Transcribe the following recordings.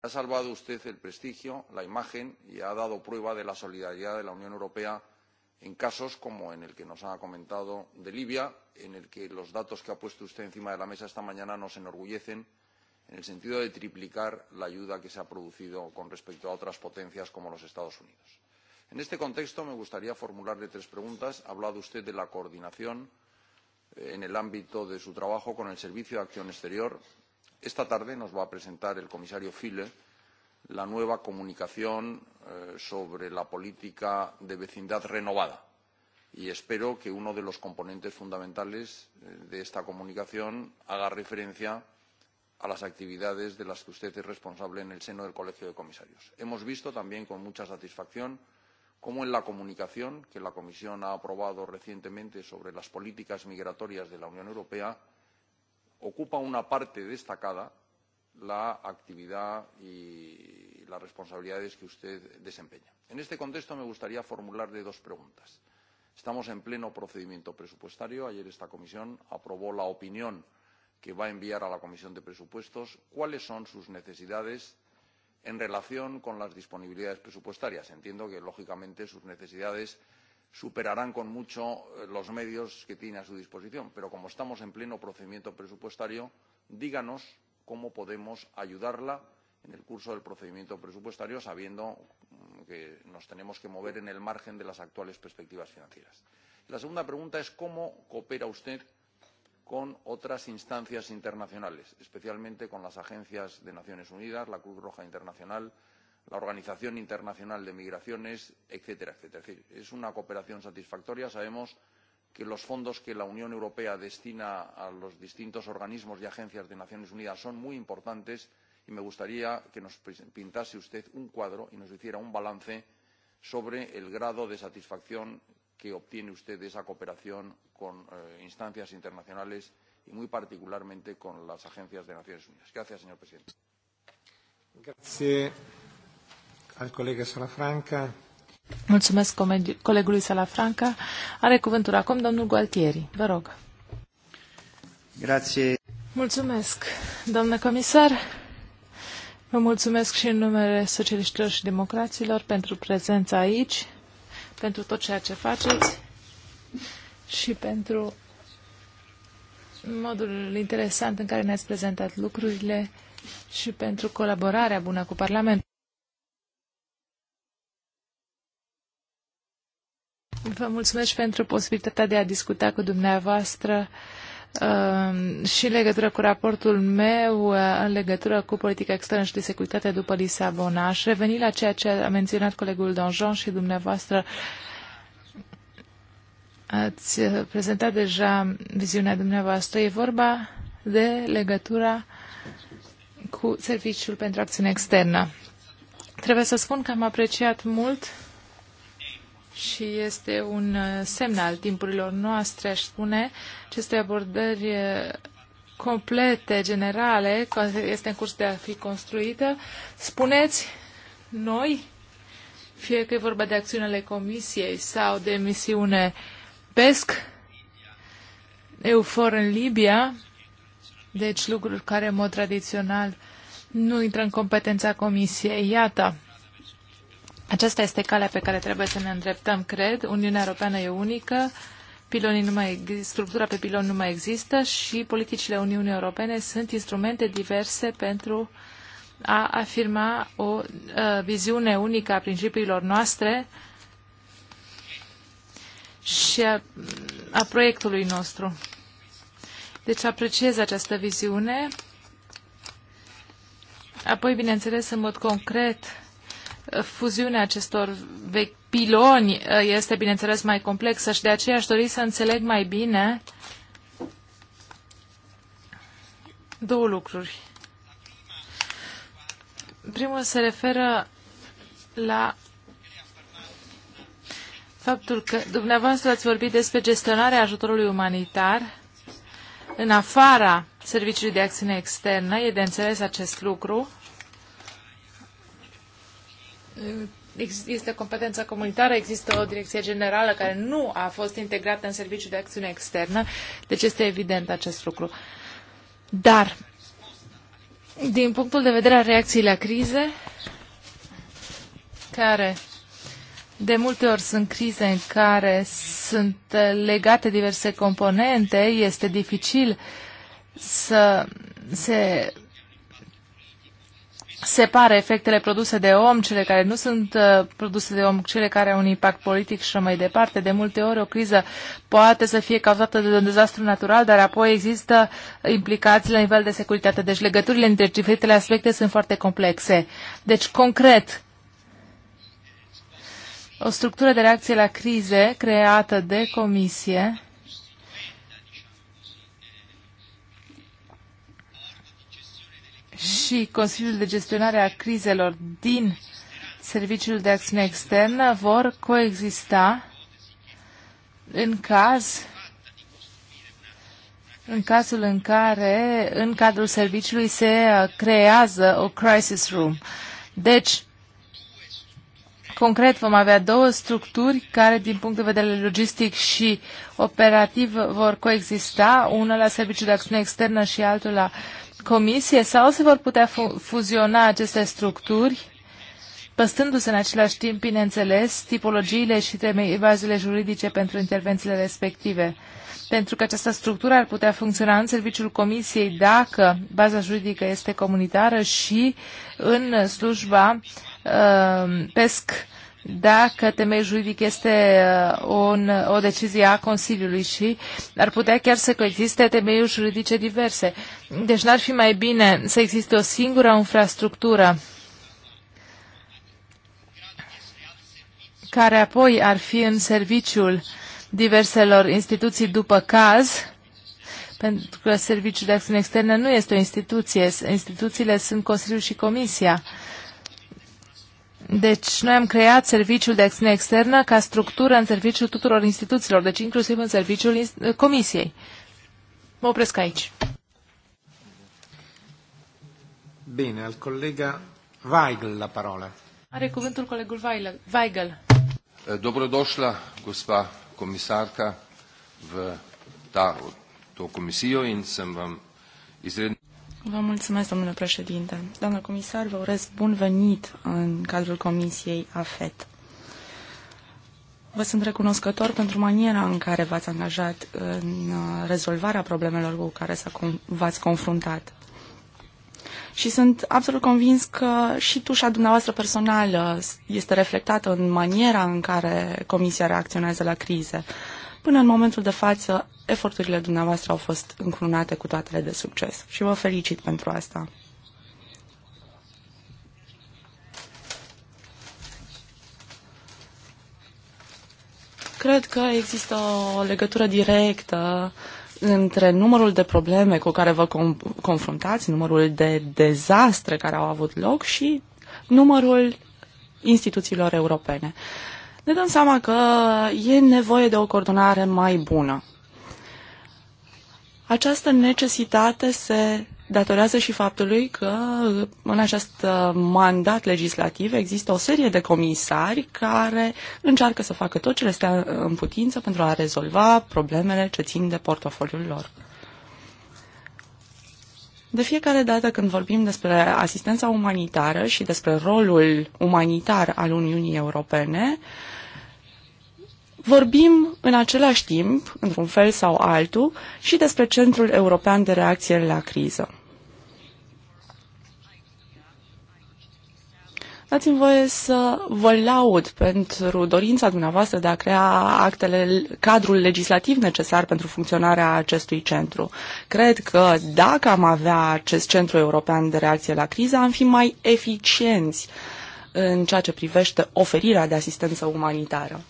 Ha salvado usted el prestigio, la imagen y ha dado prueba de la solidaridad de la Unión Europea en casos como el que nos ha comentado de Libia, en el que los datos que ha puesto usted encima de la mesa esta mañana nos enorgullecen en el sentido de triplicar la ayuda que se ha producido con respecto a otras potencias como los Estados Unidos. En este contexto, me gustaría formularle tres preguntas. Ha hablado usted de la coordinación eh, en el ámbito de su trabajo con el Servicio de Acción Exterior Esta tarde nos va a presentar el comisario Füle la nueva comunicación eh, sobre la política de vecindad renovada y espero que uno de los componentes fundamentales eh, de esta comunicación haga referencia a las actividades de las que usted es responsable en el seno del Colegio de Comisarios. Hemos visto también con mucha satisfacción cómo en la comunicación que la Comisión ha aprobado recientemente sobre las políticas migratorias de la Unión Europea ocupa una parte destacada la actividad y las responsabilidades que usted desempeña. En este contexto me gustaría formularle dos preguntas. Estamos en pleno procedimiento presupuestario. Ayer esta comisión aprobó la opinión que va a enviar a la Comisión de Presupuestos. ¿Cuáles son sus necesidades en relación con las disponibilidades presupuestarias? Entiendo que, lógicamente, sus necesidades superarán con mucho eh, los medios que tiene a su disposición. Pero como estamos en pleno procedimiento presupuestario, díganos cómo podemos ayudarla en el curso del procedimiento presupuestario, sabiendo mm, que nos tenemos que mover en el margen de las actuales perspectivas financieras. La segunda pregunta es cómo coopera usted con otras instancias internacionales, especialmente con las agencias de Naciones Unidas, la Cruz Roja Internacional, la Organización Internacional de Migraciones, etcétera, etcétera. Es decir, es una cooperación satisfactoria. Sabemos que los fondos que la Unión Europea destina a los distintos organismos y agencias de las Naciones Unidas son muy importantes y me gustaría que nos pintase usted un cuadro y nos hiciera un balance sobre el grado de satisfacción que obtiene usted de esa cooperación con eh, instancias internacionales y muy particularmente con las agencias de las Naciones Unidas. Gracias, señor presidente. Gracias al colegă Salafranca. Mulțumesc colegului Salafranca. Are cuvântul acum domnul Gualtieri. Vă rog. Grație. Mulțumesc, domnule comisar. Vă mulțumesc și în numele socialiștilor și democraților pentru prezența aici, pentru tot ceea ce faceți și pentru modul interesant în care ne-ați prezentat lucrurile și pentru colaborarea bună cu Parlamentul. Vă mulțumesc pentru posibilitatea de a discuta cu dumneavoastră um, și în legătură cu raportul meu, uh, în legătură cu politica externă și de securitate după Lisabona. Aș reveni la ceea ce a menționat colegul Donjon și dumneavoastră ați uh, prezentat deja viziunea dumneavoastră. E vorba de legătura cu Serviciul pentru Acțiune Externă. Trebuie să spun că am apreciat mult și este un uh, semn al timpurilor noastre, aș spune, aceste abordări uh, complete, generale, este în curs de a fi construită. Spuneți, noi, fie că e vorba de acțiunile Comisiei sau de misiune PESC, EUFOR în Libia, deci lucruri care în mod tradițional nu intră în competența Comisiei. Iată, aceasta este calea pe care trebuie să ne îndreptăm, cred. Uniunea Europeană e unică, pilonii nu mai, structura pe pilon nu mai există și politicile Uniunii Europene sunt instrumente diverse pentru a afirma o a, uh, viziune unică a principiilor noastre și a, a proiectului nostru. Deci apreciez această viziune. Apoi, bineînțeles, în mod concret, fuziunea acestor vechi piloni uh, este, bineînțeles, mai complexă și de aceea aș dori să înțeleg mai bine două lucruri. Primul se referă la faptul că dumneavoastră ați vorbit despre gestionarea ajutorului umanitar în afara Serviciului de Acțiune Externă. E de înțeles acest lucru este competența comunitară, există o direcție generală care nu a fost integrată în serviciul de acțiune externă, deci este evident acest lucru. Dar, din punctul de vedere al reacției la crize, care de multe ori sunt crize în care sunt legate diverse componente, este dificil să se separe efectele produse de om, cele care nu sunt uh, produse de om, cele care au un impact politic și mai departe. De multe ori o criză poate să fie cauzată de un dezastru natural, dar apoi există implicații la nivel de securitate. Deci legăturile între diferitele aspecte sunt foarte complexe. Deci, concret, o structură de reacție la crize creată de comisie și Consiliul de Gestionare a Crizelor din Serviciul de Acțiune Externă vor coexista în caz în cazul în care în cadrul serviciului se uh, creează o crisis room. Deci, concret, vom avea două structuri care, din punct de vedere logistic și operativ, vor coexista, una la serviciul de acțiune externă și altul la uh, comisie sau se vor putea fu fuziona aceste structuri, păstându-se în același timp, bineînțeles, tipologiile și bazele juridice pentru intervențiile respective. Pentru că această structură ar putea funcționa în serviciul comisiei dacă baza juridică este comunitară și în slujba uh, PESC dacă temeiul juridic este uh, un, o decizie a Consiliului și ar putea chiar să coexiste temeiuri juridice diverse. Deci n-ar fi mai bine să existe o singură infrastructură care apoi ar fi în serviciul diverselor instituții după caz, pentru că Serviciul de Acțiune Externă nu este o instituție, instituțiile sunt Consiliul și Comisia. Deci, noi am creat serviciul de acțiune externă ca structură în serviciul tuturor instituțiilor, deci inclusiv în serviciul Comisiei. Mă opresc aici. Bine, al colega Weigel la parola. Are cuvântul colegul Weigel. Eh, dobrodošla, gospa comisarca, v ta, to comisio, in sem vam izredno Vă mulțumesc, domnule președinte. Doamnă comisar, vă urez bun venit în cadrul Comisiei AFET. Vă sunt recunoscător pentru maniera în care v-ați angajat în uh, rezolvarea problemelor cu care v-ați confruntat. Și sunt absolut convins că și tușa dumneavoastră personală este reflectată în maniera în care Comisia reacționează la crize. Până în momentul de față, eforturile dumneavoastră au fost încununate cu toatele de succes și vă felicit pentru asta. Cred că există o legătură directă între numărul de probleme cu care vă com- confruntați, numărul de dezastre care au avut loc și numărul instituțiilor europene. Uh, ne dăm seama că e nevoie de o coordonare mai bună. Această necesitate se datorează și faptului că în acest uh, mandat legislativ există o serie de comisari care încearcă să facă tot ce le stă în putință pentru a rezolva problemele ce țin de portofoliul lor. De fiecare dată când vorbim despre asistența umanitară și despre rolul umanitar al Uniunii Europene, uh, vorbim în același timp, într-un fel sau altul, și despre Centrul European de Reacție la Criză. Dați-mi voie să vă laud pentru dorința dumneavoastră de a crea actele, cadrul legislativ necesar pentru funcționarea acestui centru. Cred că dacă am avea acest centru european de reacție la criză, am fi mai eficienți în ceea ce privește oferirea de asistență umanitară.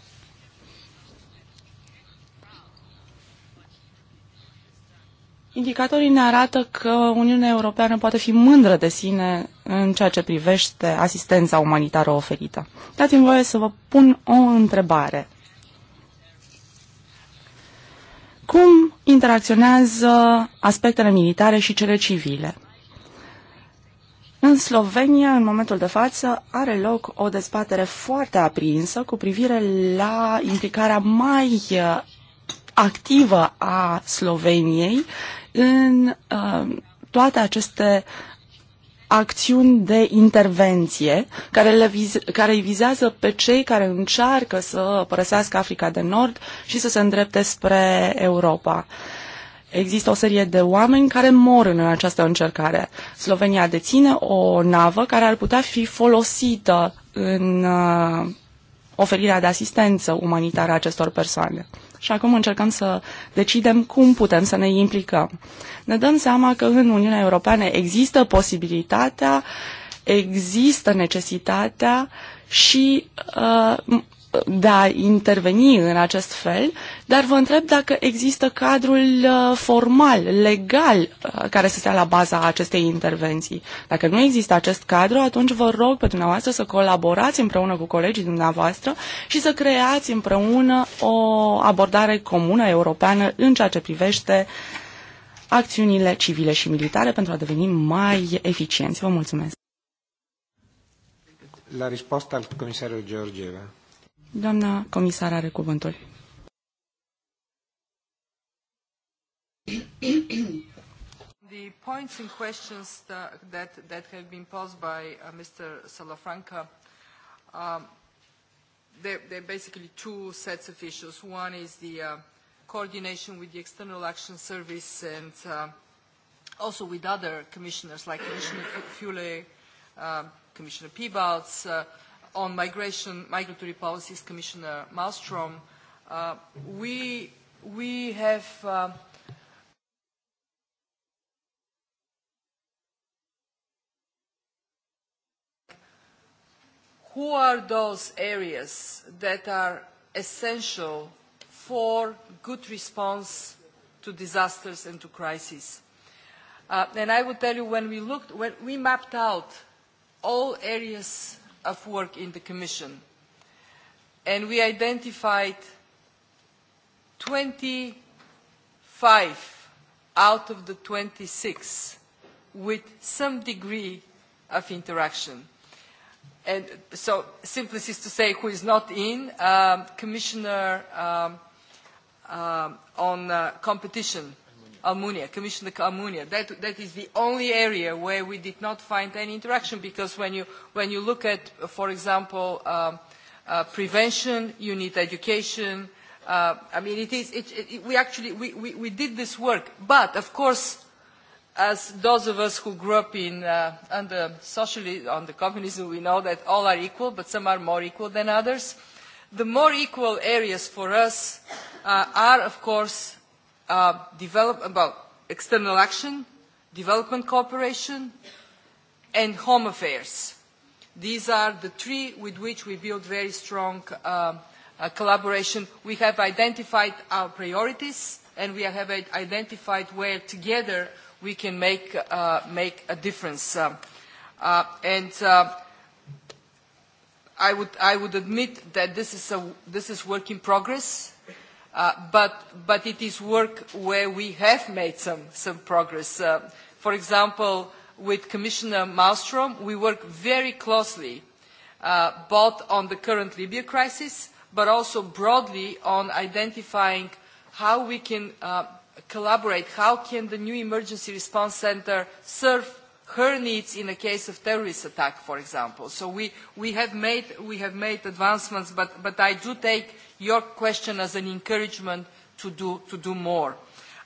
Indicatorii ne arată că Uniunea Europeană poate fi mândră de sine în ceea ce privește asistența umanitară oferită. Dați-mi voie să vă pun o întrebare. Cum interacționează aspectele militare și cele civile? În Slovenia, în momentul de față, are loc o dezbatere foarte aprinsă cu privire la implicarea mai activă a Sloveniei în uh, toate aceste acțiuni de intervenție care, le viz- care îi vizează pe cei care încearcă să părăsească Africa de Nord și să se îndrepte spre Europa. Există o serie de oameni care mor în această încercare. Slovenia deține o navă care ar putea fi folosită în uh, oferirea de asistență umanitară acestor persoane și acum încercăm să decidem cum putem să ne implicăm. Ne dăm seama că în Uniunea Europeană există posibilitatea, există necesitatea și uh, de a interveni în acest fel, dar vă întreb dacă există cadrul uh, formal, legal, uh, care să stea la baza acestei intervenții. Dacă nu există acest cadru, atunci vă rog pe dumneavoastră să colaborați împreună cu colegii dumneavoastră și să creați împreună o abordare comună europeană în ceea ce privește acțiunile civile și militare pentru a deveni mai eficienți. Vă mulțumesc. La risposta al Comisarului Georgieva. Doamna comisar are cuvântul. The points and questions that, that have been posed by uh, Mr. Salafranca, um, they're, basically two sets of issues. One is the uh, coordination with the External Action Service and uh, also with other commissioners like Commissioner Fule, uh, Commissioner Peebalds, uh, on migration, migratory policies, Commissioner Malmström, uh, we, we have uh, who are those areas that are essential for good response to disasters and to crises. Uh, and I will tell you, when we looked, when we mapped out all areas of work in the Commission. And we identified 25 out of the 26 with some degree of interaction. And so simplest is to say who is not in, um, Commissioner um, um, on uh, competition Almunia, Commissioner Almunia. That, that is the only area where we did not find any interaction because when you, when you look at, for example, um, uh, prevention, you need education. Uh, I mean, it is, it, it, we actually, we, we, we did this work. But, of course, as those of us who grew up in, uh, under socially, on the communism, we know that all are equal, but some are more equal than others. The more equal areas for us uh, are, of course, Uh, develop, external action, development cooperation, and home affairs. These are the three with which we build very strong uh, uh, collaboration. We have identified our priorities and we have identified where together we can make, uh, make a difference. Uh, uh, and uh, I, would, I would admit that this is, a, this is work in progress Uh, but, it is work where we have made some, progress. Uh, for example, with Commissioner Malmström, we work very closely uh, both on the current Libya crisis, but also broadly on identifying how we can collaborate, how can the new emergency response centre serve her needs in the case of terrorist attack, for example. So we, we, have, made, we have made advancements, but, but I do take your question as an encouragement to do, to do more.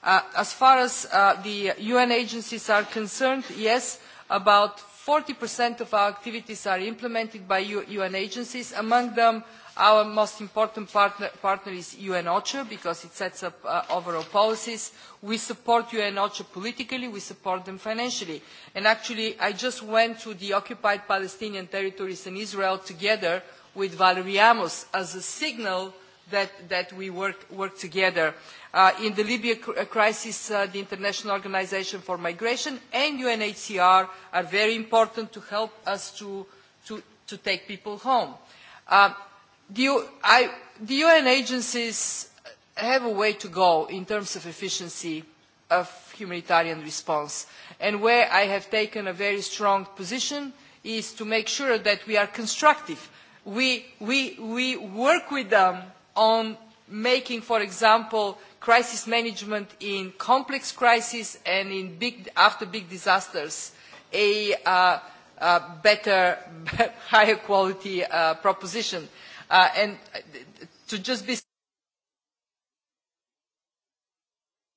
Uh, as far as uh, the UN agencies are concerned, yes, about 40% of our activities are implemented by UN agencies. Among them, our most important partner, partner is UN OCHA because it sets up uh, overall policies. We support UN OCHA politically, we support them financially. And actually, I just went to the occupied Palestinian territories in Israel together with Valerie Amos as a signal that, that we work, work together. Uh, in the Libya uh, crisis, uh, the International Organization for Migration and UNHCR are very important to help us to, to, to take people home. Uh, the, I, the UN agencies have a way to go in terms of efficiency of humanitarian response. And where I have taken a very strong position is to make sure that we are constructive. We, we, we work with them on making, for example, crisis management in complex crises and in big, after big disasters a, uh, a better, higher quality uh, proposition. Uh, and uh, to just be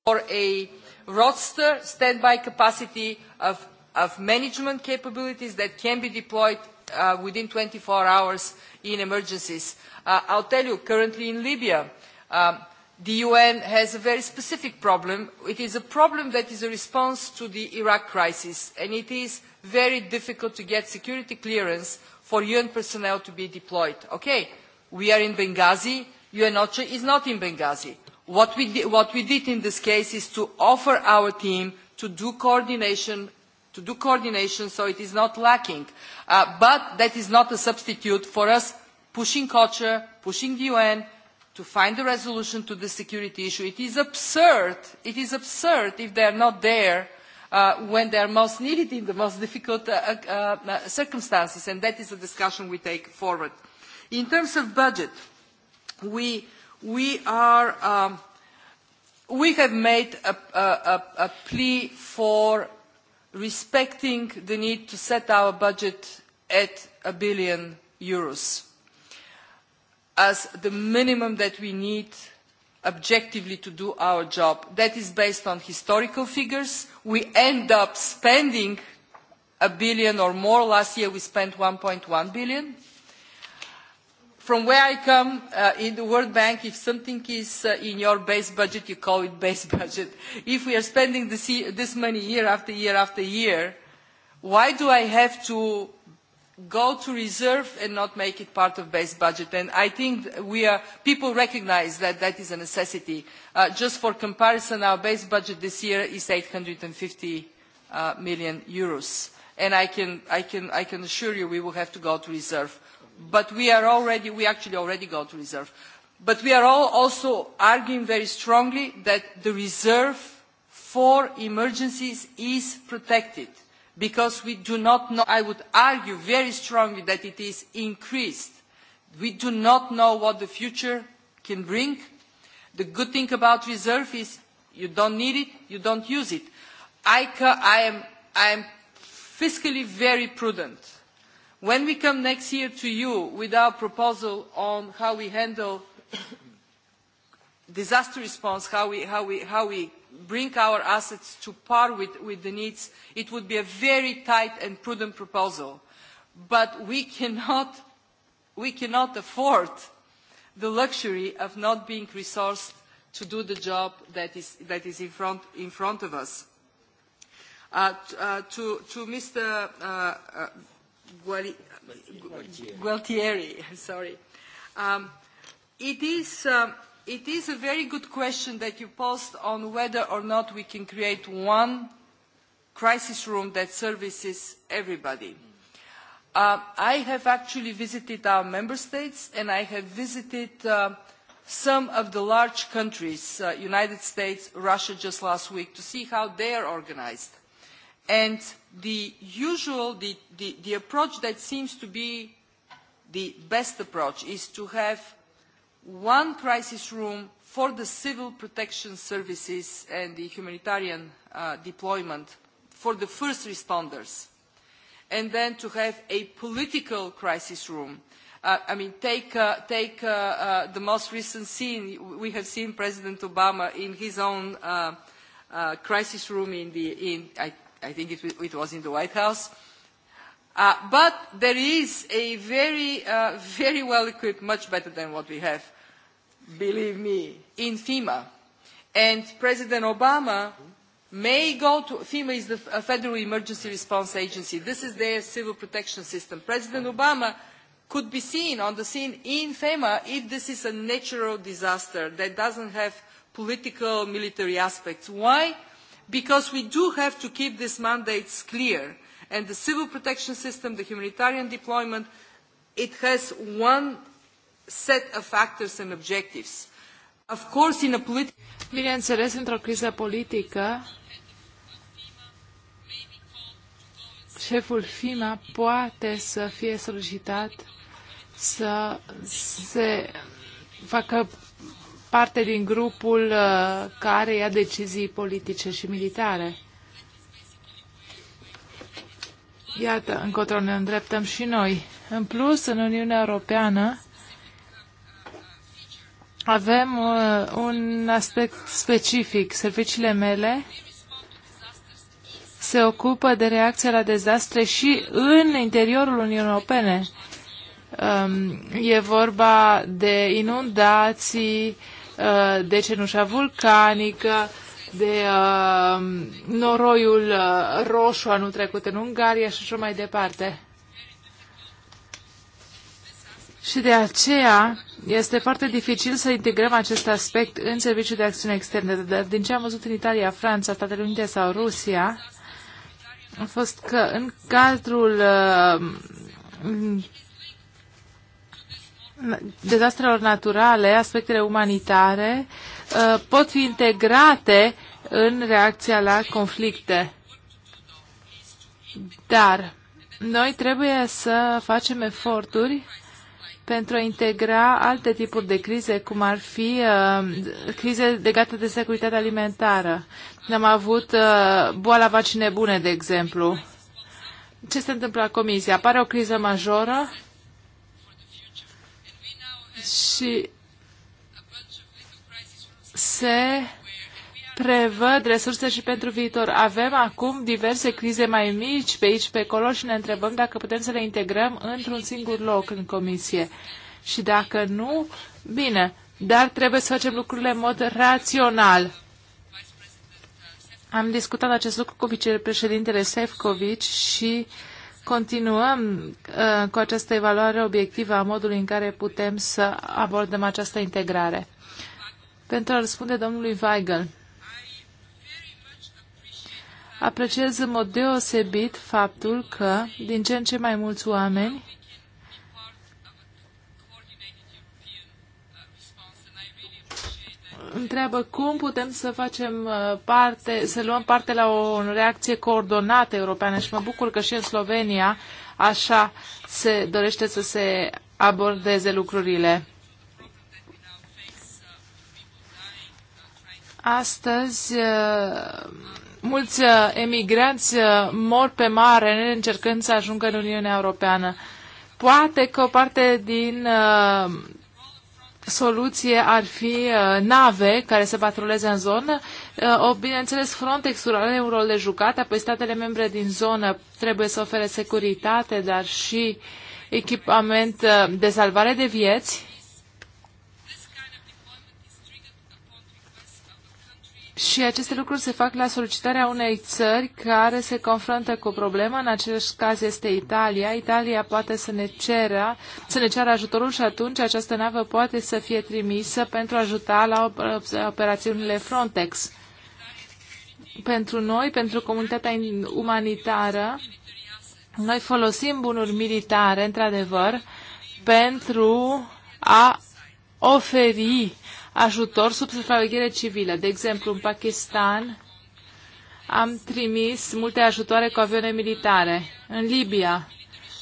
for a roster standby capacity of, of management capabilities that can be deployed uh, within 24 hours in emergencies. Uh, I'll tell you, currently in Libya, um, the UN has a very specific problem. It is a problem that is a response to the Iraq crisis, and it is very difficult to get security clearance for UN personnel to be deployed. Okay, we are in Benghazi, UNOCHA is not in Benghazi. What we, what we did in this case is to offer our team to do coordination to do coordination so it is not lacking. Uh, but that is not a substitute for us pushing culture, pushing the UN to find a resolution to the security issue. It is absurd. It is absurd if they are not there uh, when they are most needed in the most difficult uh, uh, uh circumstances. And that is a discussion we take forward. In terms of budget, we, we are... Um, we have made a, a, a, a plea for respecting the need to set our budget at a billion euros as the minimum that we need objectively to do our job. That is based on historical figures. We end up spending a billion or more. Last year we spent 1.1 billion from where I come uh, in the World Bank, if something is uh, in your base budget, you call it base budget. If we are spending this, this money year after year after year, why do I have to go to reserve and not make it part of base budget? And I think we are, people recognize that that is a necessity. Uh, just for comparison, our base budget this year is 850 uh, million euros. And I can, I, can, I can assure you we will have to go to reserve but we are already, we actually already got reserve. But we are all also arguing very strongly that the reserve for emergencies is protected because we do not know, I would argue very strongly that it is increased. We do not know what the future can bring. The good thing about reserve is you don't need it, you don't use it. I, I, am, I am fiscally very prudent When we come next year to you with our proposal on how we handle disaster response, how we, how we, how we bring our assets to par with, with the needs, it would be a very tight and prudent proposal. But we cannot, we cannot afford the luxury of not being resourced to do the job that is, that is in, front, in front of us. Uh, uh, to, to Mr. Uh, uh Gualtieri. Gualtieri, sorry. Um, it is... Um, it is a very good question that you posed on whether or not we can create one crisis room that services everybody. Uh, I have actually visited our member states and I have visited uh, some of the large countries, uh, United States, Russia just last week, to see how they are organized. And the usual, the, the, the approach that seems to be the best approach is to have one crisis room for the civil protection services and the humanitarian uh, deployment for the first responders, and then to have a political crisis room. Uh, I mean, take, uh, take uh, uh, the most recent scene. We have seen President Obama in his own uh, uh, crisis room in the, in, I I think it, it was in the White House. Uh, but there is a very, uh, very well equipped, much better than what we have, believe me, in FEMA. And President Obama may go to, FEMA is the Federal Emergency Response Agency. This is their civil protection system. President Obama could be seen on the scene in FEMA if this is a natural disaster that doesn't have political military aspects. Why? because we do have to keep these mandates clear. And the civil protection system, the humanitarian deployment, it has one set of factors and objectives. Of course, in a political... Bineînțeles, într-o criză politică, șeful FIMA poate să fie solicitat să se facă parte din grupul uh, care ia decizii politice și militare. Iată, încotro ne îndreptăm și noi. În plus, în Uniunea Europeană avem uh, un aspect specific. Serviciile mele se ocupă de reacția la dezastre și în interiorul Uniunii Europene. Um, e vorba de inundații, Uh, de cenușa vulcanică, de uh, noroiul uh, roșu anul trecut în Ungaria și așa mai departe. Și de aceea este foarte dificil să integrăm acest aspect în serviciul de acțiune externă. Dar din ce am văzut în Italia, Franța, Statele Unite sau Rusia, a fost că în cadrul uh, dezastrelor naturale, aspectele umanitare, uh, pot fi integrate în reacția la conflicte. Dar noi trebuie să facem eforturi pentru a integra alte tipuri de crize, cum ar fi uh, crize legate de securitate alimentară. Am avut uh, boala vaccinei bune, de exemplu. Ce se întâmplă la comisie? Apare o criză majoră, și se prevăd resurse și pentru viitor. Avem acum diverse crize mai mici pe aici, pe acolo și ne întrebăm dacă putem să le integrăm într-un singur loc în comisie. Și dacă nu, bine, dar trebuie să facem lucrurile în mod rațional. Am discutat acest lucru cu vicepreședintele Sefcovici și uh, continuăm uh, cu această evaluare obiectivă a modului în care putem să abordăm această integrare. Pentru a răspunde domnului Weigel, apreciez în mod deosebit faptul că din ce în ce mai mulți oameni întreabă cum putem să facem uh, parte, să luăm parte la o reacție coordonată europeană și mă bucur că și în Slovenia așa se dorește să se abordeze lucrurile. Astăzi, uh, mulți uh, emigranți mor pe mare încercând să ajungă în Uniunea Europeană. Poate că o parte din uh, soluție ar fi uh, nave care se patruleze în zonă. Uh, o, bineînțeles, frontex are un rol de jucat, apoi statele membre din zonă trebuie să ofere securitate, dar și echipament uh, de salvare de vieți Și aceste lucruri se fac la solicitarea unei țări care se confruntă cu o problemă, în acest caz este Italia. Italia poate să ne, cerea, să ne ceară ajutorul și atunci această navă poate să fie trimisă pentru a ajuta la operațiunile Frontex. Pentru noi, pentru comunitatea umanitară, noi folosim bunuri militare, într-adevăr, pentru a oferi ajutor sub supraveghere civilă. De exemplu, în Pakistan am trimis multe ajutoare cu avioane militare. În Libia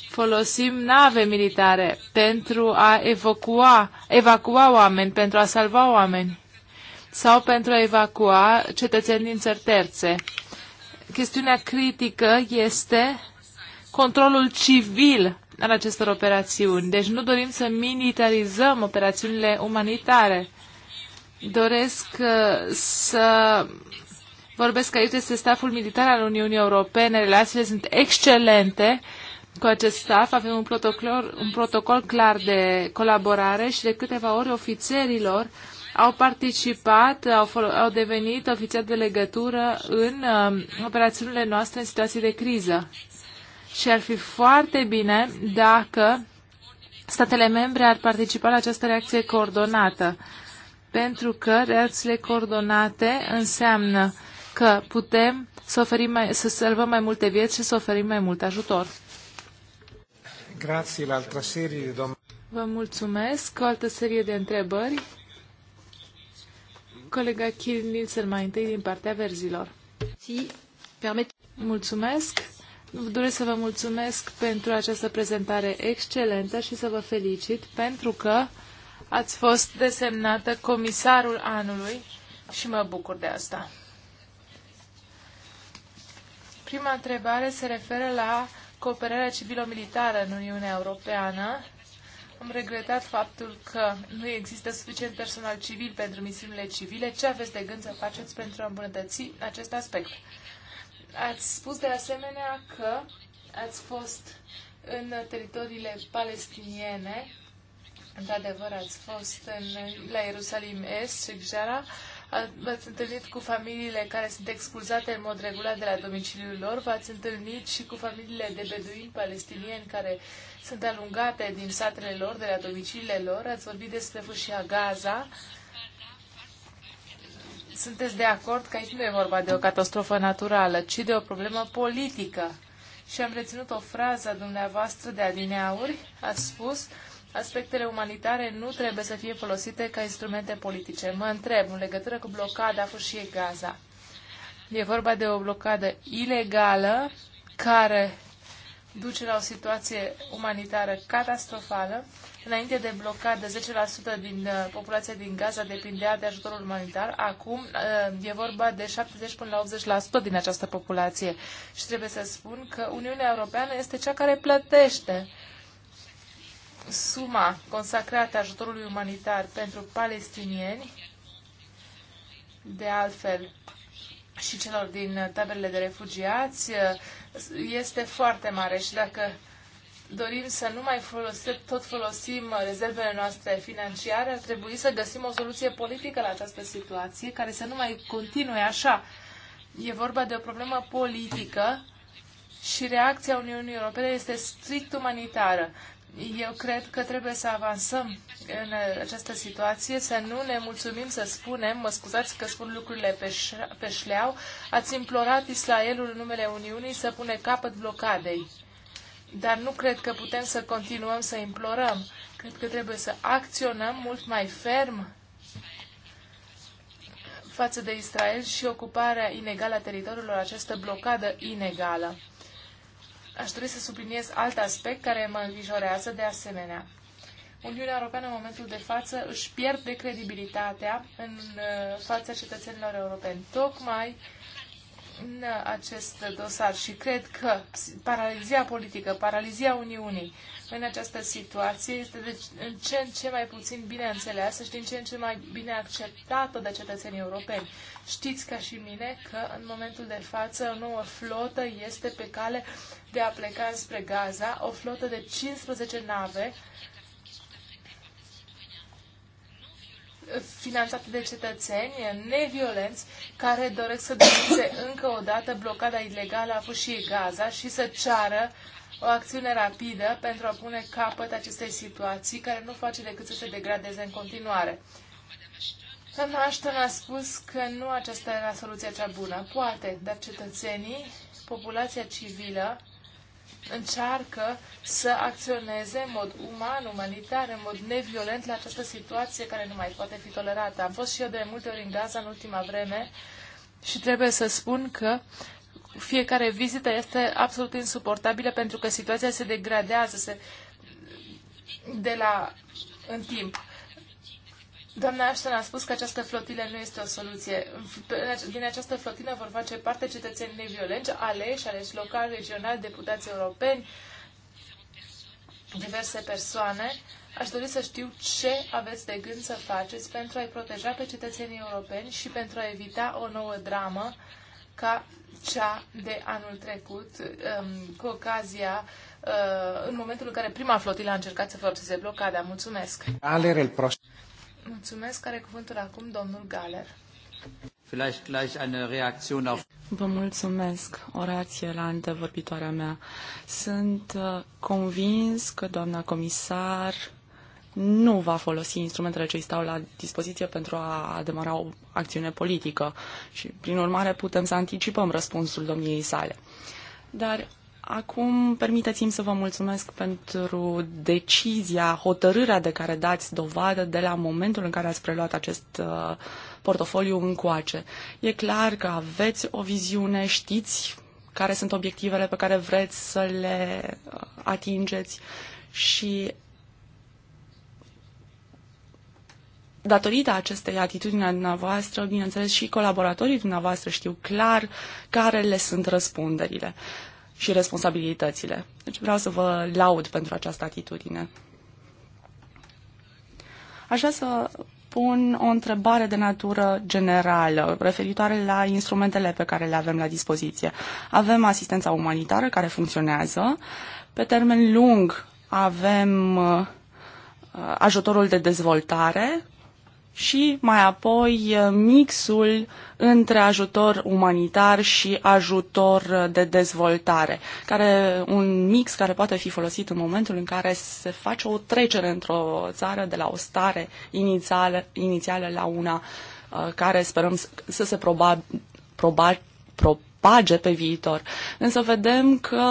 folosim nave militare pentru a evacua, evacua oameni, pentru a salva oameni sau pentru a evacua cetățeni din țări terțe. Chestiunea critică este controlul civil al acestor operațiuni. Deci nu dorim să militarizăm operațiunile umanitare doresc uh, să vorbesc aici este staful militar al Uniunii Europene. Relațiile sunt excelente cu acest staff. Avem un protocol, un protocol clar de colaborare și de câteva ori ofițerilor au participat, au, au devenit ofițeri de legătură în uh, operațiunile noastre în situații de criză. Și ar fi foarte bine dacă statele membre ar participa la această reacție coordonată. Uh, pentru că relațiile coordonate înseamnă că putem să, oferim mai, să salvăm mai multe vieți și să oferim mai mult ajutor. Grazie, l'altra serie de Vă mulțumesc. O altă serie de întrebări. Colega Kirin Nielsen mai întâi din partea verzilor. Si, Mulțumesc. Doresc să vă mulțumesc pentru această prezentare excelentă și să vă felicit pentru că ați fost desemnată comisarul anului și mă bucur de asta. Prima întrebare se referă la cooperarea civilo-militară în Uniunea Europeană. Am regretat faptul că nu există suficient personal civil pentru misiunile civile. Ce aveți de gând să faceți pentru a îmbunătăți acest aspect? Ați spus de asemenea că ați fost în teritoriile palestiniene Într-adevăr, ați fost în, la Ierusalim Est, Gjara. v-ați întâlnit cu familiile care sunt expulzate în mod regulat de la domiciliul lor, v-ați întâlnit și cu familiile de beduini palestinieni care sunt alungate din satele lor, de la domiciliile lor, ați vorbit despre fâșia Gaza. Sunteți de acord că aici nu e vorba de o catastrofă naturală, ci de o problemă politică. Și am reținut o frază dumneavoastră de adineauri, ați spus, aspectele umanitare nu trebuie să fie folosite ca instrumente politice. Mă întreb, în legătură cu blocada fâșiei Gaza, e vorba de o blocadă ilegală care duce la o situație umanitară catastrofală. Înainte de blocadă, 10% din uh, populația din Gaza depindea de ajutorul umanitar. Acum uh, e vorba de 70 până la 80% din această populație. Și trebuie să spun că Uniunea Europeană este cea care plătește uh, suma consacrată ajutorului umanitar pentru palestinieni, de altfel și celor din taberele de refugiați, este foarte mare și dacă dorim să nu mai folosim, tot folosim rezervele noastre financiare, ar trebui să găsim o soluție politică la această situație, care să nu mai continue așa. E vorba de o problemă politică și reacția Uniunii Europene este strict umanitară. Eu cred că trebuie să avansăm în această situație, să nu ne mulțumim să spunem, mă scuzați că spun lucrurile pe, pe șleau, ați implorat Israelul în numele Uniunii să pune capăt blocadei. Dar nu cred că putem să continuăm să implorăm. Cred că trebuie să acționăm mult mai ferm față de Israel și ocuparea inegală a teritoriului, această blocadă inegală aș dori să subliniez alt aspect care mă îngrijorează de asemenea. Uniunea Europeană în momentul de față își pierde credibilitatea în uh, fața cetățenilor europeni. Tocmai în acest dosar și cred că paralizia politică, paralizia Uniunii, în această situație este de deci, în ce în ce mai puțin bine înțeleasă și din ce în ce mai bine acceptată de cetățenii europeni. Știți ca și mine că în momentul de față o nouă flotă este pe cale de a pleca spre Gaza, o flotă de 15 nave finanțate de cetățeni neviolenți care doresc să denunțe încă o dată blocada ilegală a fâșiei Gaza și să ceară o acțiune rapidă pentru a pune capăt acestei situații care nu face decât să se degradeze în continuare. Doamna Ashton a spus că nu aceasta era soluția cea bună. Poate, dar cetățenii, populația civilă, încearcă să acționeze în mod uman, umanitar, în mod neviolent la această situație care nu mai poate fi tolerată. Am fost și eu de multe ori în Gaza în ultima vreme și trebuie să spun că fiecare vizită este absolut insuportabilă pentru că situația se degradează se... de la în timp. Doamna Ashton a spus că această flotilă nu este o soluție. Din această flotilă vor face parte cetățenii violenți, aleși, aleși local, regional, deputați europeni, diverse persoane. Aș dori să știu ce aveți de gând să faceți pentru a-i proteja pe cetățenii europeni și pentru a evita o nouă dramă ca cea de anul trecut, um, cu ocazia, uh, în momentul în care prima flotilă a încercat să forțeze blocada. Mulțumesc! Mulțumesc. care cuvântul acum domnul Galer. Vielleicht gleich eine Reaktion auf Vă mulțumesc, o reacție la antevorbitoarea mea. Sunt uh, convins că doamna comisar nu va folosi instrumentele ce îi stau la dispoziție pentru a demara o acțiune politică și, prin urmare, putem să anticipăm răspunsul domniei sale. Dar Acum, permiteți-mi să vă mulțumesc pentru decizia, hotărârea de care dați dovadă de la momentul în care ați preluat acest uh, portofoliu încoace. E clar că aveți o viziune, știți care sunt obiectivele pe care vreți să le uh, atingeți și datorită acestei atitudini a dumneavoastră, bineînțeles, și colaboratorii dumneavoastră știu clar care le sunt răspunderile și responsabilitățile. Deci vreau să vă laud pentru această atitudine. Aș vrea să pun o întrebare de natură generală referitoare la instrumentele pe care le avem la dispoziție. Avem asistența umanitară care funcționează. Pe termen lung avem uh, ajutorul de dezvoltare și mai apoi uh, mixul între ajutor umanitar și ajutor uh, de dezvoltare, care un mix care poate fi folosit în momentul în care se face o trecere într-o țară de la o stare inițială, inițială la una uh, care sperăm să se proba, proba, pro, page pe viitor. Însă vedem că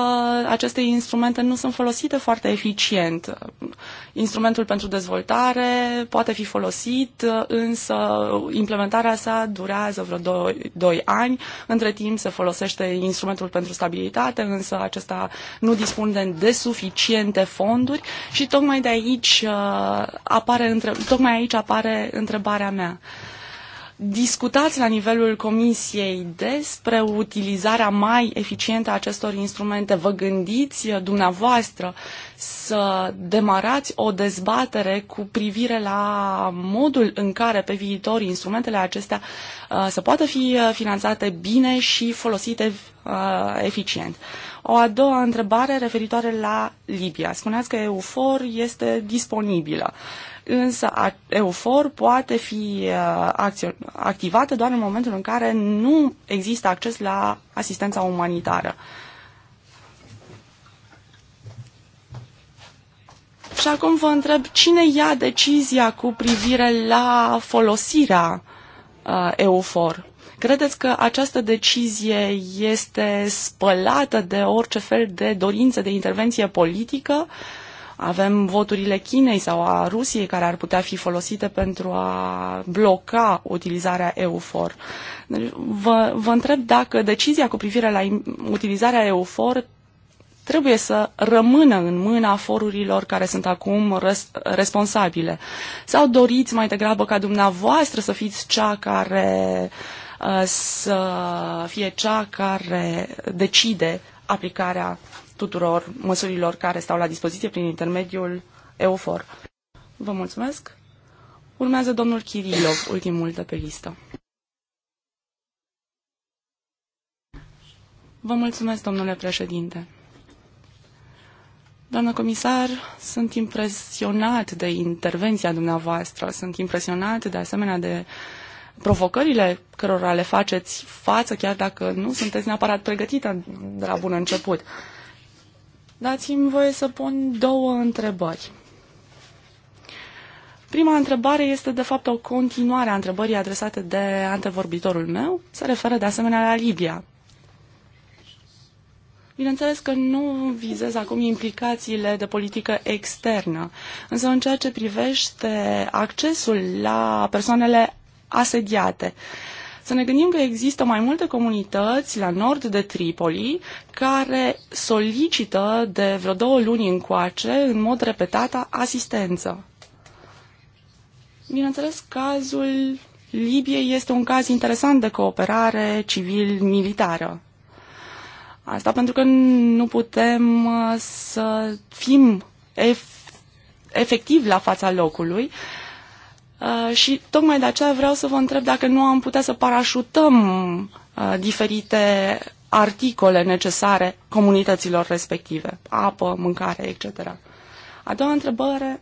aceste instrumente nu sunt folosite foarte eficient. Instrumentul pentru dezvoltare poate fi folosit, însă implementarea sa durează vreo 2 ani. Între timp se folosește instrumentul pentru stabilitate, însă acesta nu dispune de suficiente fonduri și tocmai de aici uh, apare, între, tocmai aici apare întrebarea mea. Uh, discutați la nivelul Comisiei despre utilizarea mai eficientă a acestor instrumente? Vă gândiți dumneavoastră să demarați o dezbatere cu privire la modul în care pe viitor instrumentele acestea uh, să poată fi uh, finanțate bine și folosite uh, eficient? O a doua întrebare referitoare la Libia. Spuneați că EUFOR este disponibilă însă EUFOR poate fi uh, activată doar în momentul în care nu există acces la asistența umanitară. Și acum vă întreb cine ia decizia cu privire la folosirea uh, EUFOR? Credeți că această decizie este spălată de orice fel de dorință de intervenție politică? Uh, avem voturile Chinei sau a Rusiei care ar putea fi folosite pentru a bloca utilizarea EUFOR. Deci vă, vă întreb dacă decizia cu privire la utilizarea EUFOR trebuie să rămână în mâna forurilor care sunt acum res- responsabile. Sau doriți mai degrabă ca dumneavoastră să fiți cea care uh, să fie cea care decide aplicarea tuturor măsurilor care stau la dispoziție prin intermediul EUFOR. Vă mulțumesc. Urmează domnul Kirilov, ultimul de pe listă. Vă mulțumesc, domnule președinte. Doamnă comisar, sunt impresionat de intervenția dumneavoastră, sunt impresionat de asemenea de provocările cărora le faceți față, chiar dacă nu sunteți neapărat pregătită de la bun început. Dați-mi voie să pun două întrebări. Prima întrebare este, de fapt, o continuare a întrebării adresate de antevorbitorul meu. Se referă, de asemenea, la Libia. Bineînțeles că nu vizez acum implicațiile de politică externă, însă în ceea ce privește accesul la persoanele asediate. Uh, să ne gândim că există mai multe comunități la nord de Tripoli care solicită de vreo două luni încoace, în mod repetat, asistență. Bineînțeles, cazul Libiei este un caz interesant de cooperare civil-militară. Asta pentru că nu putem uh, să fim efectiv la fața locului, Uh, și tocmai de aceea vreau să vă întreb dacă nu am putea să parașutăm uh, diferite articole necesare comunităților respective, apă, mâncare, etc. A doua întrebare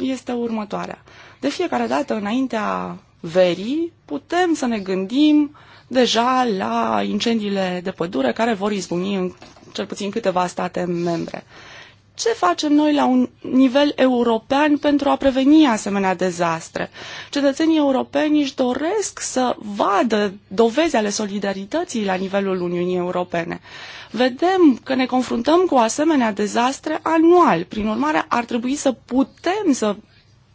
este următoarea. De fiecare dată, înaintea verii, putem să ne gândim deja la incendiile de pădure care vor izbucni în cel puțin câteva state membre. Uh, ce facem noi la un nivel european pentru a preveni asemenea dezastre. Cetățenii europeni își doresc să vadă dovezi ale solidarității la nivelul Uniunii Europene. Vedem că ne confruntăm cu asemenea dezastre anual. Prin urmare, ar trebui să putem să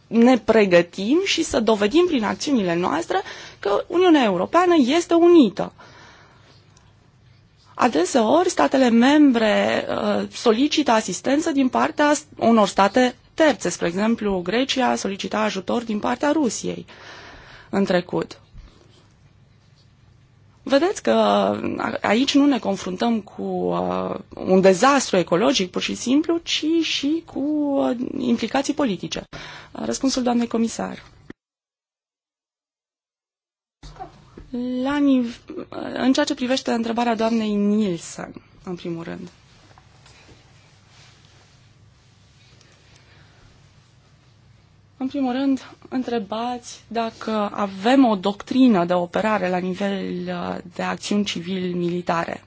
ne pregătim și să dovedim prin acțiunile noastre că Uniunea Europeană este unită. Adeseori, statele membre uh, solicită asistență din partea unor state terțe, spre exemplu Grecia solicita ajutor din partea Rusiei în trecut. Vedeți că uh, aici nu ne confruntăm cu uh, un dezastru ecologic pur și simplu, ci și cu implicații politice. Răspunsul doamnei comisar. La niv- în ceea ce privește întrebarea doamnei Nielsen, în primul rând. În primul rând, întrebați dacă avem o doctrină de operare la nivel uh, de acțiuni civil-militare.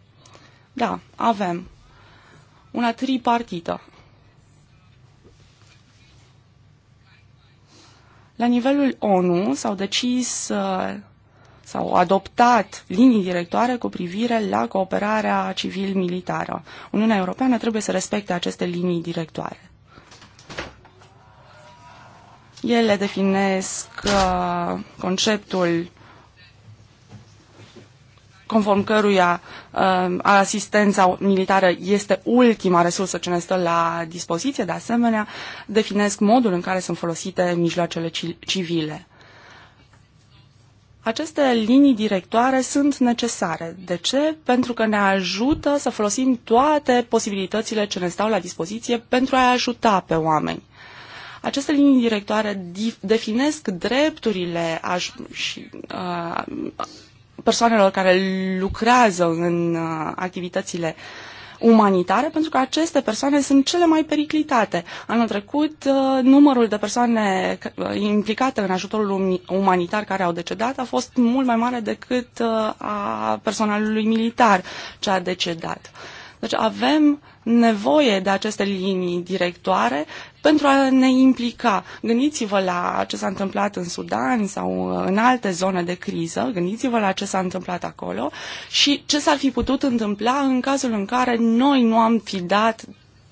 Da, avem. Una tripartită. La nivelul ONU s-au decis uh, sau adoptat linii directoare cu privire la cooperarea civil-militară. Uniunea Europeană trebuie să respecte aceste linii directoare. Ele definesc uh, conceptul conform căruia uh, asistența militară este ultima resursă ce ne stă la dispoziție, de asemenea, definesc modul în care sunt folosite mijloacele civile. Aceste linii directoare sunt necesare. De ce? Pentru că ne ajută să folosim toate posibilitățile ce ne stau la dispoziție pentru a ajuta pe oameni. Aceste linii directoare definesc drepturile și uh, persoanelor care lucrează în uh, activitățile uh, umanitare, pentru că aceste persoane sunt cele mai periclitate. Anul trecut, uh, numărul de persoane uh, implicate în ajutorul umanitar care au decedat a fost mult mai mare decât uh, a personalului militar ce a decedat. Deci avem nevoie de aceste linii directoare pentru a ne implica. Gândiți-vă la ce s-a întâmplat în Sudan sau în alte zone de criză, gândiți-vă la ce s-a întâmplat acolo și ce s-ar fi putut întâmpla în cazul în care noi nu am fi dat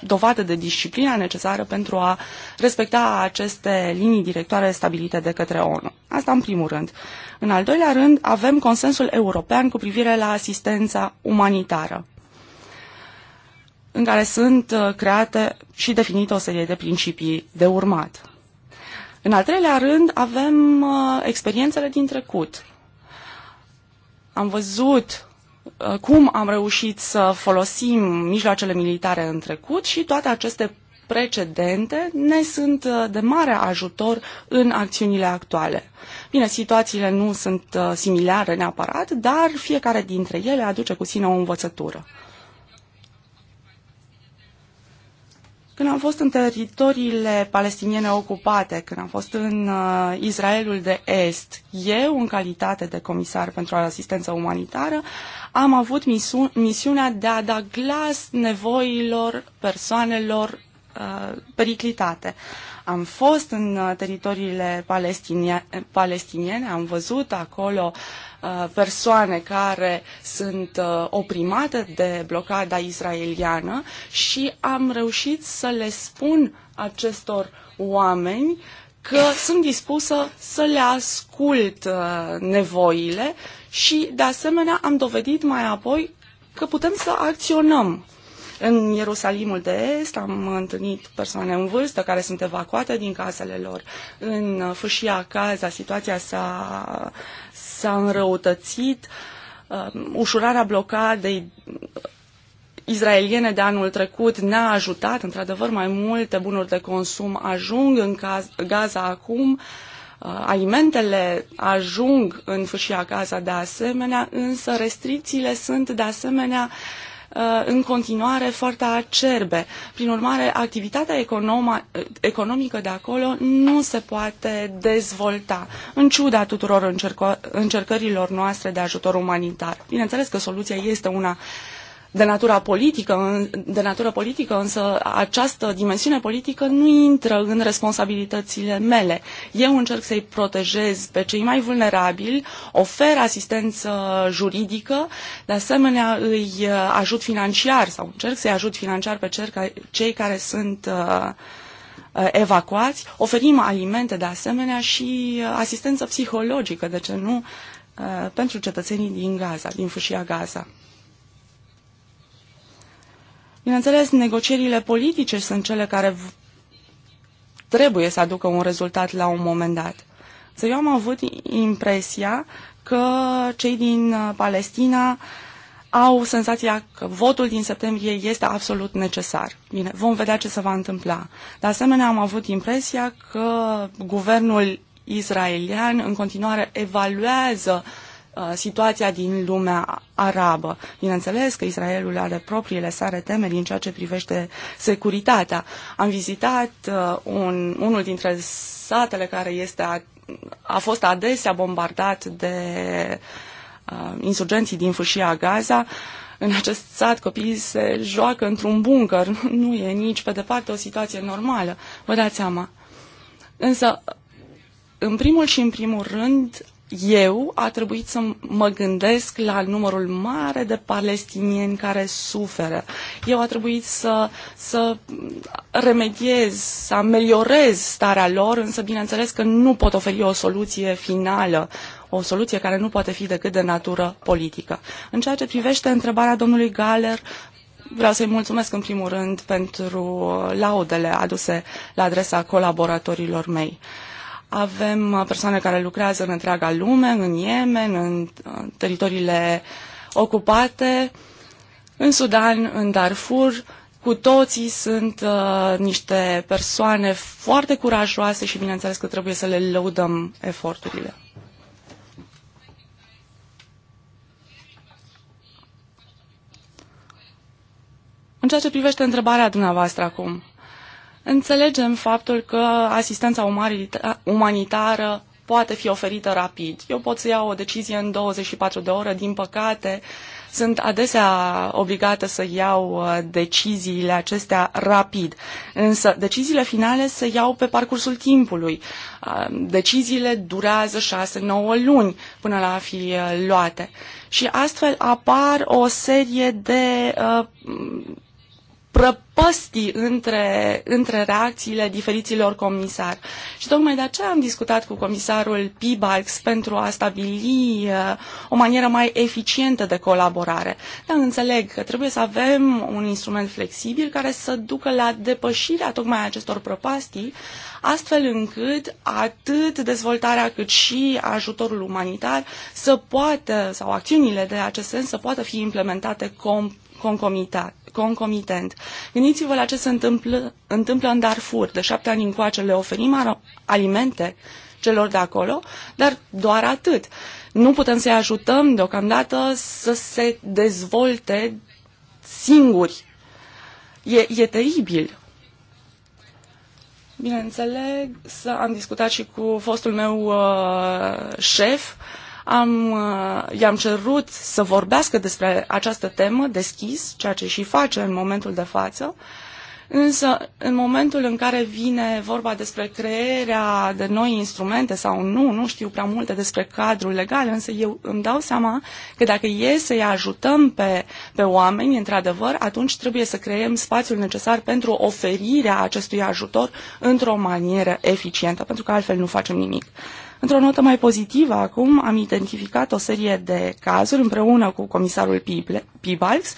dovadă de disciplina necesară pentru a respecta aceste linii directoare stabilite de către ONU. Asta în primul rând. În al doilea rând, avem consensul european cu privire la asistența umanitară în care sunt uh, create și definite o serie de principii de urmat. În al treilea rând, avem uh, experiențele din trecut. Am văzut uh, cum am reușit să folosim mijloacele militare în trecut și toate aceste precedente ne sunt de mare ajutor în acțiunile actuale. Bine, situațiile nu sunt similare neapărat, dar fiecare dintre ele aduce cu sine o învățătură. Când am fost în teritoriile palestiniene ocupate, când am fost în uh, Israelul de Est, eu, în calitate de comisar pentru asistență umanitară, am avut misu- misiunea de a da glas nevoilor persoanelor uh, periclitate. Am fost în uh, teritoriile palestiniene, am văzut acolo uh, persoane care sunt uh, oprimate de blocada israeliană și am reușit să le spun acestor oameni că sunt dispusă să le ascult nevoile și, de asemenea, am dovedit mai apoi că putem să acționăm în Ierusalimul de Est am întâlnit persoane în vârstă care sunt evacuate din casele lor. În fâșia Caza situația s-a, s-a înrăutățit. Um, ușurarea blocadei izraeliene de anul trecut ne-a ajutat. Într-adevăr, mai multe bunuri de consum ajung în Gaza acum. Uh, alimentele ajung în fâșia Gaza de asemenea, însă restricțiile sunt de asemenea uh, Uh, în continuare foarte acerbe. Prin urmare, activitatea economică de acolo nu se poate dezvolta, în ciuda tuturor încercărilor noastre de ajutor umanitar. Bineînțeles că soluția este una uh, de natură politică, de natură politică, însă această dimensiune politică nu intră în responsabilitățile mele. Eu încerc să-i protejez pe cei mai vulnerabili, ofer asistență juridică, de asemenea îi uh, ajut financiar sau încerc să-i ajut financiar pe cei care sunt uh, uh, evacuați, oferim alimente de asemenea și asistență psihologică, de ce nu, pentru cetățenii din Gaza, din fâșia Gaza. Bineînțeles, negocierile politice sunt cele care trebuie să aducă un rezultat la un moment dat. Să eu am avut impresia că cei din uh, Palestina au senzația că votul din septembrie este absolut necesar. Bine, vom vedea ce se va întâmpla. De asemenea, am avut impresia că guvernul israelian în continuare evaluează uh, Uh, situația din lumea arabă. Bineînțeles că Israelul are propriile sale temeri în ceea ce privește securitatea. Am vizitat uh, un, unul dintre satele care este a, a fost adesea bombardat de uh, insurgenții din fâșia Gaza. În acest sat copiii se joacă într-un bunker. Nu e nici pe departe o situație normală. Vă dați seama. Însă, în primul și în primul rând, eu a trebuit să mă gândesc la numărul mare de palestinieni care suferă. Eu a trebuit să, să remediez, să ameliorez starea lor, însă bineînțeles că nu pot oferi o soluție finală, o soluție care nu poate fi decât de natură politică. În ceea ce privește întrebarea domnului Galer, vreau să-i mulțumesc în primul rând pentru laudele aduse la adresa colaboratorilor mei. Uh, avem uh, persoane care lucrează în întreaga lume, în Yemen, în uh, teritoriile ocupate, în Sudan, în Darfur. Cu toții sunt uh, niște persoane foarte curajoase și bineînțeles că trebuie să le lăudăm eforturile. În ceea ce privește întrebarea dumneavoastră acum, Înțelegem faptul că asistența umanitară poate fi oferită rapid. Eu pot să iau o decizie în 24 de ore, din păcate sunt adesea obligată să iau uh, deciziile acestea rapid, însă deciziile finale se iau pe parcursul timpului. Uh, deciziile durează 6-9 luni până la a fi uh, luate și astfel apar o serie de prăpăstii între, între reacțiile diferiților comisari. Și tocmai de aceea am discutat cu comisarul Pibalx pentru a stabili uh, o manieră mai eficientă de colaborare. Dar înțeleg că trebuie să avem un instrument flexibil care să ducă la depășirea tocmai acestor prăpastii, astfel încât atât dezvoltarea cât și ajutorul umanitar să poată, sau acțiunile de acest sens, să poată fi implementate com- concomitat concomitent. Gândiți-vă la ce se întâmplă, întâmplă în Darfur. De șapte ani încoace le oferim alimente celor de acolo, dar doar atât. Nu putem să-i ajutăm deocamdată să se dezvolte singuri. E, e teribil. Bineînțeles, am discutat și cu fostul meu uh, șef uh, am, uh, i-am cerut să vorbească despre această temă deschis, ceea ce și face în momentul de față, însă în momentul în care vine vorba despre crearea de noi instrumente sau nu, nu știu prea multe despre cadrul legal, însă eu îmi dau seama că dacă e să-i ajutăm pe, pe oameni, într-adevăr, atunci trebuie să creăm spațiul necesar pentru oferirea acestui ajutor într-o manieră eficientă, pentru că altfel nu facem nimic. Într-o notă mai pozitivă, acum am identificat o serie de cazuri împreună cu comisarul Pibalx,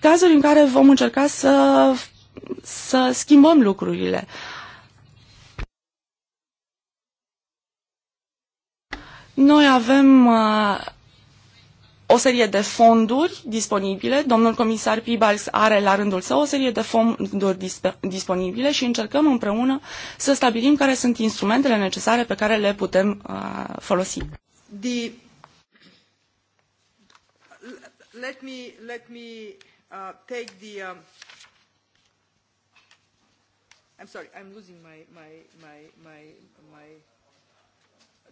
cazuri în care vom încerca să, să schimbăm lucrurile. Noi avem uh, o serie de fonduri disponibile. Domnul comisar Pibals are la rândul său o serie de fonduri disp disponibile și încercăm împreună să stabilim care sunt instrumentele necesare pe care le putem uh, folosi. The... Let me, let me uh, take the... Um... I'm sorry, I'm losing my, my, my, my, my...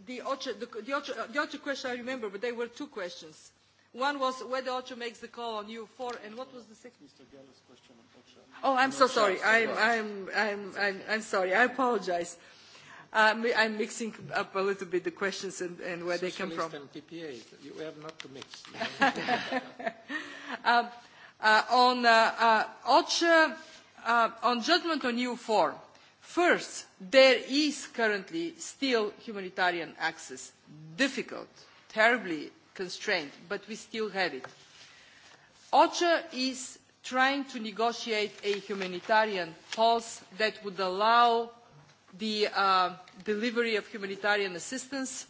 The, the, the, the other question I remember, but there were two questions. One was whether to make the call on EU4, and what was the second? Mr. Gallo's question on OCHA. Oh, I'm so sorry. I'm, I'm, I'm, I'm, I'm sorry. I apologize. I'm, I'm mixing up a little bit the questions and, and where they come from. Socialist and PPA, you have not to mix. um, uh, on uh, uh, OCHA, uh, on judgment on EU4, first, there is currently still humanitarian access difficult, terribly constraint, but we still have it. OCHA is trying to negotiate a humanitarian pulse that would allow the uh, delivery of humanitarian assistance.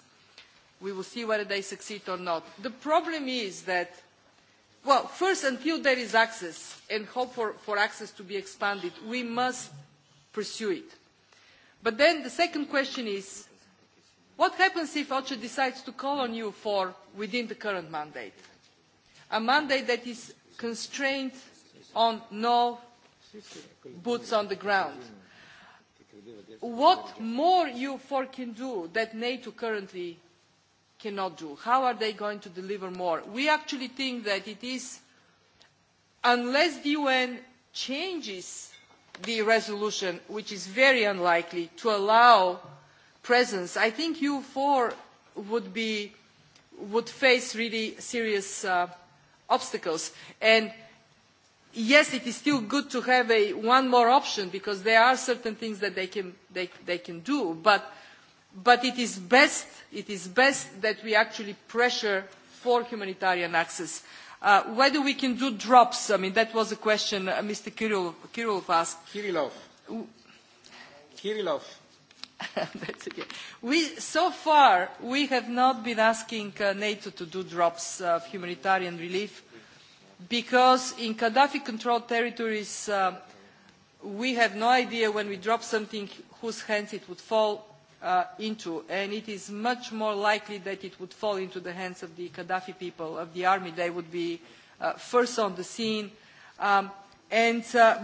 We will see whether they succeed or not. The problem is that, well, first, until there is access and hope for, for access to be expanded, we must pursue it. But then the second question is, What happens if OCHA decides to call on you for within the current mandate? A mandate that is constrained on no boots on the ground. What more EU4 can do that NATO currently cannot do? How are they going to deliver more? We actually think that it is, unless the UN changes the resolution, which is very unlikely, to allow presence. I think you four would, be, would face really serious uh, obstacles. And yes, it is still good to have a, one more option because there are certain things that they can, they, they can do. But, but it, is best, it is best that we actually pressure for humanitarian access. Uh, whether we can do drops, I mean, that was a question uh, Mr. Kirilov Kirillov asked. Kirillov. Kirillov we, so far, we have not been asking uh, NATO to do drops of humanitarian relief because in Gaddafi-controlled territories, uh, we have no idea when we drop something whose hands it would fall uh, into, and it is much more likely that it would fall into the hands of the Gaddafi people, of the army. They would be uh, first on the scene. Um, and uh,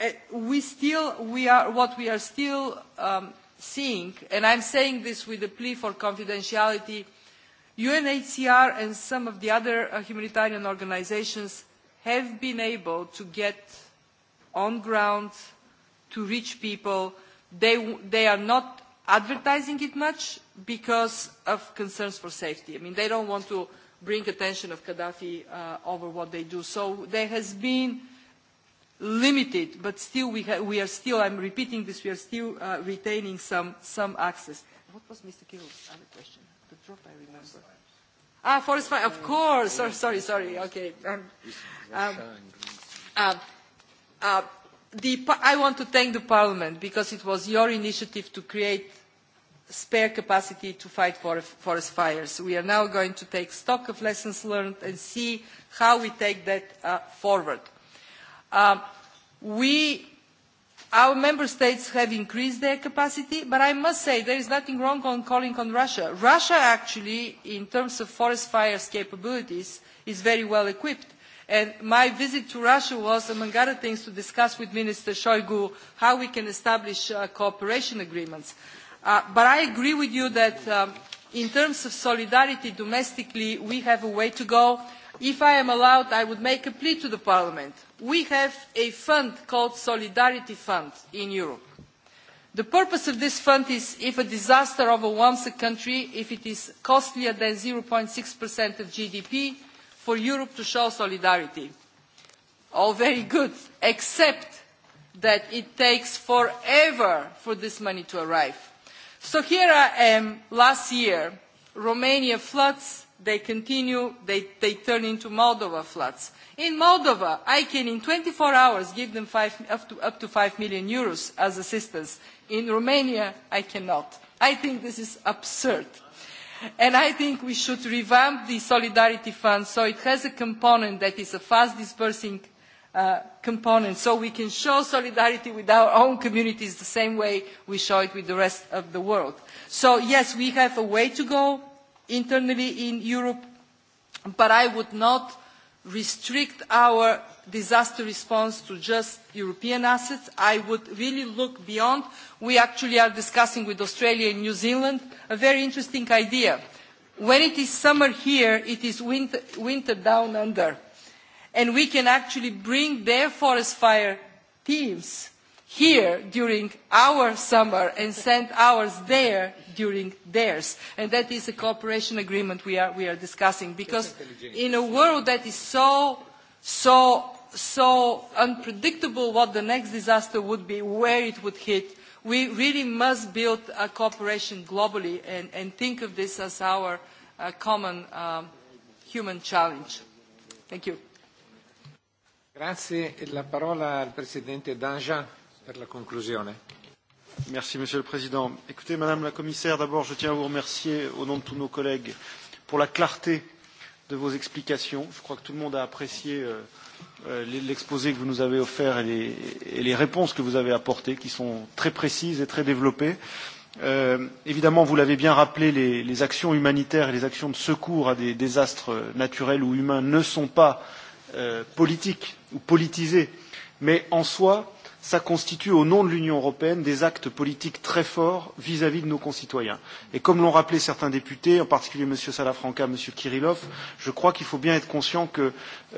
Uh, we still, we are, what we are still um, seeing, and I'm saying this with a plea for confidentiality, UNHCR and some of the other uh, humanitarian organizations have been able to get on ground to reach people. They, they are not advertising it much because of concerns for safety. I mean, they don't want to bring attention of Gaddafi uh, over what they do. So there has been limited, but still we, we are still, I'm repeating this, we are still uh, retaining some, some access. What was Mr. Kirill's other question? The drop, I remember. Ah, forest fire, of course. Oh, sorry, sorry, okay. Um, um, um uh, the, I want to thank the Parliament because it was your initiative to create spare capacity to fight forest fires. We are now going to take stock of lessons learned and see how we take that uh, forward Um, our member states have increased their capacity, but I must say there is nothing wrong on calling on Russia. Russia actually, in terms of forest fires capabilities, is very well equipped. And my visit to Russia was, among other things, to discuss with Minister Shoigu how we can establish uh, cooperation agreements. Uh, but I agree with you that um, in terms of solidarity domestically, we have a way to go if i am allowed i would make a plea to parliament we have a fund called the solidarity fund in europe. the purpose of this fund is if a disaster overwhelms a country if it is costlier than. zero six of gdp for europe to show solidarity. all very good except that it takes forever for this money to arrive. so here i am last year romania floods they continue, they, they turn into Moldova floods. In Moldova, I can in 24 hours give them five, up, to, up to 5 million euros as assistance. In Romania, I cannot. I think this is absurd. And I think we should revamp the Solidarity Fund so it has a component that is a fast dispersing uh, component, so we can show solidarity with our own communities the same way we show it with the rest of the world. So yes, we have a way to go internally in Europe, but I would not restrict our disaster response to just European assets. I would really look beyond. We actually are discussing with Australia and New Zealand a very interesting idea. When it is summer here, it is winter, winter down under. And we can actually bring their forest fire teams here during our summer and send ours there during theirs. And that is a cooperation agreement we are, we are discussing because in a world that is so, so, so unpredictable what the next disaster would be, where it would hit, we really must build a cooperation globally and, and think of this as our uh, common um, human challenge. Thank you. Grazie. La parola al Presidente Danjean per la conclusione. Merci, Monsieur le Président. Écoutez, Madame la Commissaire, d'abord, je tiens à vous remercier au nom de tous nos collègues pour la clarté de vos explications. Je crois que tout le monde a apprécié euh, euh l'exposé que vous nous avez offert et les, et les réponses que vous avez apportées, qui sont très précises et très développées. Euh, évidemment, vous l'avez bien rappelé, les, les actions humanitaires et les actions de secours à des désastres naturels ou humains ne sont pas euh, politiques ou politisées, mais en soi, ça constitue au nom de l'Union européenne des actes politiques très forts vis-à-vis -vis de nos concitoyens. Et comme l'ont rappelé certains députés, en particulier M. Salafranca, M. Kirillov, je crois qu'il faut bien être conscient qu'à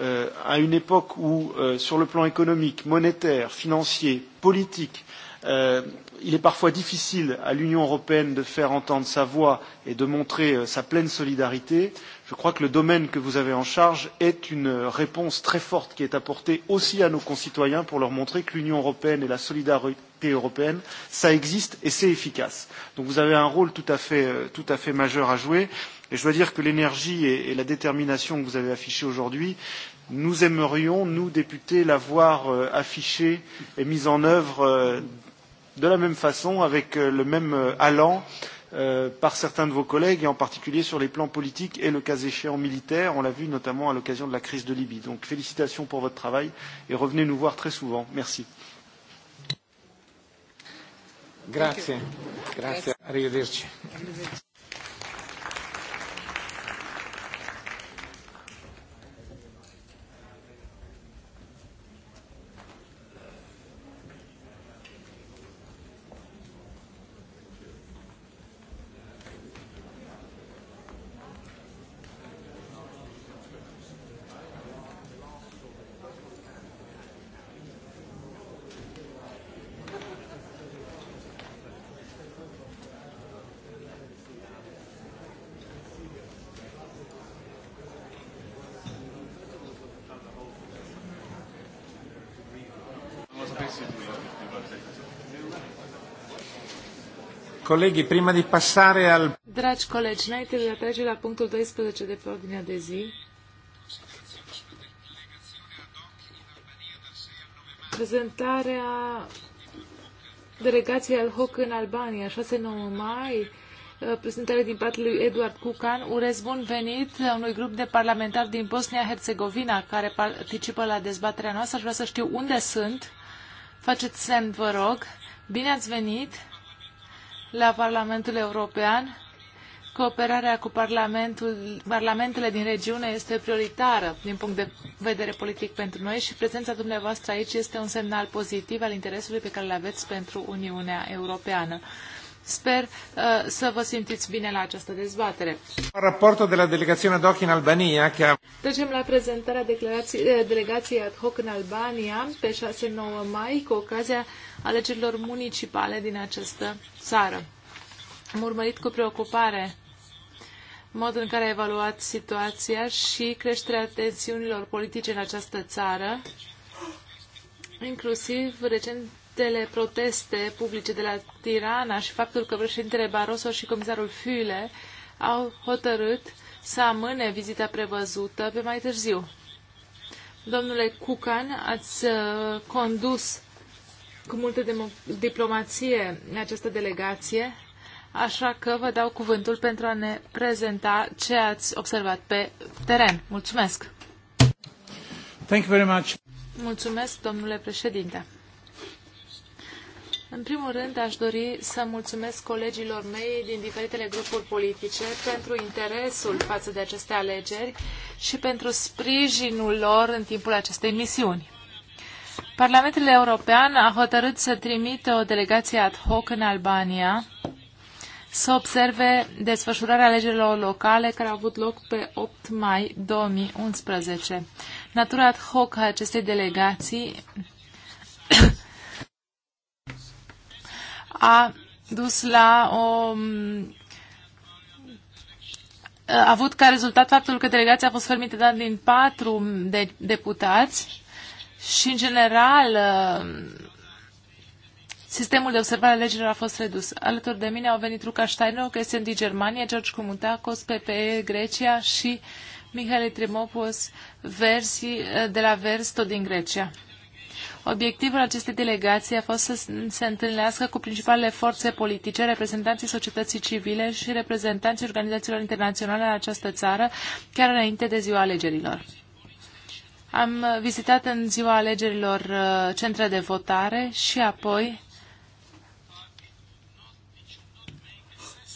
euh, à une époque où, euh, sur le plan économique, monétaire, financier, politique, euh, il est parfois difficile à l'Union européenne de faire entendre sa voix et de montrer euh, sa pleine solidarité, euh, Je crois que le domaine que vous avez en charge est une réponse très forte qui est apportée aussi à nos concitoyens pour leur montrer que l'Union européenne et la solidarité européenne, ça existe et c'est efficace. Donc vous avez un rôle tout à fait, euh, tout à fait majeur à jouer. Et je dois dire que l'énergie et, et la détermination que vous avez affichée aujourd'hui, nous aimerions, nous députés, la voir euh, affichée et mise en œuvre euh, de la même façon, avec euh, le même euh, allant, Euh, par certains de vos collègues, et en particulier sur les plans politiques et, le cas échéant, militaires. On l'a vu notamment à l'occasion de la crise de Libye. Donc félicitations pour votre travail et revenez nous voir très souvent. Merci. Grazie. Grazie. Arrivederci. Colegi, prima di passare al... Dragi colegi, înainte de a trece la punctul 12 de pe ordinea de zi, prezentarea delegației al HOC în Albania, 6-9 mai, uh, prezentare din partea lui Eduard Cucan. Urez bun venit unui grup de parlamentari din Bosnia-Herzegovina care participă la dezbaterea noastră. Aș vrea să știu unde sunt. Faceți semn, vă rog. Bine ați venit! la Parlamentul European. Cooperarea cu parlamentul, parlamentele din regiune este prioritară din punct de vedere politic pentru noi și prezența dumneavoastră aici este un semnal pozitiv al interesului pe care îl aveți pentru Uniunea Europeană. Sper uh, să vă simțiți bine la această dezbatere. Raportul de la delegația DOC în Albania. Că... Trecem la prezentarea eh, delegației ad hoc în Albania pe 6-9 mai cu ocazia alegerilor municipale din această țară. Am urmărit cu preocupare modul în care a evaluat situația și creșterea tensiunilor politice în această țară, inclusiv recent recentele proteste publice de la Tirana și faptul că președintele Barroso și comisarul Füle au hotărât să amâne vizita prevăzută pe mai târziu. Domnule Cucan, ați uh, condus cu multă diplomație această delegație, așa că vă dau cuvântul pentru a ne prezenta ce ați observat pe teren. Mulțumesc! Thank you very much. Mulțumesc, domnule președinte! În primul rând, aș dori să mulțumesc colegilor mei din diferitele grupuri politice pentru interesul față de aceste alegeri și pentru sprijinul lor în timpul acestei misiuni. Parlamentul European a hotărât să trimite o delegație ad hoc în Albania să observe desfășurarea alegerilor locale care au avut loc pe 8 mai 2011. Natura ad hoc a acestei delegații a dus la o a avut ca rezultat faptul că delegația a fost fermită din patru de deputați și, în general, sistemul de observare a legilor a fost redus. Alături de mine au venit Ruca Steiner, că este din Germania, George Cumuntacos, PPE, Grecia și Mihail Trimopoulos, Versi, de la Vers, tot din Grecia. Obiectivul acestei delegații a fost să se întâlnească cu principalele forțe politice, reprezentanții societății civile și reprezentanții organizațiilor internaționale în această țară, chiar înainte de ziua alegerilor. Am vizitat în ziua alegerilor uh, centre de votare și apoi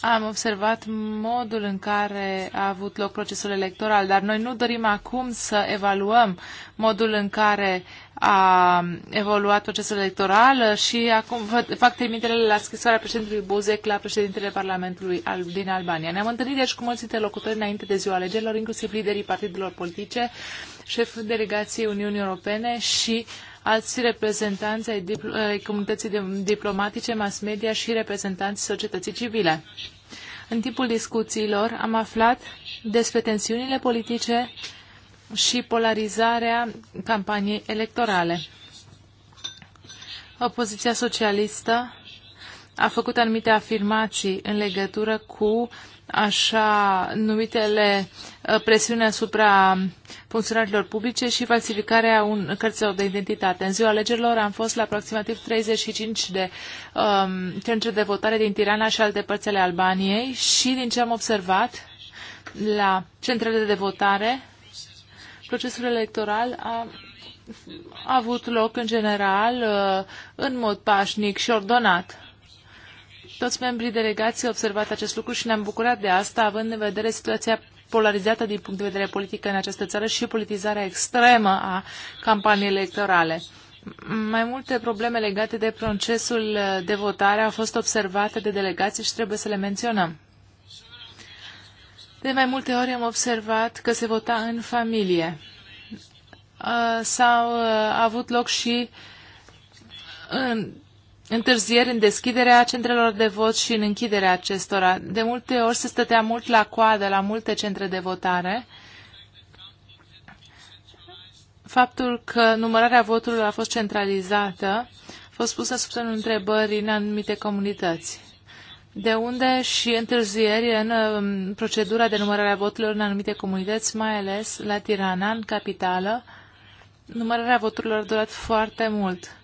Am observat modul în care a avut loc procesul electoral, dar noi nu dorim acum să evaluăm modul în care a evoluat procesul electoral și acum fac trimitere la scrisoarea președintelui Buzek la președintele Parlamentului din Albania. Ne-am întâlnit deci cu mulți interlocutori înainte de ziua alegerilor, inclusiv liderii partidelor politice, șeful delegației Uniunii Europene și uh, alți reprezentanți ai comunității diplomatice, mass media și reprezentanți societății civile. În timpul discuțiilor am aflat despre tensiunile politice și polarizarea campaniei electorale. Opoziția socialistă a făcut anumite afirmații în legătură cu așa numitele uh, presiune asupra funcționarilor publice și falsificarea un, cărților de identitate. În ziua alegerilor am fost la aproximativ 35 de um, centre de votare din Tirana și alte părți ale Albaniei și din ce am observat la centrele de votare, procesul electoral a a avut loc în general uh, în mod pașnic și ordonat. Toți membrii delegației au observat acest lucru și ne-am bucurat de asta, având în vedere situația polarizată din punct de vedere politică în această țară și politizarea extremă a campaniei electorale. Mai multe probleme legate de procesul de votare au fost observate de delegații și trebuie să le menționăm. De mai multe ori am observat că se vota în familie. Uh, s-au uh, avut loc și în întârzieri în deschiderea centrelor de vot și în închiderea acestora. De multe ori se stătea mult la coadă la multe centre de votare. Faptul că numărarea voturilor a fost centralizată a fost pusă sub semnul întrebării în anumite comunități. De unde și întârzieri în um, procedura de numărare a voturilor în anumite comunități, mai ales la Tirana, în capitală, numărarea voturilor a durat foarte mult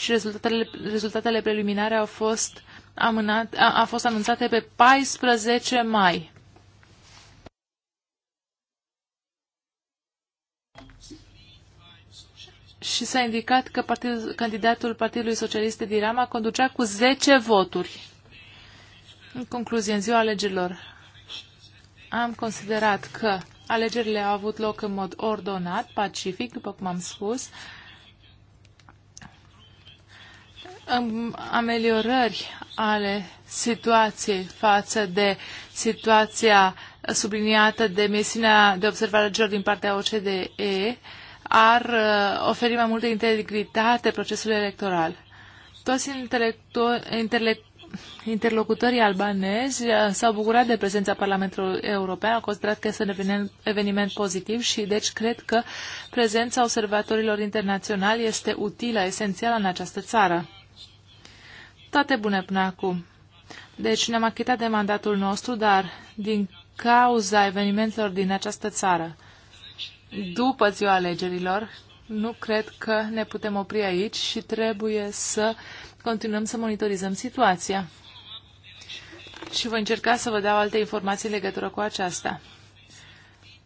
și rezultatele, rezultatele preliminare au fost, amânat, a, a fost anunțate pe 14 mai. Și s-a indicat că partid, candidatul Partidului Socialist din Rama conducea cu 10 voturi. În concluzie, în ziua alegerilor, am considerat că alegerile au avut loc în mod ordonat, pacific, după cum am spus, ameliorări ale situației față de situația subliniată de misiunea de observare a din partea OCDE ar uh, oferi mai multă integritate procesului electoral. Toți interlocutorii albanezi uh, s-au bucurat de prezența Parlamentului European, au considerat că este un eveniment pozitiv și deci cred că prezența observatorilor internaționali este utilă, esențială în această țară. Toate bune până acum. Deci ne-am achitat de mandatul nostru, dar din cauza evenimentelor din această țară, după ziua alegerilor, nu cred că ne putem opri aici și trebuie să continuăm să monitorizăm situația. Și voi încerca să vă dau alte informații în legătură cu aceasta.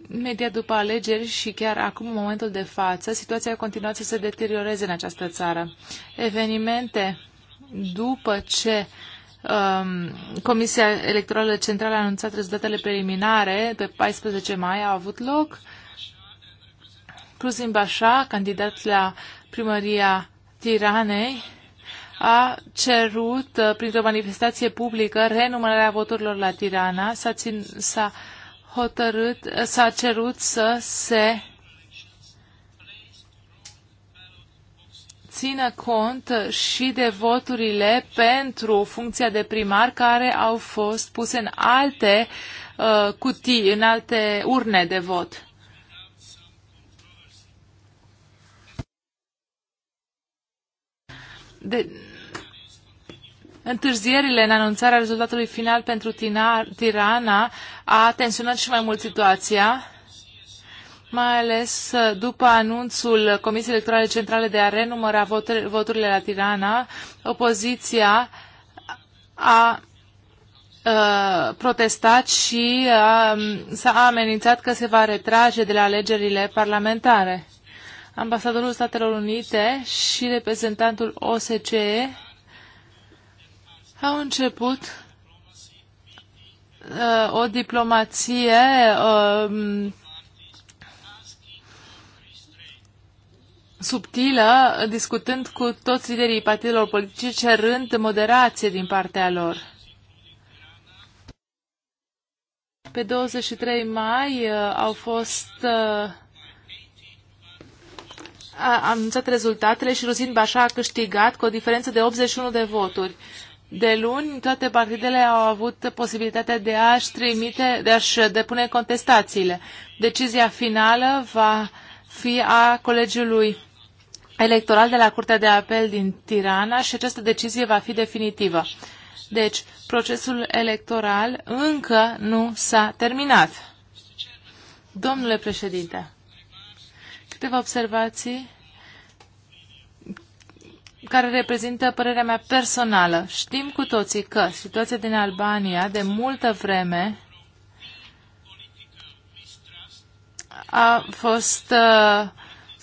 Media după alegeri și chiar acum, în momentul de față, situația a continuat să se deterioreze în această țară. Evenimente după ce um, Comisia Electorală Centrală a anunțat rezultatele preliminare pe 14 mai a avut loc. Cruzin Bașa, candidat la primăria Tiranei, a cerut, uh, printr-o manifestație publică, renumărarea voturilor la Tirana. S-a, țin, s-a hotărât, s-a cerut să se țină cont și de voturile pentru funcția de primar care au fost puse în alte uh, cutii, în alte urne de vot. De... Întârzierile în anunțarea rezultatului final pentru Tirana a tensionat și mai mult situația mai ales uh, după anunțul Comisiei Electorale Centrale de a renumăra voturile la Tirana, opoziția a uh, protestat și um, s-a amenințat că se va retrage de la alegerile parlamentare. Ambasadorul Statelor Unite și reprezentantul OSCE au început uh, o diplomație um, subtilă, discutând cu toți liderii partidelor politice, cerând moderație din partea lor. Pe 23 mai uh, au fost uh, anunțate rezultatele și Rosin Bașa a câștigat cu o diferență de 81 de voturi. De luni, toate partidele au avut posibilitatea de a-și trimite, de a-și depune contestațiile. Decizia finală va fi a colegiului electoral de la Curtea de Apel din Tirana și această decizie va fi definitivă. Deci, procesul electoral încă nu s-a terminat. Domnule președinte, câteva observații care reprezintă părerea mea personală. Știm cu toții că situația din Albania de multă vreme a fost uh,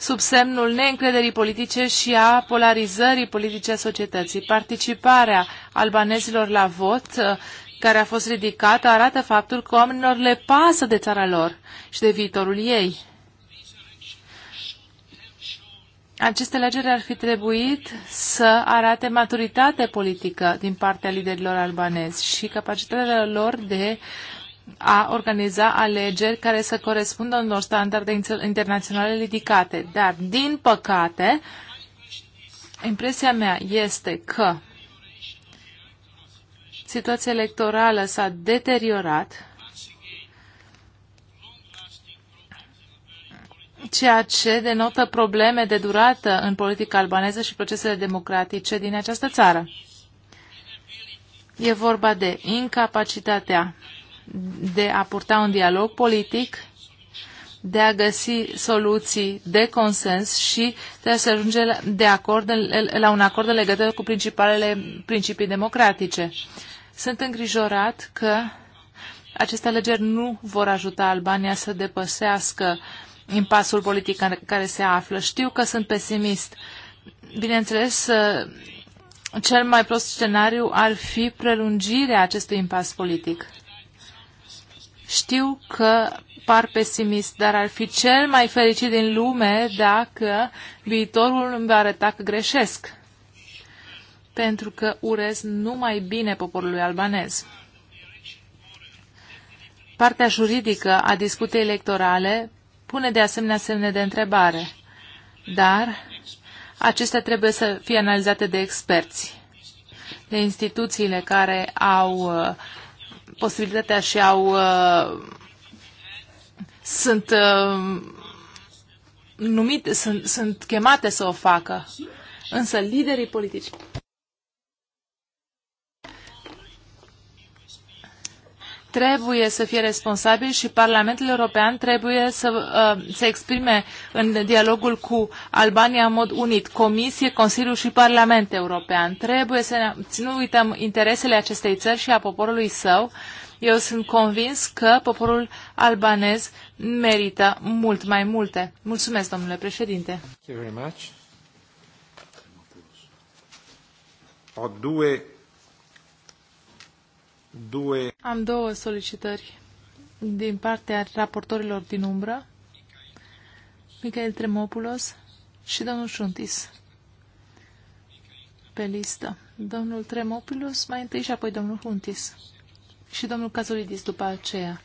sub semnul neîncrederii politice și a polarizării politice a societății. Participarea albanezilor la vot uh, care a fost ridicată arată faptul că oamenilor le pasă de țara lor și de viitorul ei. Aceste legeri ar fi trebuit să arate maturitate politică din partea liderilor albanezi și capacitatea lor de a organiza alegeri care să corespundă unor standarde internaționale ridicate. Dar, din păcate, impresia mea este că situația electorală s-a deteriorat, ceea ce denotă probleme de durată în politica albaneză și procesele democratice din această țară. E vorba de incapacitatea de a purta un dialog politic, de a găsi soluții de consens și de a se ajunge de acord, la un acord în legătură cu principalele principii democratice. Sunt îngrijorat că aceste alegeri nu vor ajuta Albania să depăsească impasul politic în care se află. Știu că sunt pesimist. Bineînțeles, cel mai prost scenariu ar fi prelungirea acestui impas politic. Știu că par pesimist, dar ar fi cel mai fericit din lume dacă viitorul îmi va arăta că greșesc. Pentru că urez numai bine poporului albanez. Partea juridică a discuției electorale pune de asemenea semne de întrebare, dar acestea trebuie să fie analizate de experți, de instituțiile care au uh, posibilitatea și au uh, sunt uh, numite, sunt, sunt chemate să o facă. Însă liderii politici trebuie să fie responsabil și Parlamentul European trebuie să uh, se exprime în dialogul cu Albania în mod unit. Comisie, Consiliu și Parlament European. Trebuie să ne, nu uităm interesele acestei țări și a poporului său. Eu sunt convins că poporul albanez merită mult mai multe. Mulțumesc, domnule președinte. Thank you very much. O due due... Am două solicitări din partea raportorilor din umbră, Michael Tremopulos și domnul Șuntis, pe listă. Domnul Tremopulos mai întâi și apoi domnul Huntis și domnul Cazolidis după aceea.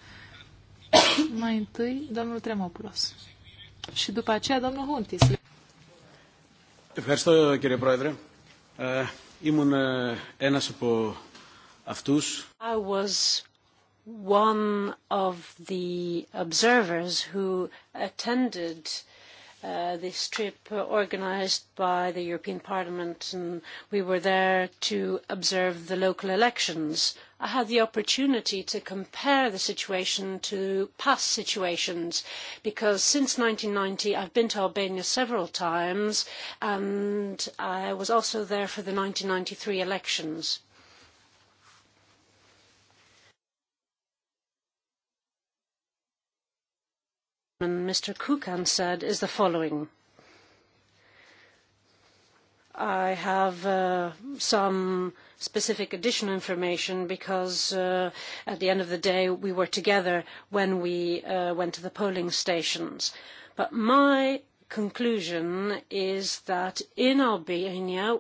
mai întâi domnul Tremopulos și după aceea domnul Huntis. Ευχαριστώ κύριε Πρόεδρε. ήμουν ένας από αυτούς I was one of the observers who attended uh, this trip organized by the European Parliament and we were there to observe the local elections. I had the opportunity to compare the situation to past situations because since 1990 I've been to Albania several times and I was also there for the 1993 elections Mr. Kukan said is the following. I have uh, some specific additional information because uh, at the end of the day we were together when we uh, went to the polling stations. But my conclusion is that in Albania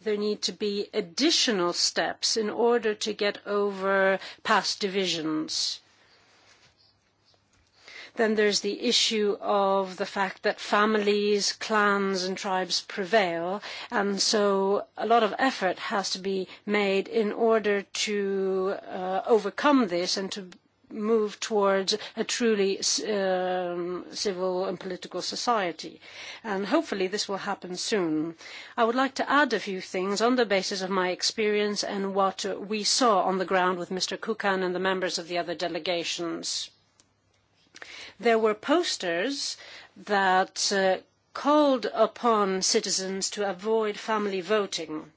there need to be additional steps in order to get over past divisions Then there's the issue of the fact that families, clans and tribes prevail. And so a lot of effort has to be made in order to uh, overcome this and to move towards a truly um, civil and political society. And hopefully this will happen soon. I would like to add a few things on the basis of my experience and what we saw on the ground with Mr. Kukan and the members of the other delegations there were posters that uh, called upon citizens to avoid family voting.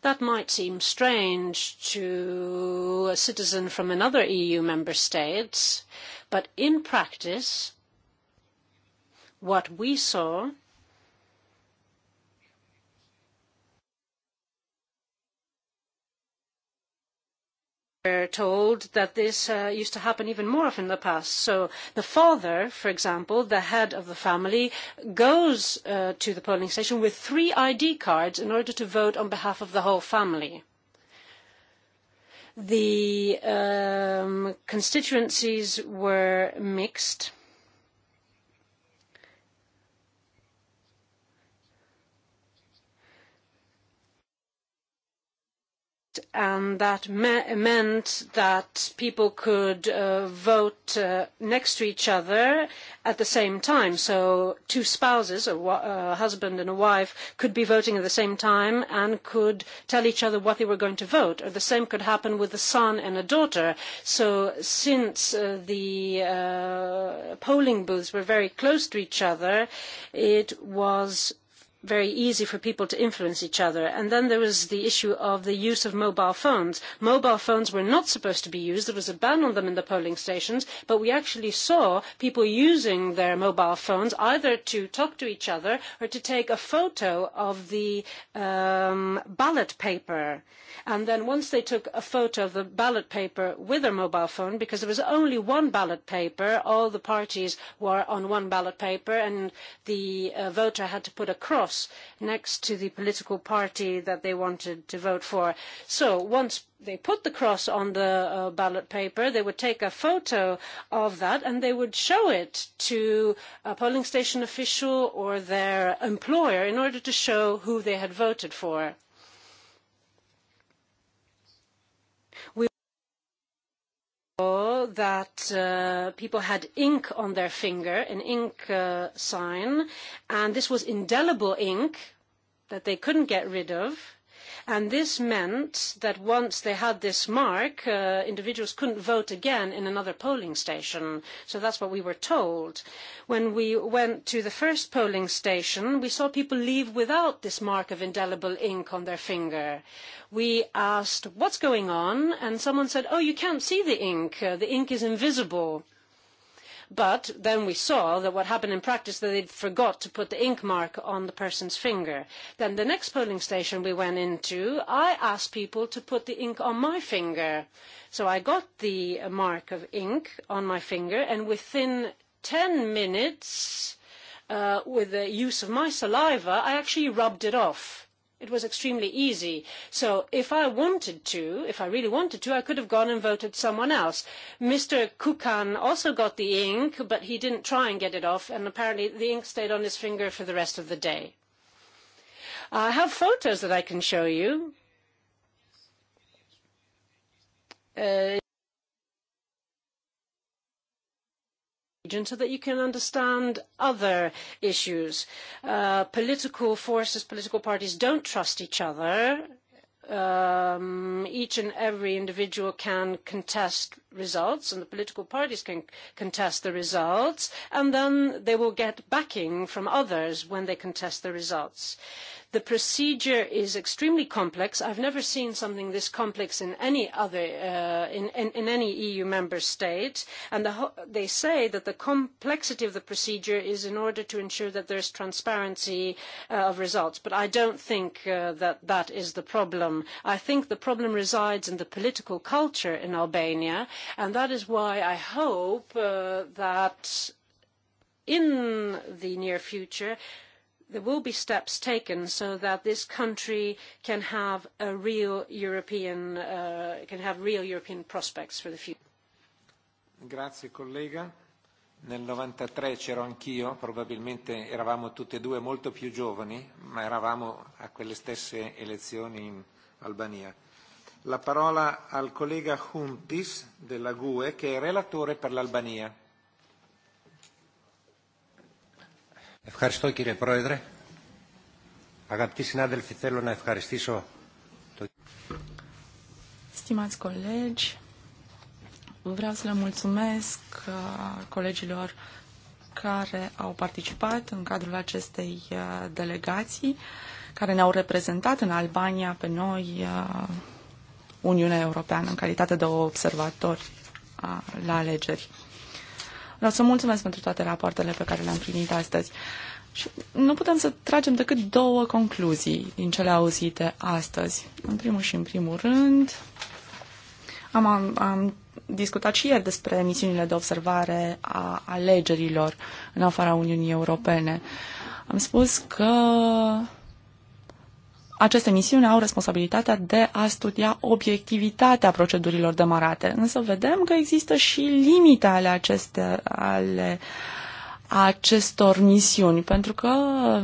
That might seem strange to a citizen from another EU member state, but in practice, what we saw were told that this uh, used to happen even more often in the past. So the father, for example, the head of the family, goes uh, to the polling station with three ID cards in order to vote on behalf of the whole family. The um, constituencies were mixed and that me meant that people could uh, vote uh, next to each other at the same time. So two spouses, a, a husband and a wife, could be voting at the same time and could tell each other what they were going to vote. Or the same could happen with a son and a daughter. So since uh, the uh, polling booths were very close to each other, it was very easy for people to influence each other. And then there was the issue of the use of mobile phones. Mobile phones were not supposed to be used. There was a ban on them in the polling stations. But we actually saw people using their mobile phones either to talk to each other or to take a photo of the um, ballot paper. And then once they took a photo of the ballot paper with their mobile phone, because there was only one ballot paper, all the parties were on one ballot paper, and the uh, voter had to put a cross cross next to the political party that they wanted to vote for. So once they put the cross on the uh, ballot paper, they would take a photo of that and they would show it to a polling station official or their employer in order to show who they had voted for that uh, people had ink on their finger, an ink uh, sign, and this was indelible ink that they couldn't get rid of And this meant that once they had this mark, uh, individuals couldn't vote again in another polling station. So that's what we were told. When we went to the first polling station, we saw people leave without this mark of indelible ink on their finger. We asked, what's going on? And someone said, oh, you can't see the ink. Uh, the ink is invisible. But then we saw that what happened in practice that they forgot to put the ink mark on the person's finger. Then the next polling station we went into, I asked people to put the ink on my finger. So I got the mark of ink on my finger and within 10 minutes, uh, with the use of my saliva, I actually rubbed it off It was extremely easy. So if I wanted to, if I really wanted to, I could have gone and voted someone else. Mr. Kukan also got the ink, but he didn't try and get it off, and apparently the ink stayed on his finger for the rest of the day. I have photos that I can show you. Uh, region so that you can understand other issues. Uh, political forces, political parties don't trust each other. Um, each and every individual can contest results and the political parties can contest the results and then they will get backing from others when they contest the results. The procedure is extremely complex. I've never seen something this complex in any other, uh, in, in, in any EU member state. And the, they say that the complexity of the procedure is in order to ensure that there's transparency uh, of results. But I don't think uh, that that is the problem. I think the problem resides in the political culture in Albania, and that is why I hope uh, that in the near future, there will be steps taken so that this country can have a real European uh, can have real European prospects for the future. Grazie collega. Nel 93 c'ero anch'io, probabilmente eravamo tutti e due molto più giovani, ma eravamo a quelle stesse elezioni in Albania. La parola al collega Huntis della GUE che è relatore per l'Albania. Ευχαριστώ κύριε Πρόεδρε. Αγαπητοί συνάδελφοι, θέλω να ευχαριστήσω το... Stimați colegi, vreau să le mulțumesc uh, colegilor care au participat în cadrul acestei uh, delegații, care ne-au reprezentat în Albania pe noi, uh, Uniunea Europeană, în calitate de observatori la alegeri. Vreau să mulțumesc pentru toate rapoartele pe care le-am primit astăzi. Și nu putem să tragem decât două concluzii din cele auzite astăzi. În primul și în primul rând, am, am, am discutat și ieri despre misiunile de observare a alegerilor în afara Uniunii Europene. Am spus că aceste misiuni au responsabilitatea de a studia obiectivitatea procedurilor demarate, însă vedem că există și limite ale aceste, ale uh, acestor misiuni, pentru că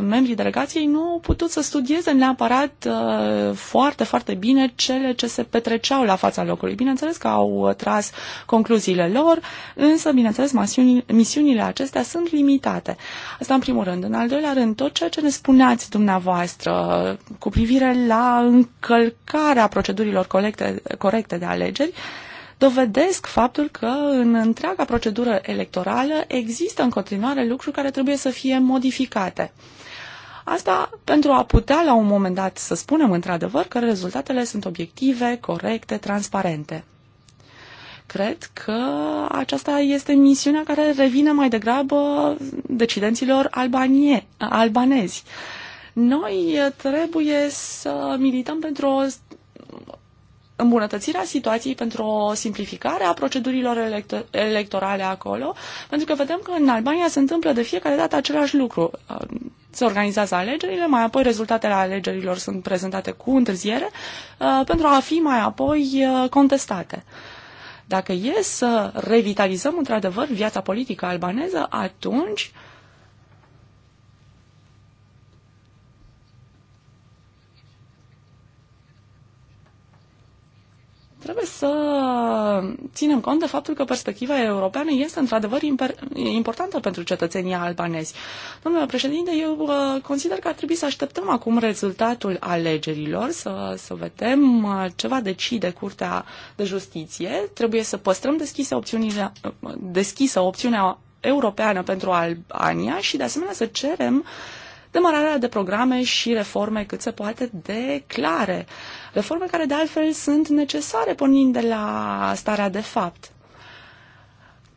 membrii delegației nu au putut să studieze neapărat uh, foarte, foarte bine cele ce se petreceau la fața locului. Bineînțeles că au uh, tras concluziile lor, însă, bineînțeles, misiunile acestea sunt limitate. Asta în primul rând. În al doilea rând, tot ceea ce ne spuneați dumneavoastră uh, cu privire la încălcarea procedurilor corecte, corecte de alegeri, dovedesc faptul că în întreaga procedură electorală există în continuare lucruri care trebuie să fie modificate. Asta pentru a putea la un moment dat să spunem într-adevăr că rezultatele sunt obiective, corecte, transparente. Cred că aceasta este misiunea care revine mai degrabă decidenților albanie, albanezi. Noi trebuie să milităm pentru o îmbunătățirea situației, pentru o simplificare a procedurilor electo electorale acolo, pentru că vedem că în Albania se întâmplă de fiecare dată același lucru. Uh, se organizează alegerile, mai apoi rezultatele alegerilor sunt prezentate cu întârziere uh, pentru a fi mai apoi uh, contestate. Dacă e să revitalizăm într-adevăr viața politică albaneză, atunci uh, trebuie să ținem cont de faptul că perspectiva europeană este într-adevăr importantă pentru cetățenii albanezi. Domnule președinte, eu uh, consider că ar trebui să așteptăm acum rezultatul alegerilor, să, să vedem uh, ce va decide Curtea de Justiție. Trebuie să păstrăm deschise opțiunile, uh, deschisă opțiunea europeană pentru Albania și de asemenea să cerem demararea de programe și reforme cât se poate de clare. Uh, Reforme care de altfel sunt necesare pornind de la starea de fapt.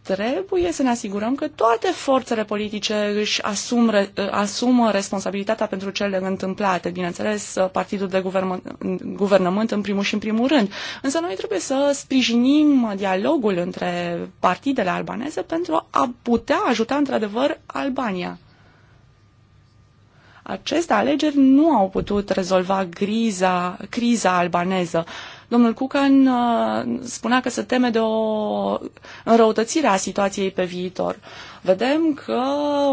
Trebuie să ne asigurăm că toate forțele politice își asum, asumă responsabilitatea pentru cele întâmplate. Bineînțeles, partidul de guvern, guvernământ în primul și în primul rând. Însă noi trebuie să sprijinim dialogul între partidele albaneze pentru a putea ajuta într-adevăr Albania. Aceste alegeri nu au putut rezolva griza, criza albaneză. Domnul Cucan uh, spunea că se teme de o înrăutățire a situației pe viitor. Vedem că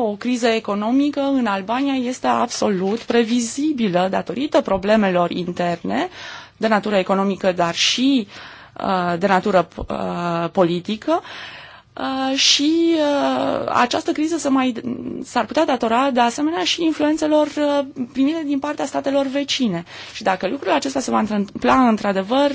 o criză economică în Albania este absolut previzibilă datorită problemelor interne de natură economică, dar și uh, de natură uh, politică Uh, și uh, această criză se mai, s-ar putea datora de asemenea și influențelor uh, primite din partea statelor vecine. Și dacă lucrul acesta se va întâmpla într-adevăr,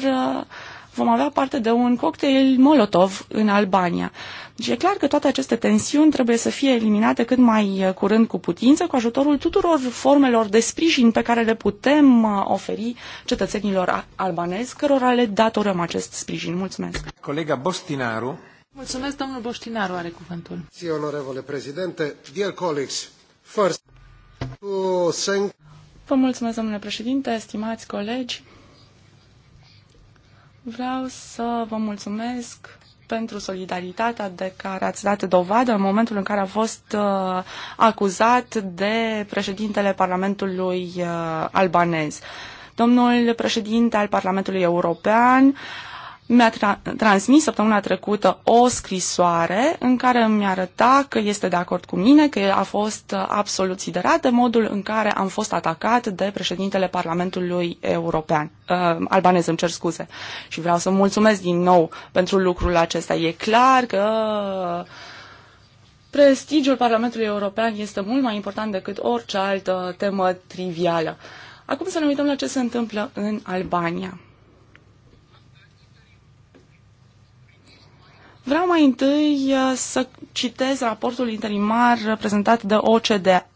vom avea parte de un cocktail Molotov în Albania. Deci e clar că toate aceste tensiuni trebuie să fie eliminate cât mai curând cu putință, cu ajutorul tuturor formelor de sprijin pe care le putem oferi cetățenilor albanezi, cărora le datorăm acest sprijin. Mulțumesc! Colega Bostinaru. Mulțumesc, domnul Boștinaru are cuvântul. Si, onorevole președinte, dear colleagues, first, thank... Vă mulțumesc, domnule președinte, stimați colegi. Vreau să vă mulțumesc pentru solidaritatea de care ați dat dovadă în momentul în care a fost uh, acuzat de președintele Parlamentului uh, albanez. Domnul președinte al Parlamentului European uh, mi-a tra- transmis săptămâna trecută o scrisoare în care mi arăta că este de acord cu mine, că a fost absolut siderat de modul în care am fost atacat de președintele Parlamentului European, uh, albanez, îmi cer scuze. Și vreau să mulțumesc din nou pentru lucrul acesta. E clar că prestigiul Parlamentului European este mult mai important decât orice altă temă trivială. Acum să ne uităm la ce se întâmplă în Albania. Vreau mai întâi uh, să citez raportul interimar prezentat de OCDE.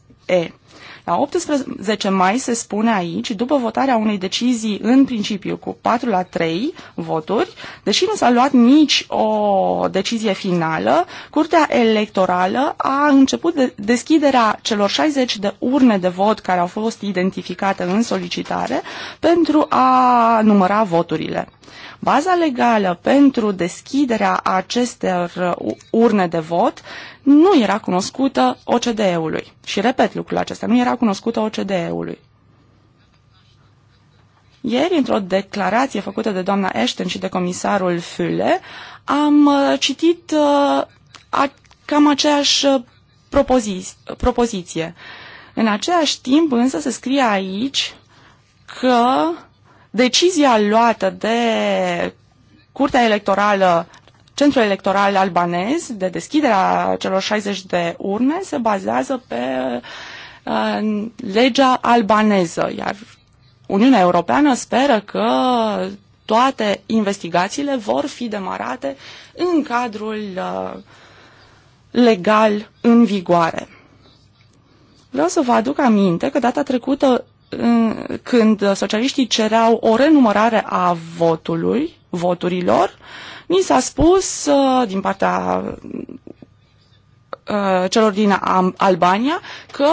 La 18 mai se spune aici, după votarea unei decizii în principiu cu 4 la 3 voturi, deși nu s-a luat nici o decizie finală, Curtea Electorală a început de deschiderea celor 60 de urne de vot care au fost identificate în solicitare pentru a număra voturile. Baza legală pentru deschiderea acestor urne de vot nu era cunoscută OCDE-ului. Și repet lucrul acesta, nu era cunoscută OCDE-ului. Ieri, într-o declarație făcută de doamna Ashton și de comisarul Füle, am uh, citit uh, a, cam aceeași uh, propozi- propoziție. În același timp, însă, se scrie aici că Decizia luată de Curtea Electorală, Centrul Electoral Albanez, de deschiderea celor 60 de urne, se bazează pe uh, legea albaneză, iar Uniunea Europeană speră că toate investigațiile vor fi demarate în cadrul uh, legal în vigoare. Vreau să vă aduc aminte că data trecută când socialiștii cereau o renumărare a votului, voturilor, mi s-a spus uh, din partea uh, celor din Albania că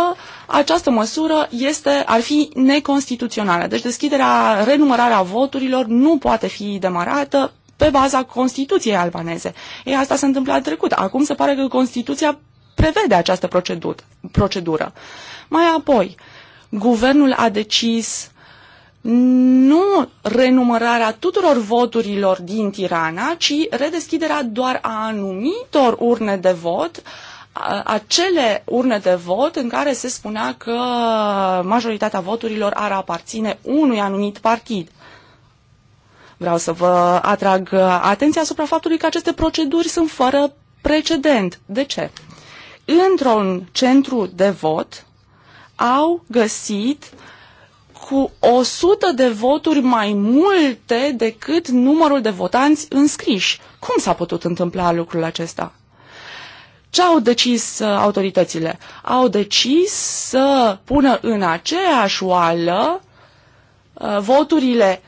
această măsură este, ar fi neconstituțională. Deci deschiderea, renumărarea voturilor nu poate fi demarată pe baza Constituției albaneze. Ei, asta s-a întâmplat trecut. Acum se pare că Constituția prevede această procedură. Mai apoi, uh, guvernul a decis nu renumărarea tuturor voturilor din Tirana, ci redeschiderea doar a anumitor urne de vot, acele urne de vot în care se spunea că majoritatea voturilor ar aparține unui anumit partid. Vreau să vă atrag atenția asupra faptului că aceste proceduri sunt fără precedent. De ce? Într-un centru de vot, au găsit cu 100 de voturi mai multe decât numărul de votanți înscriși. Cum s-a putut întâmpla lucrul acesta? Ce au decis uh, autoritățile? Au decis să pună în aceeași oală uh, voturile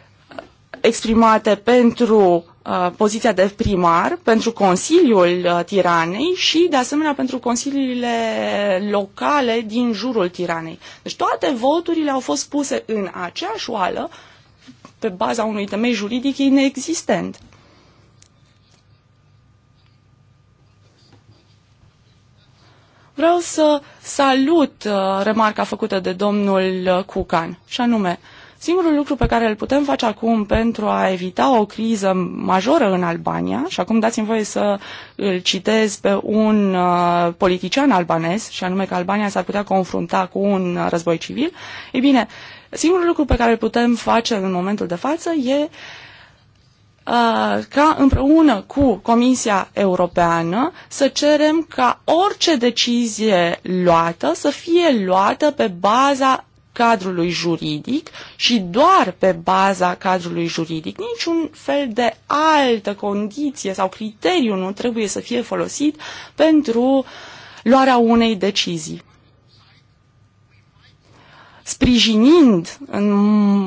exprimate pentru Uh, poziția de primar pentru Consiliul uh, Tiranei și, de asemenea, pentru consiliile locale din jurul Tiranei. Deci toate voturile au fost puse în aceeași oală pe baza unui temei juridic inexistent. Vreau să salut uh, remarca făcută de domnul Cucan, și anume, uh, Singurul lucru pe care îl putem face acum pentru a evita o criză majoră în Albania, și acum dați-mi voie să îl citez pe un uh, politician albanez, și anume că Albania s-ar putea confrunta cu un uh, război civil, e bine, singurul lucru pe care îl putem face în momentul de față e uh, ca împreună cu Comisia Europeană să cerem ca orice decizie luată să fie luată pe baza cadrului juridic și doar pe baza cadrului juridic. Niciun fel de altă condiție sau criteriu nu trebuie să fie folosit pentru luarea unei decizii sprijinind în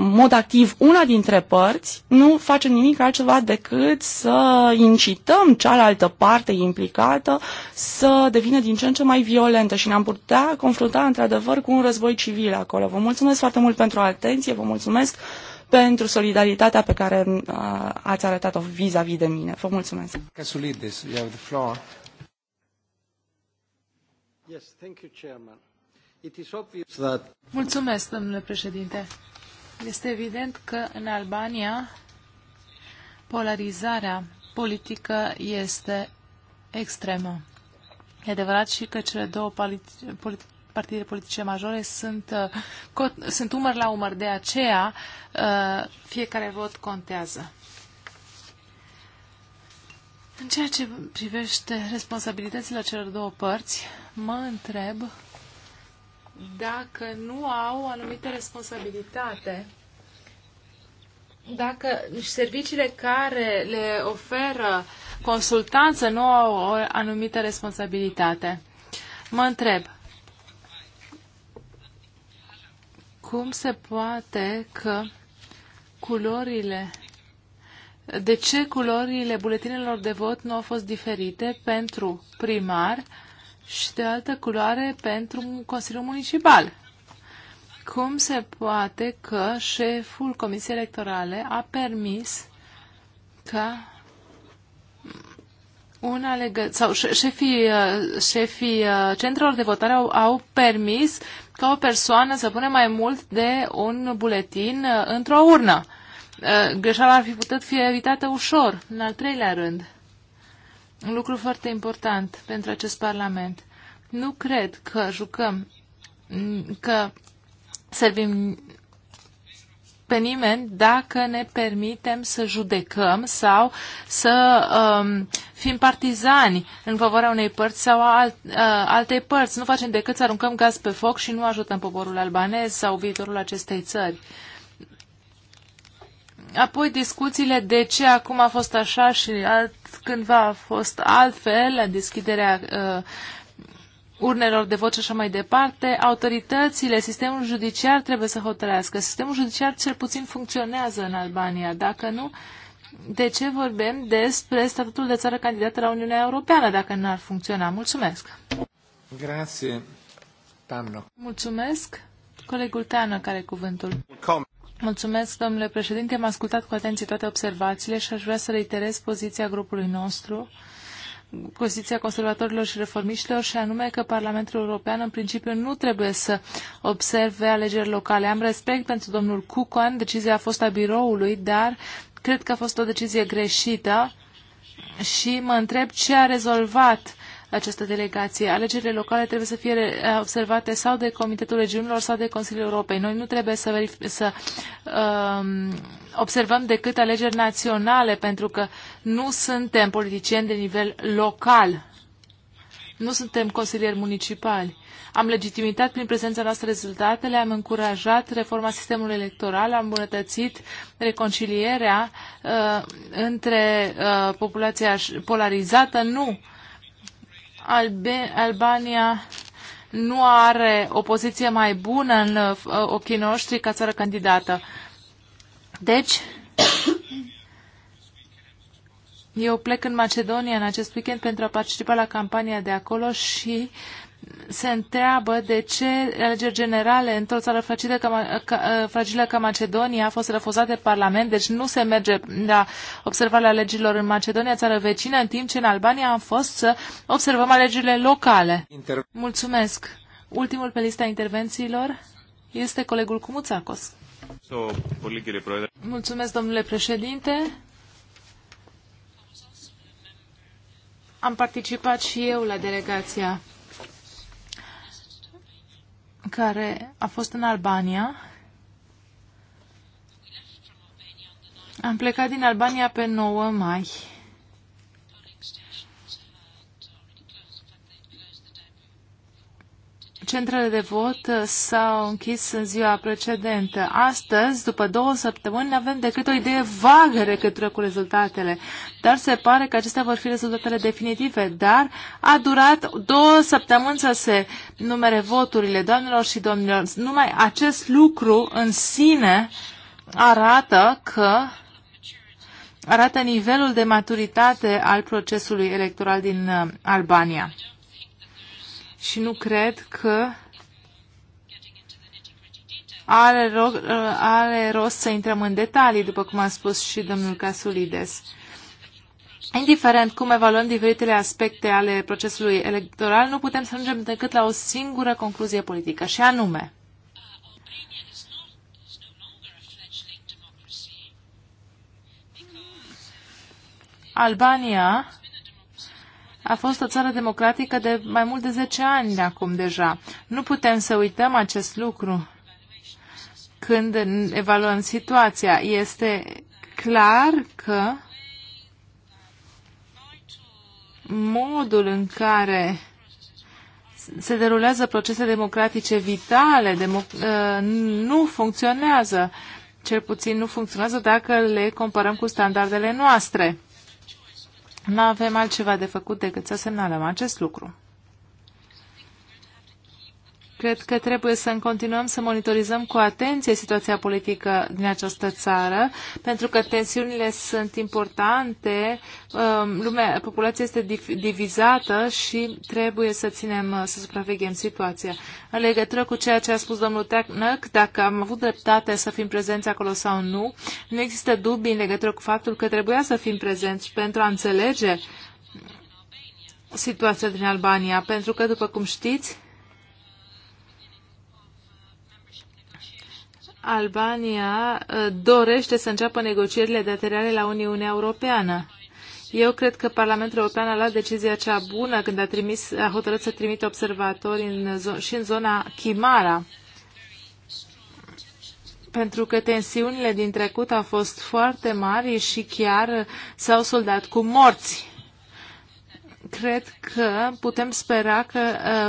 mod activ una dintre părți, nu facem nimic altceva decât să incităm cealaltă parte implicată să devină din ce în ce mai violentă și ne-am putea confrunta într-adevăr cu un război civil acolo. Vă mulțumesc foarte mult pentru atenție, vă mulțumesc pentru solidaritatea pe care uh, ați arătat-o vis-a-vis de mine. Vă mulțumesc. Casulides, you have the floor. Yes, thank you, Chairman. Mulțumesc, domnule președinte. Este evident că în Albania polarizarea politică este extremă. E adevărat și că cele două partide politice majore sunt, uh, sunt umăr la umăr, de aceea uh, fiecare vot contează. În ceea ce privește responsabilitățile celor două părți, mă întreb dacă nu au anumite responsabilitate dacă serviciile care le oferă consultanță nu au o anumită responsabilitate. Mă întreb, cum se poate că culorile, de ce culorile buletinelor de vot nu au fost diferite pentru primar și de altă culoare pentru Consiliul Municipal. Cum se poate că șeful Comisiei Electorale a permis ca un alegă... sau șefii, uh, șefii uh, centrelor de votare au, au permis ca o persoană să pune mai mult de un buletin uh, într-o urnă. Greșeala ar fi putut fi evitată ușor, în al treilea rând. Un lucru foarte important pentru acest Parlament. Nu cred că jucăm, că servim pe nimeni dacă ne permitem să judecăm sau să um, fim partizani în favoarea unei părți sau a alt, uh, altei părți. Nu facem decât să aruncăm gaz pe foc și nu ajutăm poporul albanez sau viitorul acestei țări. Apoi discuțiile de ce acum a fost așa și alt, cândva a fost altfel, la deschiderea uh, urnelor de vot și așa mai departe, autoritățile, sistemul judiciar trebuie să hotărească. Sistemul judiciar cel puțin funcționează în Albania. Dacă nu, de ce vorbim despre statutul de țară candidată la Uniunea Europeană dacă nu ar funcționa? Mulțumesc! Grazie, Tamno. Mulțumesc! Colegul Teană care cuvântul. Com Mulțumesc, domnule președinte. am ascultat cu atenție toate observațiile și aș vrea să reiterez poziția grupului nostru, poziția conservatorilor și reformiștilor, și anume că Parlamentul European, în principiu, nu trebuie să observe alegeri locale. Am respect pentru domnul Cucoan, decizia a fost a biroului, dar cred că a fost o decizie greșită și mă întreb ce a rezolvat această delegație. Alegerile locale trebuie să fie eh, observate sau de Comitetul Regiunilor sau de Consiliul Europei. Noi nu trebuie să, să um, observăm decât alegeri naționale, pentru că nu suntem politicieni de nivel local. Nu suntem consilieri municipali. Am legitimitat prin prezența noastră rezultatele, am încurajat reforma sistemului electoral, am îmbunătățit reconcilierea uh, între uh, populația polarizată. Nu! Albania nu are o poziție mai bună în uh, ochii noștri ca țară candidată. Deci, eu plec în Macedonia în acest weekend pentru a participa la campania de acolo și se întreabă de ce alegeri generale într-o țară fragilă ca, ca, ă, fragilă ca Macedonia a fost refuzată de Parlament, deci nu se merge la observarea alegerilor în Macedonia, țară vecină, în timp ce în Albania am fost să observăm alegerile locale. Inter Mulțumesc! Ultimul pe lista intervențiilor este colegul Cumuțacos. So, Mulțumesc, domnule președinte! Am participat și eu la delegația care a fost în Albania. Am plecat din Albania pe 9 mai. Centrele de vot uh, s-au închis în ziua precedentă. Astăzi, după două săptămâni, avem decât o idee vagă recătură cu rezultatele. Dar se pare că acestea vor fi rezultatele definitive. Dar a durat două săptămâni să se numere voturile, doamnelor și domnilor. Numai acest lucru în sine arată că arată nivelul de maturitate al procesului electoral din uh, Albania și nu cred că are, ro- are rost să intrăm în detalii, după cum a spus și domnul Casulides. Indiferent cum evaluăm diferitele aspecte ale procesului electoral, nu putem să ajungem decât la o singură concluzie politică, și anume. Albania a fost o țară democratică de mai mult de 10 ani de acum deja. Nu putem să uităm acest lucru când evaluăm situația. Este clar că modul în care se derulează procese democratice vitale, democ- uh, nu funcționează, cel puțin nu funcționează dacă le comparăm cu standardele noastre. Nu avem altceva de făcut decât să semnalăm acest lucru. Cred că trebuie să continuăm să monitorizăm cu atenție situația politică din această țară, pentru că tensiunile sunt importante, um, lumea, populația este divizată și trebuie să ținem, uh, să supraveghem situația. În legătură cu ceea ce a spus domnul Teacnăc, dacă am avut dreptate să fim prezenți acolo sau nu, nu există dubii în legătură cu faptul că trebuia să fim prezenți pentru a înțelege situația din Albania, pentru că, după cum știți, Albania uh, dorește să înceapă negocierile de aderare la Uniunea Europeană. Eu cred că Parlamentul European a luat decizia cea bună când a, trimis, a hotărât să trimite observatori în, și în zona Chimara, pentru că tensiunile din trecut au fost foarte mari și chiar s-au soldat cu morți cred că putem spera că,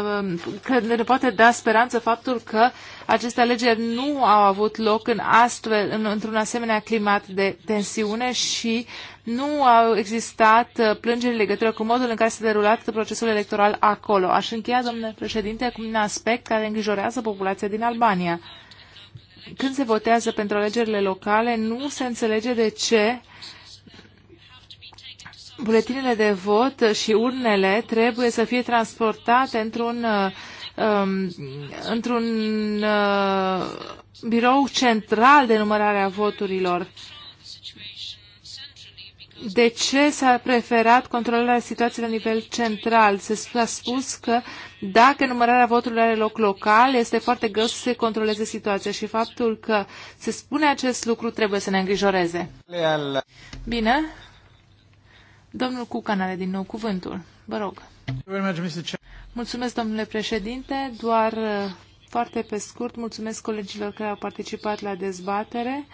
uh, că ne poate da speranță faptul că aceste alegeri nu au avut loc în astfel, în, într-un asemenea climat de tensiune și nu au existat uh, plângeri în legătură cu modul în care s-a derulat procesul electoral acolo. Aș încheia, domnule președinte, cu un aspect care îngrijorează populația din Albania. Când se votează pentru alegerile locale, nu se înțelege de ce buletinele de vot și urnele trebuie să fie transportate într-un uh, um, într-un uh, birou central de numărare a voturilor. De ce s-a preferat controlarea situației la nivel central? Se a spus că dacă numărarea voturilor are loc local, este foarte greu să se controleze situația și faptul că se spune acest lucru trebuie să ne îngrijoreze. Bine. Domnul Cucan are din nou cuvântul. Vă rog. Mulțumesc, domnule președinte. Doar uh, foarte pe scurt, mulțumesc colegilor care au participat la dezbatere.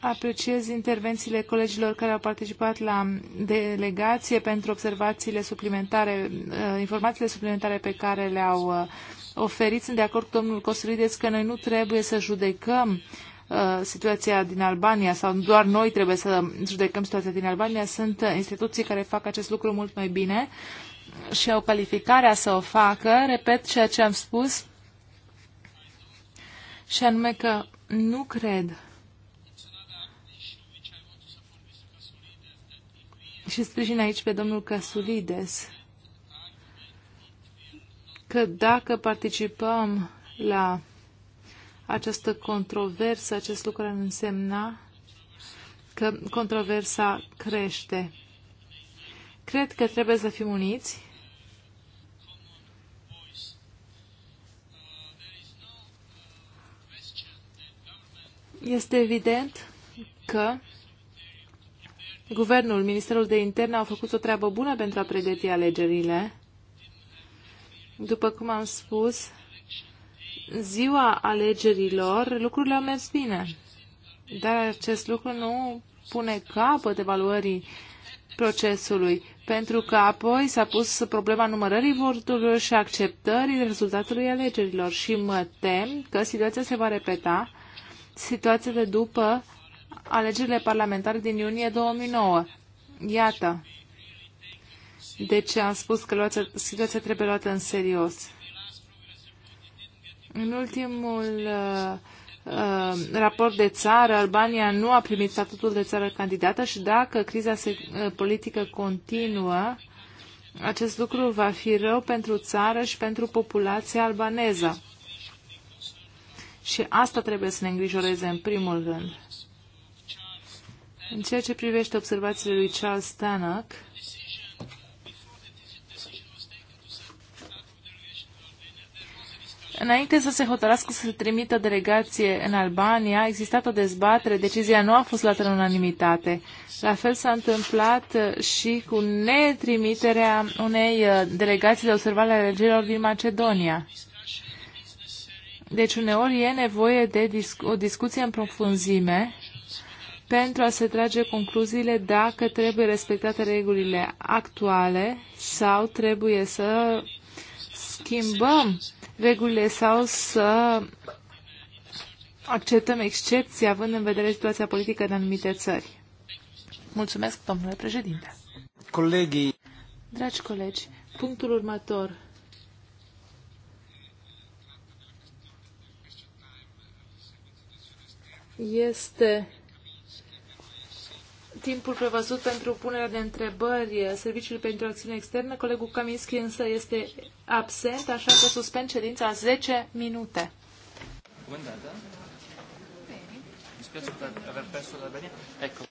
Apreciez intervențiile colegilor care au participat la delegație pentru observațiile suplimentare, uh, informațiile suplimentare pe care le-au uh, oferit. Sunt de acord cu domnul Costolides că noi nu trebuie să judecăm Uh, situația din Albania sau doar noi trebuie să judecăm situația din Albania, sunt instituții care fac acest lucru mult mai bine și au calificarea să o facă. Repet ceea ce am spus și anume că nu cred și sprijin aici pe domnul Casulides că dacă participăm la această controversă, acest lucru ar însemna că controversa crește. Cred că trebuie să fim uniți. Este evident că guvernul, Ministerul de Interne au făcut o treabă bună pentru a pregăti alegerile. După cum am spus, ziua alegerilor lucrurile au mers bine. Dar acest lucru nu pune capăt evaluării procesului, pentru că apoi s-a pus problema numărării voturilor și acceptării rezultatului alegerilor și mă tem că situația se va repeta, situația de după alegerile parlamentare din iunie 2009. Iată de ce am spus că situația trebuie luată în serios. În ultimul uh, uh, raport de țară, Albania nu a primit statutul de țară candidată și dacă criza se, uh, politică continuă, acest lucru va fi rău pentru țară și pentru populația albaneză. Și asta trebuie să ne îngrijoreze în primul rând. În ceea ce privește observațiile lui Charles Stanock, Înainte să se hotărască să se trimită delegație în Albania, a existat o dezbatere, decizia nu a fost luată în unanimitate. La fel s-a întâmplat și cu netrimiterea unei uh, delegații de observare a legilor din Macedonia. Deci uneori e nevoie de discu o discuție în profunzime pentru a se trage concluziile dacă trebuie respectate regulile actuale sau trebuie să schimbăm regulile sau să acceptăm excepții având în vedere situația politică din anumite țări. Mulțumesc, domnule președinte. Colegii. Dragi colegi, punctul următor este timpul prevăzut pentru punerea de întrebări Serviciului pentru Acțiune Externă. Colegul Kaminski însă este absent, așa că suspend ședința 10 minute. Buongiorno. Mi spiace per aver perso la Ecco.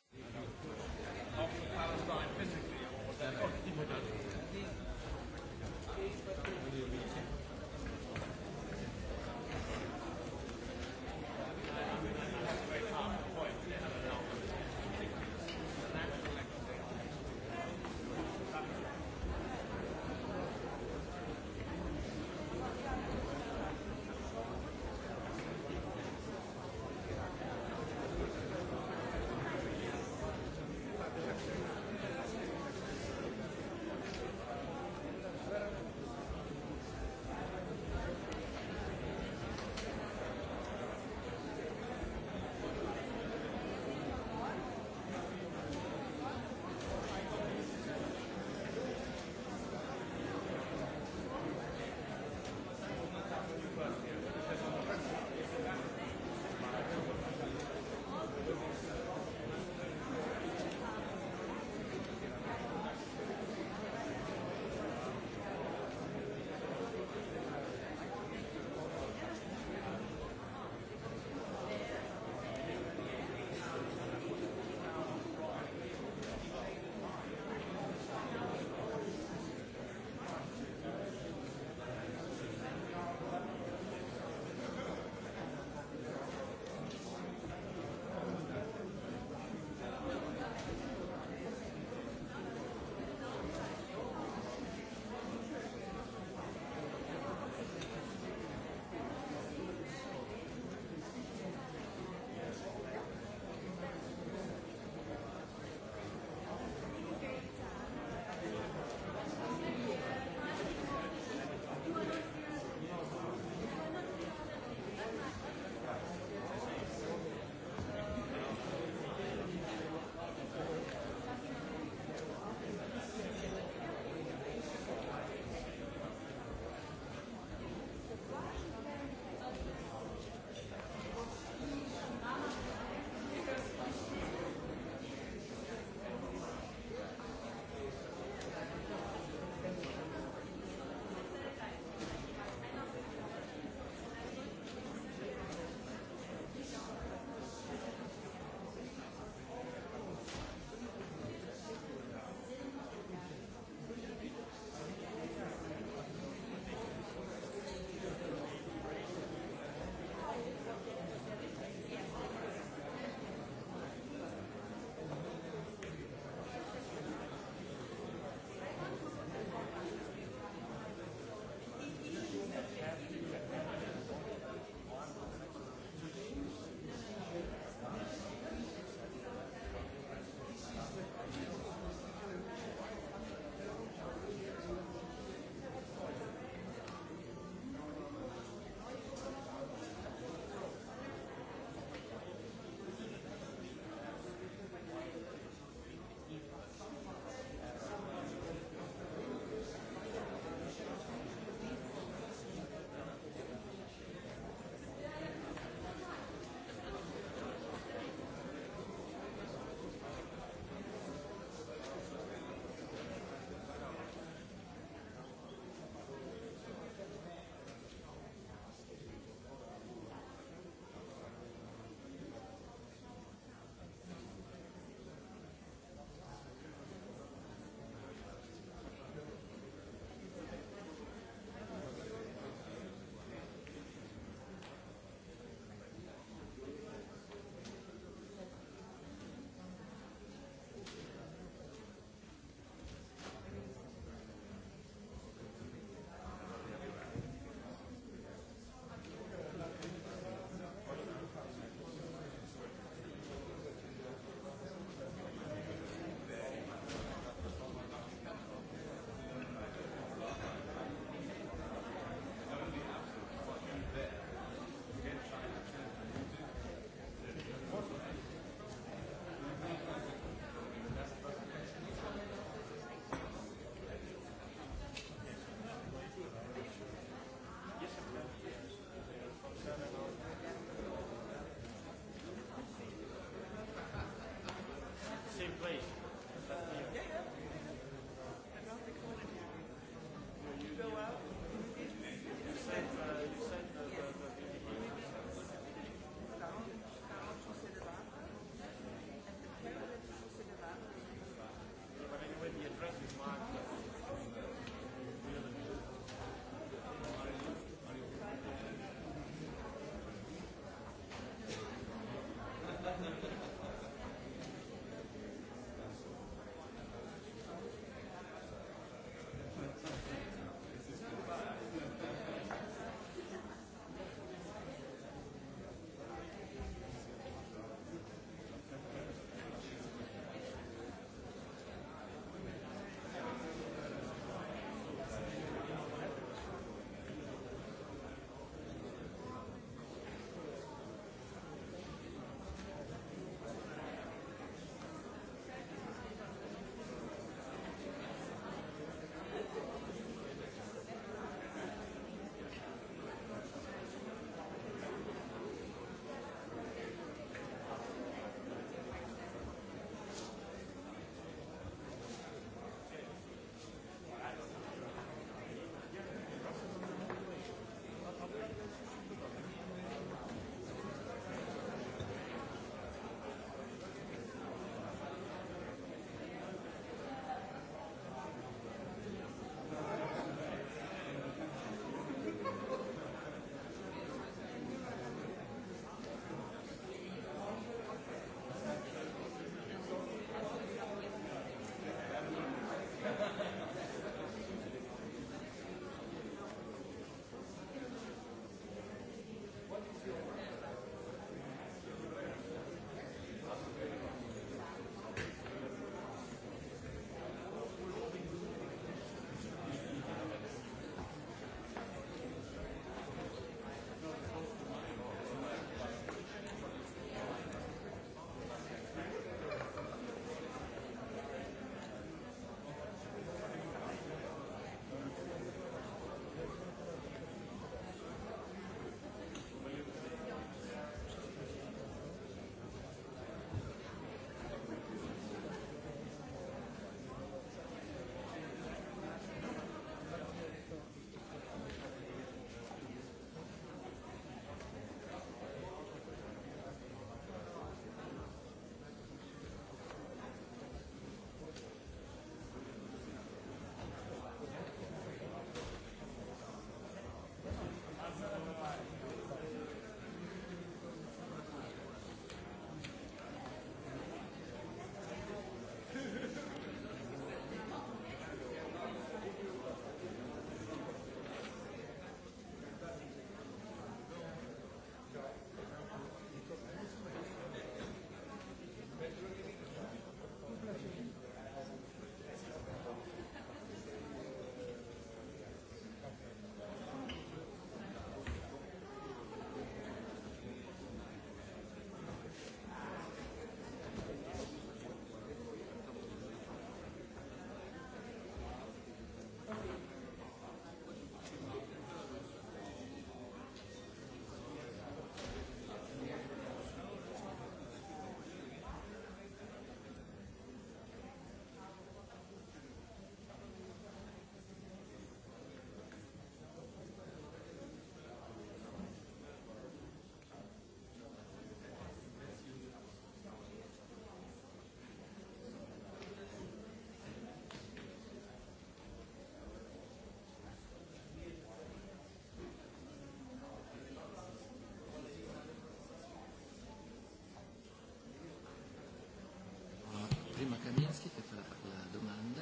Kaminsky che fa la, domanda,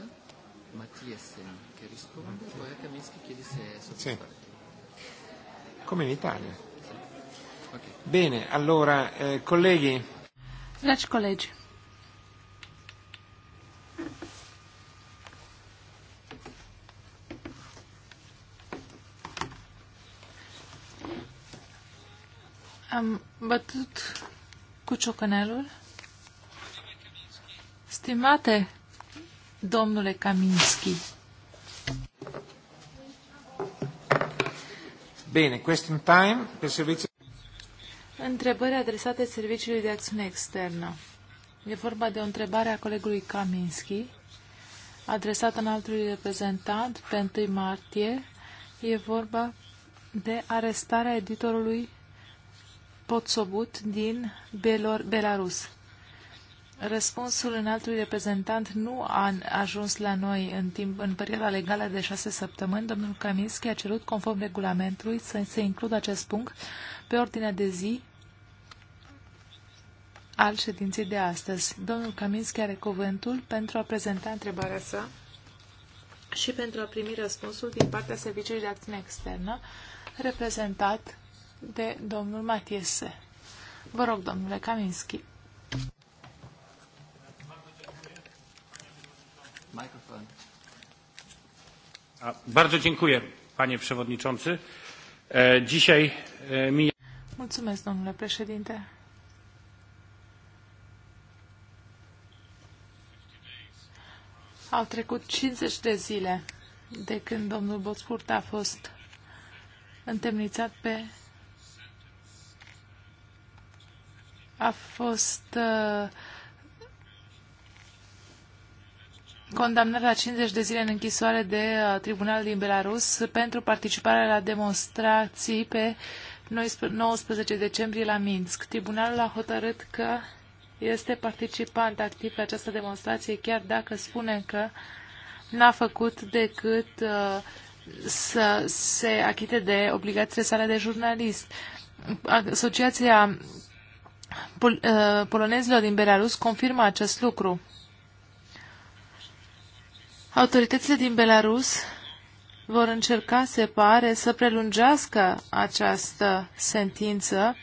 Mattiasen eh, che risponde, poi a Kaminsky chiede se è soddisfatto. Sì. Come in Italia. Sì. Okay. Bene, allora, eh, colleghi. Dragi colegi. Am bătut cu ciocanelul. Stimate domnule Kaminski. Bine, question time pe serviciu. Întrebări adresate Serviciului de Acțiune Externă. E vorba de o întrebare a colegului Kaminski, adresată în altului reprezentant pe 1 martie. E vorba de arestarea editorului Potsobut din Belor, Belarus. Răspunsul înaltului reprezentant nu a ajuns la noi în, timp, în perioada legală de șase săptămâni. Domnul Kaminski a cerut, conform regulamentului, să se includă acest punct pe ordinea de zi al ședinței de astăzi. Domnul Kaminski are cuvântul pentru a prezenta întrebarea sa și pentru a primi răspunsul din partea Serviciului de Acțiune Externă, reprezentat de domnul Matiese. Vă rog, domnule Kaminski. Bardzo dziękuję, panie przewodniczący. Dzisiaj mi... Mulțumesc, domnule președinte. Au trecut 50 de zile de când domnul Boțcurt a fost întemnițat pe... a fost uh, condamnat la 50 de zile în închisoare de uh, tribunal din Belarus pentru participarea la demonstrații pe 19 decembrie la Minsk. Tribunalul a hotărât că este participant activ la această demonstrație, chiar dacă spune că n-a făcut decât uh, să se achite de obligațiile sale de jurnalist. Asociația pol- uh, polonezilor din Belarus confirmă acest lucru. Autoritățile din Belarus vor încerca, se pare, să prelungească această sentință.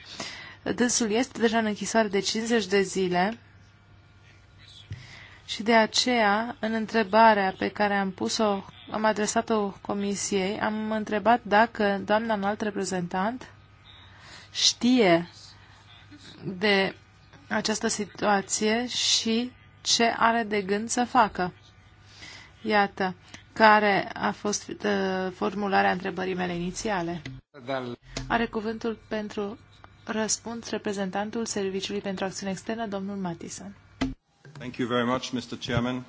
Dânsul este deja în închisoare de 50 de zile și de aceea, în întrebarea pe care am pus-o, am adresat-o comisiei, am întrebat dacă doamna înalt reprezentant știe de această situație și ce are de gând să facă. Iată, care a fost uh, formularea întrebării mele inițiale. Are cuvântul pentru răspuns reprezentantul Serviciului pentru Acțiune Externă, domnul Matison. Thank you very much, Mr. Chairman.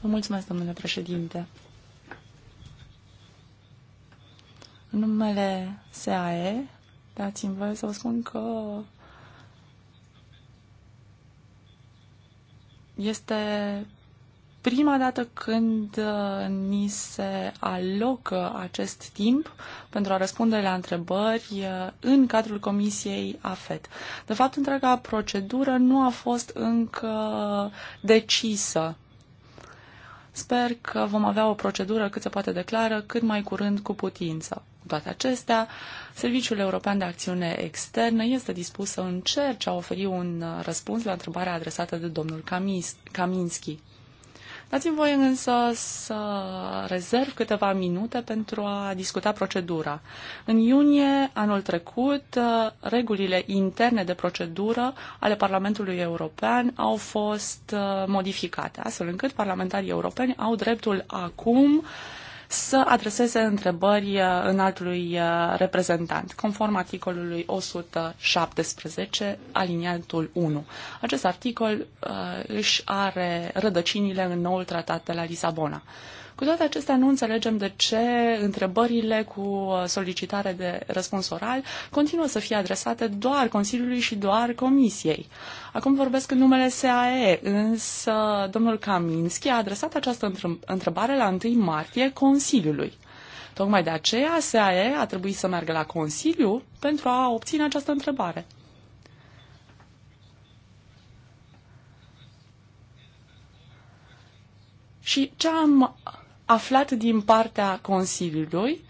Vă mulțumesc, domnule președinte. În numele SAE, dați-mi voie să vă spun că este prima dată când uh, ni se alocă acest timp pentru a răspunde la întrebări uh, în cadrul Comisiei AFET. De fapt, întreaga procedură nu a fost încă decisă. Sper că vom avea o procedură cât se poate declară, cât mai curând cu putință. Cu toate acestea, Serviciul European de Acțiune Externă este dispus să încerce a oferi un uh, răspuns la întrebarea adresată de domnul Kaminski. Dați-mi voi însă să rezerv câteva minute pentru a discuta procedura. În iunie anul trecut, regulile interne de procedură ale Parlamentului European au fost uh, modificate, astfel încât parlamentarii europeni au dreptul acum să adreseze întrebări uh, înaltului uh, reprezentant, conform articolului 117, aliniatul 1. Acest articol uh, își are rădăcinile în noul tratat de la Lisabona. Cu toate acestea, nu înțelegem de ce întrebările cu solicitare de răspuns oral continuă să fie adresate doar Consiliului și doar Comisiei. Acum vorbesc în numele SAE, însă domnul Kaminski a adresat această întrebare la 1 martie Consiliului. Tocmai de aceea SAE a trebuit să meargă la Consiliu pentru a obține această întrebare. Și ce am aflat din partea Consiliului,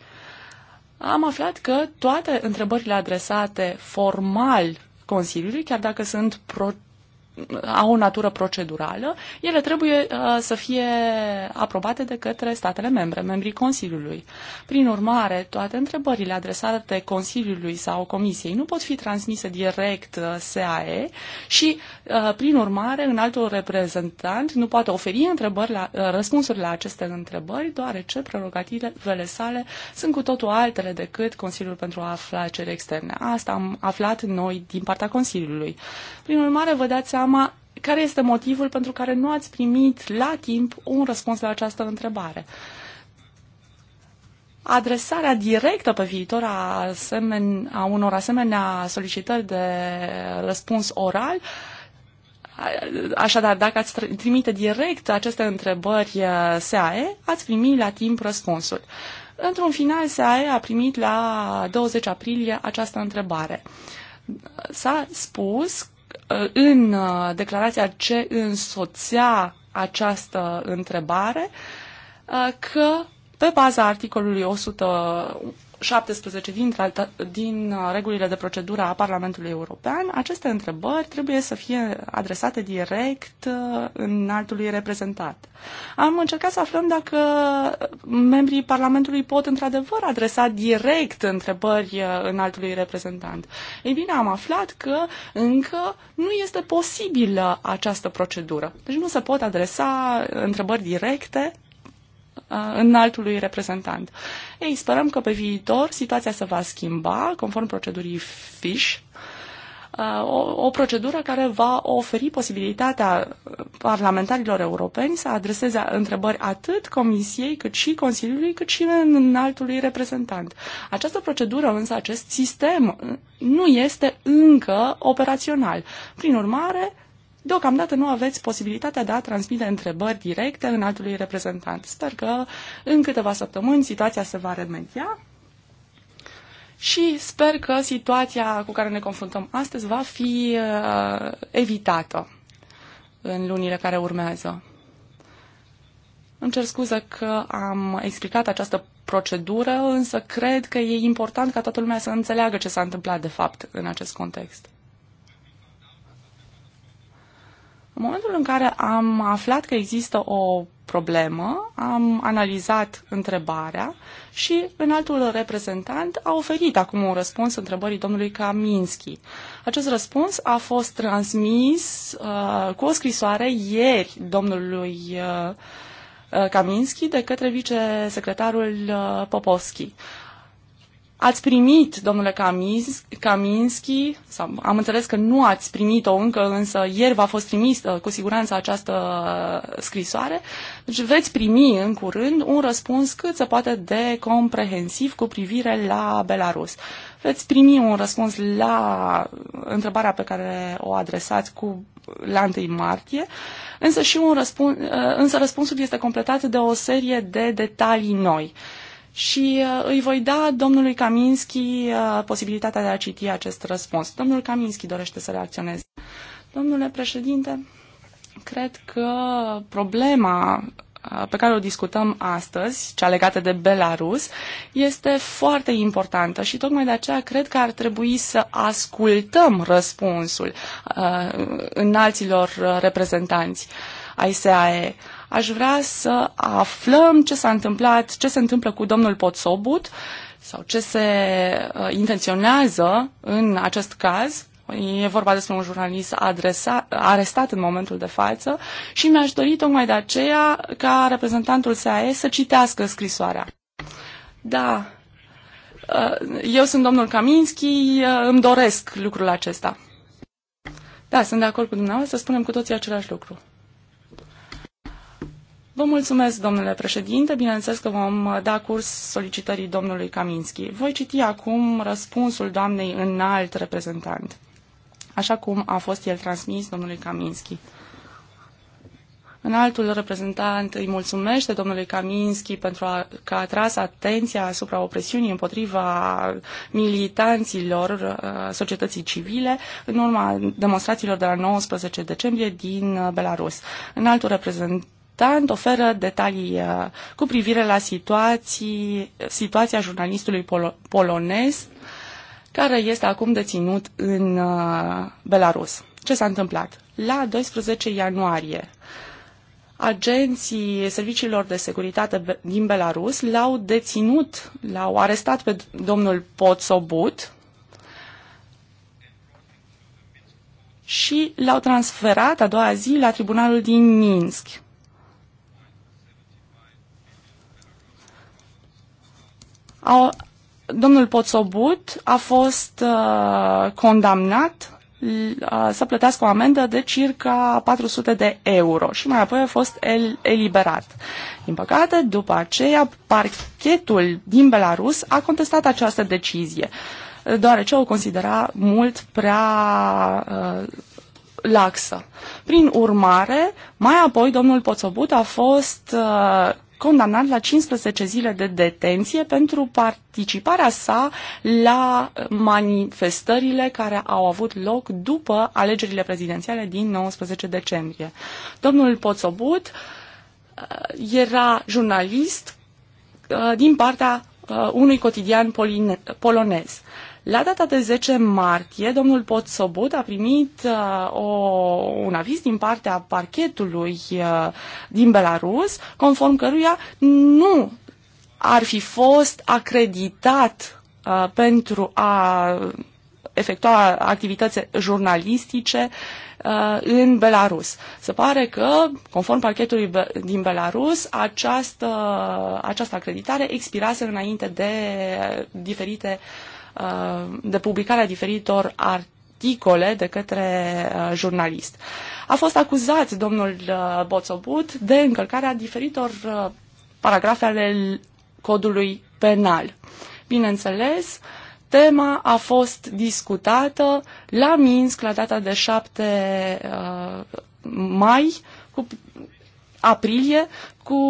am aflat că toate întrebările adresate formal Consiliului, chiar dacă sunt pro- au o natură procedurală, ele trebuie uh, să fie aprobate de către statele membre, membrii Consiliului. Prin urmare, toate întrebările adresate Consiliului sau Comisiei nu pot fi transmise direct uh, SAE și, uh, prin urmare, în altul reprezentant nu poate oferi întrebări la, uh, răspunsuri la aceste întrebări, deoarece prerogativele sale sunt cu totul altele decât Consiliul pentru Afaceri Externe. Asta am aflat noi din partea Consiliului. Prin urmare, vă dați seama seama care este motivul pentru care nu ați primit la timp un răspuns la această întrebare. Adresarea directă pe viitor a, asemen, a unor asemenea solicitări de răspuns oral Așadar, dacă ați trimite direct aceste întrebări uh, SAE, ați primi la timp răspunsul. Într-un final, SAE a primit la 20 aprilie această întrebare. S-a spus Uh, în uh, declarația ce însoțea această întrebare uh, că pe baza articolului 100, 17 din, din uh, regulile de procedură a Parlamentului European, aceste întrebări trebuie să fie adresate direct uh, înaltului reprezentat. Am încercat să aflăm dacă membrii Parlamentului pot într-adevăr adresa direct întrebări uh, înaltului reprezentant. Ei bine, am aflat că încă nu este posibilă această procedură. Deci nu se pot adresa întrebări directe înaltului reprezentant. Ei, sperăm că pe viitor situația se va schimba conform procedurii FISH, o, o procedură care va oferi posibilitatea parlamentarilor europeni să adreseze întrebări atât Comisiei, cât și Consiliului, cât și înaltului reprezentant. Această procedură, însă, acest sistem nu este încă operațional. Prin urmare, Deocamdată nu aveți posibilitatea de a transmite întrebări directe în altului reprezentant. Sper că în câteva săptămâni situația se va remedia și sper că situația cu care ne confruntăm astăzi va fi uh, evitată în lunile care urmează. Îmi cer scuze că am explicat această procedură, însă cred că e important ca toată lumea să înțeleagă ce s-a întâmplat de fapt în acest context. În momentul în care am aflat că există o problemă, am analizat întrebarea și în altul reprezentant a oferit acum un răspuns întrebării domnului Kaminski. Acest răspuns a fost transmis uh, cu o scrisoare ieri domnului uh, uh Kaminski de către vicesecretarul uh, Popovski. Uh, Ați primit, domnule Kaminski, sau am înțeles că nu ați primit-o încă, însă ieri v-a fost trimisă uh, cu siguranță această scrisoare, deci veți primi în curând un răspuns cât se poate de comprehensiv cu privire la Belarus. Veți primi un răspuns la întrebarea pe care o adresați cu la 1 martie, însă, și un răspuns, uh, însă răspunsul este completat de o serie de detalii noi și uh, îi voi da domnului Kaminski uh, posibilitatea de a citi acest răspuns. Domnul Kaminski dorește să reacționeze. Domnule președinte, cred că problema uh, pe care o discutăm astăzi, cea legată de Belarus, este foarte importantă și tocmai de aceea cred că ar trebui să ascultăm răspunsul uh, înalților reprezentanți ai SAE. Uh, aș vrea să aflăm ce s-a întâmplat, ce se întâmplă cu domnul Potsobut sau ce se uh, intenționează în acest caz. E vorba despre un jurnalist adresa, arestat în momentul de față și mi-aș dori tocmai de aceea ca reprezentantul SAE să citească scrisoarea. Da, uh, eu sunt domnul Kaminski, uh, îmi doresc lucrul acesta. Da, sunt de acord cu dumneavoastră, spunem cu toții același lucru. Vă mulțumesc, domnule președinte. Bineînțeles că vom da curs solicitării domnului Kaminski. Voi citi acum răspunsul doamnei înalt reprezentant, așa cum a fost el transmis domnului Kaminski. Înaltul reprezentant îi mulțumește domnului Kaminski pentru a, că a tras atenția asupra opresiunii împotriva militanților uh, societății civile în urma demonstrațiilor de la 19 decembrie din uh, Belarus. Înaltul reprezentant important, oferă detalii uh, cu privire la situații, situația jurnalistului polo- polonez care este acum deținut în uh, Belarus. Ce s-a întâmplat? La 12 ianuarie, agenții serviciilor de securitate din Belarus l-au deținut, l-au arestat pe domnul Potsobut și l-au transferat a doua zi la tribunalul din Minsk. Au, domnul Poțobut a fost uh, condamnat uh, să plătească o amendă de circa 400 de euro și mai apoi a fost el, eliberat. Din păcate, după aceea, parchetul din Belarus a contestat această decizie, deoarece o considera mult prea uh, laxă. Prin urmare, mai apoi domnul Poțobut a fost uh, condamnat la 15 zile de detenție pentru participarea sa la manifestările care au avut loc după alegerile prezidențiale din 19 decembrie. Domnul Poțobut uh, era jurnalist uh, din partea uh, unui cotidian polonez. La data de 10 martie, domnul Pot Sobot a primit uh, o, un aviz din partea parchetului uh, din Belarus, conform căruia nu ar fi fost acreditat uh, pentru a efectua activități jurnalistice uh, în Belarus. Se pare că, conform parchetului Be din Belarus, această, această acreditare expirase înainte de diferite uh, Uh, de publicarea diferitor articole de către uh, jurnalist. A fost acuzat domnul uh, Boțobut de încălcarea diferitor paragrafe ale codului penal. Bineînțeles, tema a fost discutată la Minsk la data de 7 mai cu aprilie cu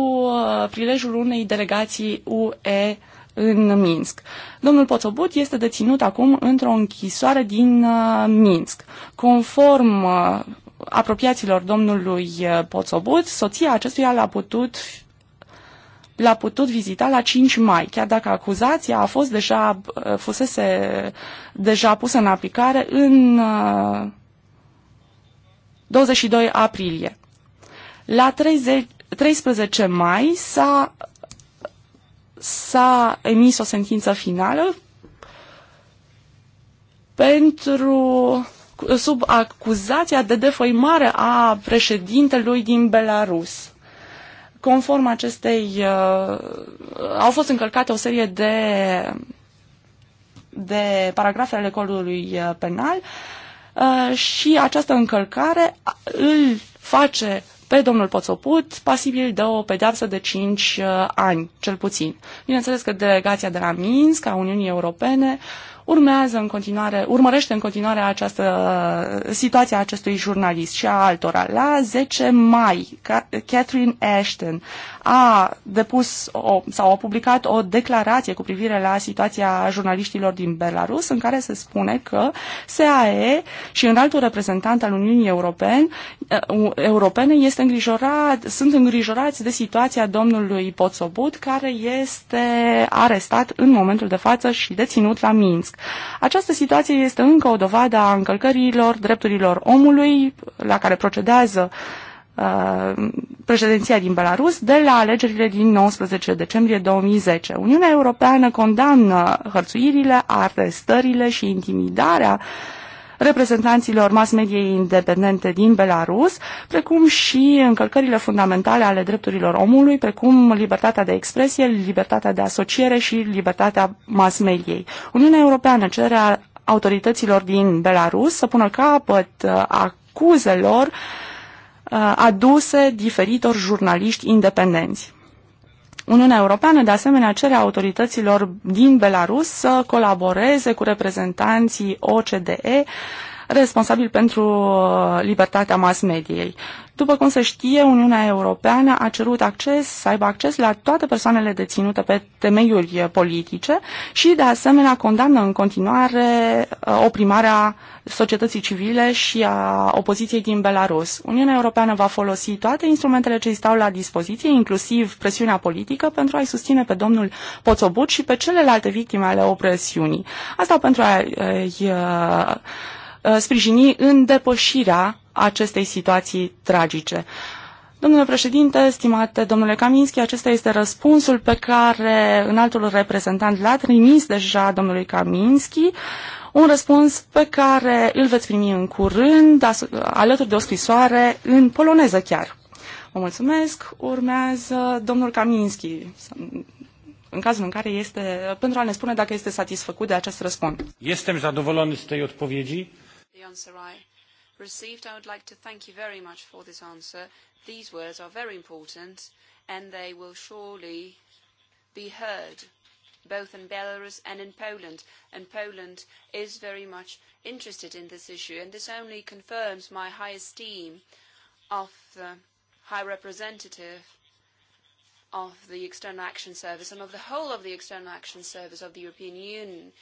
prilejul unei delegații UE în Minsk. Domnul Poțobut este deținut acum într-o închisoare din uh, Minsk. Conform uh, apropiaților domnului uh, Poțobut, soția acestuia l-a putut l-a putut vizita la 5 mai, chiar dacă acuzația a fost deja, fusese deja pusă în aplicare în 22 aprilie. La 30, 13 mai s-a s-a emis o sentință finală pentru sub acuzația de defăimare a președintelui din Belarus. Conform acestei, uh, au fost încălcate o serie de, de paragrafe ale codului uh, penal uh, și această încălcare îl face pe domnul Poțoput, pasibil de o pedeapsă de 5 uh, ani, cel puțin. Bineînțeles că delegația de la Minsk, a Uniunii Europene, urmează în continuare, urmărește în continuare această uh, situație a acestui jurnalist și a altora. La 10 mai, Catherine Ashton a depus o, sau a publicat o declarație cu privire la situația jurnaliștilor din Belarus în care se spune că SAE și altul reprezentant al Uniunii Europene, eh, Europene este îngrijorat, sunt îngrijorați de situația domnului Poțobut care este arestat în momentul de față și deținut la Minsk. Această situație este încă o dovadă a încălcărilor drepturilor omului la care procedează uh, Uh, președinția din Belarus de la alegerile din 19 decembrie 2010. Uniunea Europeană condamnă hărțuirile, arestările și intimidarea reprezentanților mass mediei independente din Belarus, precum și încălcările fundamentale ale drepturilor omului, precum libertatea de expresie, libertatea de asociere și libertatea mass mediei. Uniunea Europeană cere autorităților din Belarus să pună capăt uh, acuzelor uh, Uh, aduse diferitor jurnaliști independenți. Uniunea Europeană, de asemenea, cere autorităților din Belarus să colaboreze cu reprezentanții OCDE responsabil pentru uh, libertatea mass mediei. După cum se știe, Uniunea Europeană a cerut acces, să aibă acces la toate persoanele deținute pe temeiuri uh, politice și, de asemenea, condamnă în continuare uh, oprimarea societății civile și a opoziției din Belarus. Uniunea Europeană va folosi toate instrumentele ce îi stau la dispoziție, inclusiv presiunea politică, pentru a-i susține pe domnul Poțobut și pe celelalte victime ale opresiunii. Asta pentru a-i Uh, sprijini în depășirea acestei situații tragice. Domnule președinte, stimate domnule Kaminski, acesta este răspunsul pe care înaltul reprezentant l-a trimis deja domnului Kaminski, un răspuns pe care îl veți primi în curând, alături de o scrisoare în poloneză chiar. Vă mulțumesc. Urmează domnul Kaminski, în cazul în care este, pentru a ne spune dacă este satisfăcut de acest răspuns. Jestem zadowolony z tej odpowiedzi answer I received, I would like to thank you very much for this answer. These words are very important and they will surely be heard both in Belarus and in Poland. And Poland is very much interested in this issue. And this only confirms my high esteem of the High Representative of the External Action Service and of the whole of the External Action Service of the European Union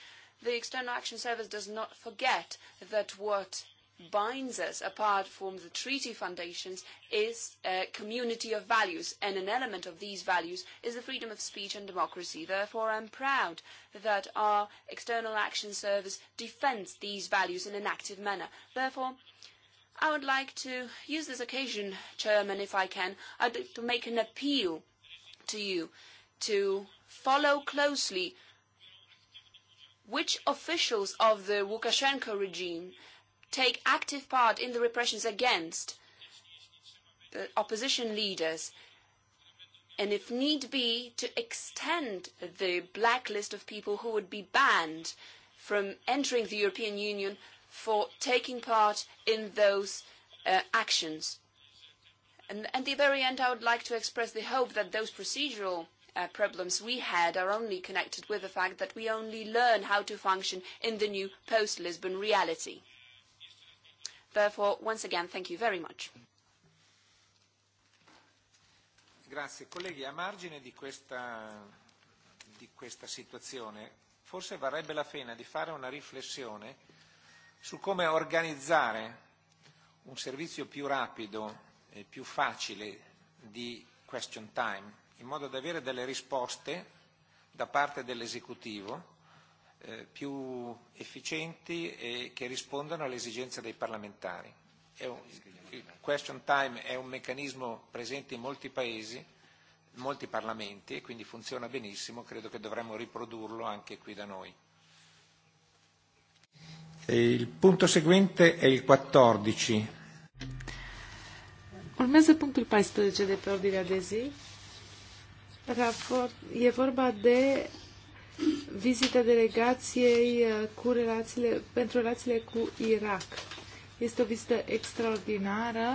the External Action Service does not forget that what binds us apart from the treaty foundations is a community of values, and an element of these values is the freedom of speech and democracy. Therefore, I'm proud that our External Action Service defends these values in an active manner. Therefore, I would like to use this occasion, Chairman, if I can, I'd like to make an appeal to you to follow closely which officials of the Lukashenko regime take active part in the repressions against the opposition leaders and if need be to extend the blacklist of people who would be banned from entering the European Union for taking part in those uh, actions. And at the very end, I would like to express the hope that those procedural Uh, problems we had are only connected with the fact that we only learn how to function in the new post-Lisbon reality. Therefore, once again, thank you very much. Grazie. Colleghi, a margine di questa, di questa situazione, forse varrebbe la pena di fare una riflessione su come organizzare un servizio più rapido e più facile di question time in modo da avere delle risposte da parte dell'esecutivo eh, più efficienti e che rispondano alle esigenze dei parlamentari. È un, il question time è un meccanismo presente in molti paesi, in molti parlamenti e quindi funziona benissimo, credo che dovremmo riprodurlo anche qui da noi. Il punto seguente è il 14. Urmează punctul 14 de pe ordinea de zi. Raport, e vorba de vizita delegației uh, cu relațiile, pentru relațiile cu Irak. Este o vizită extraordinară,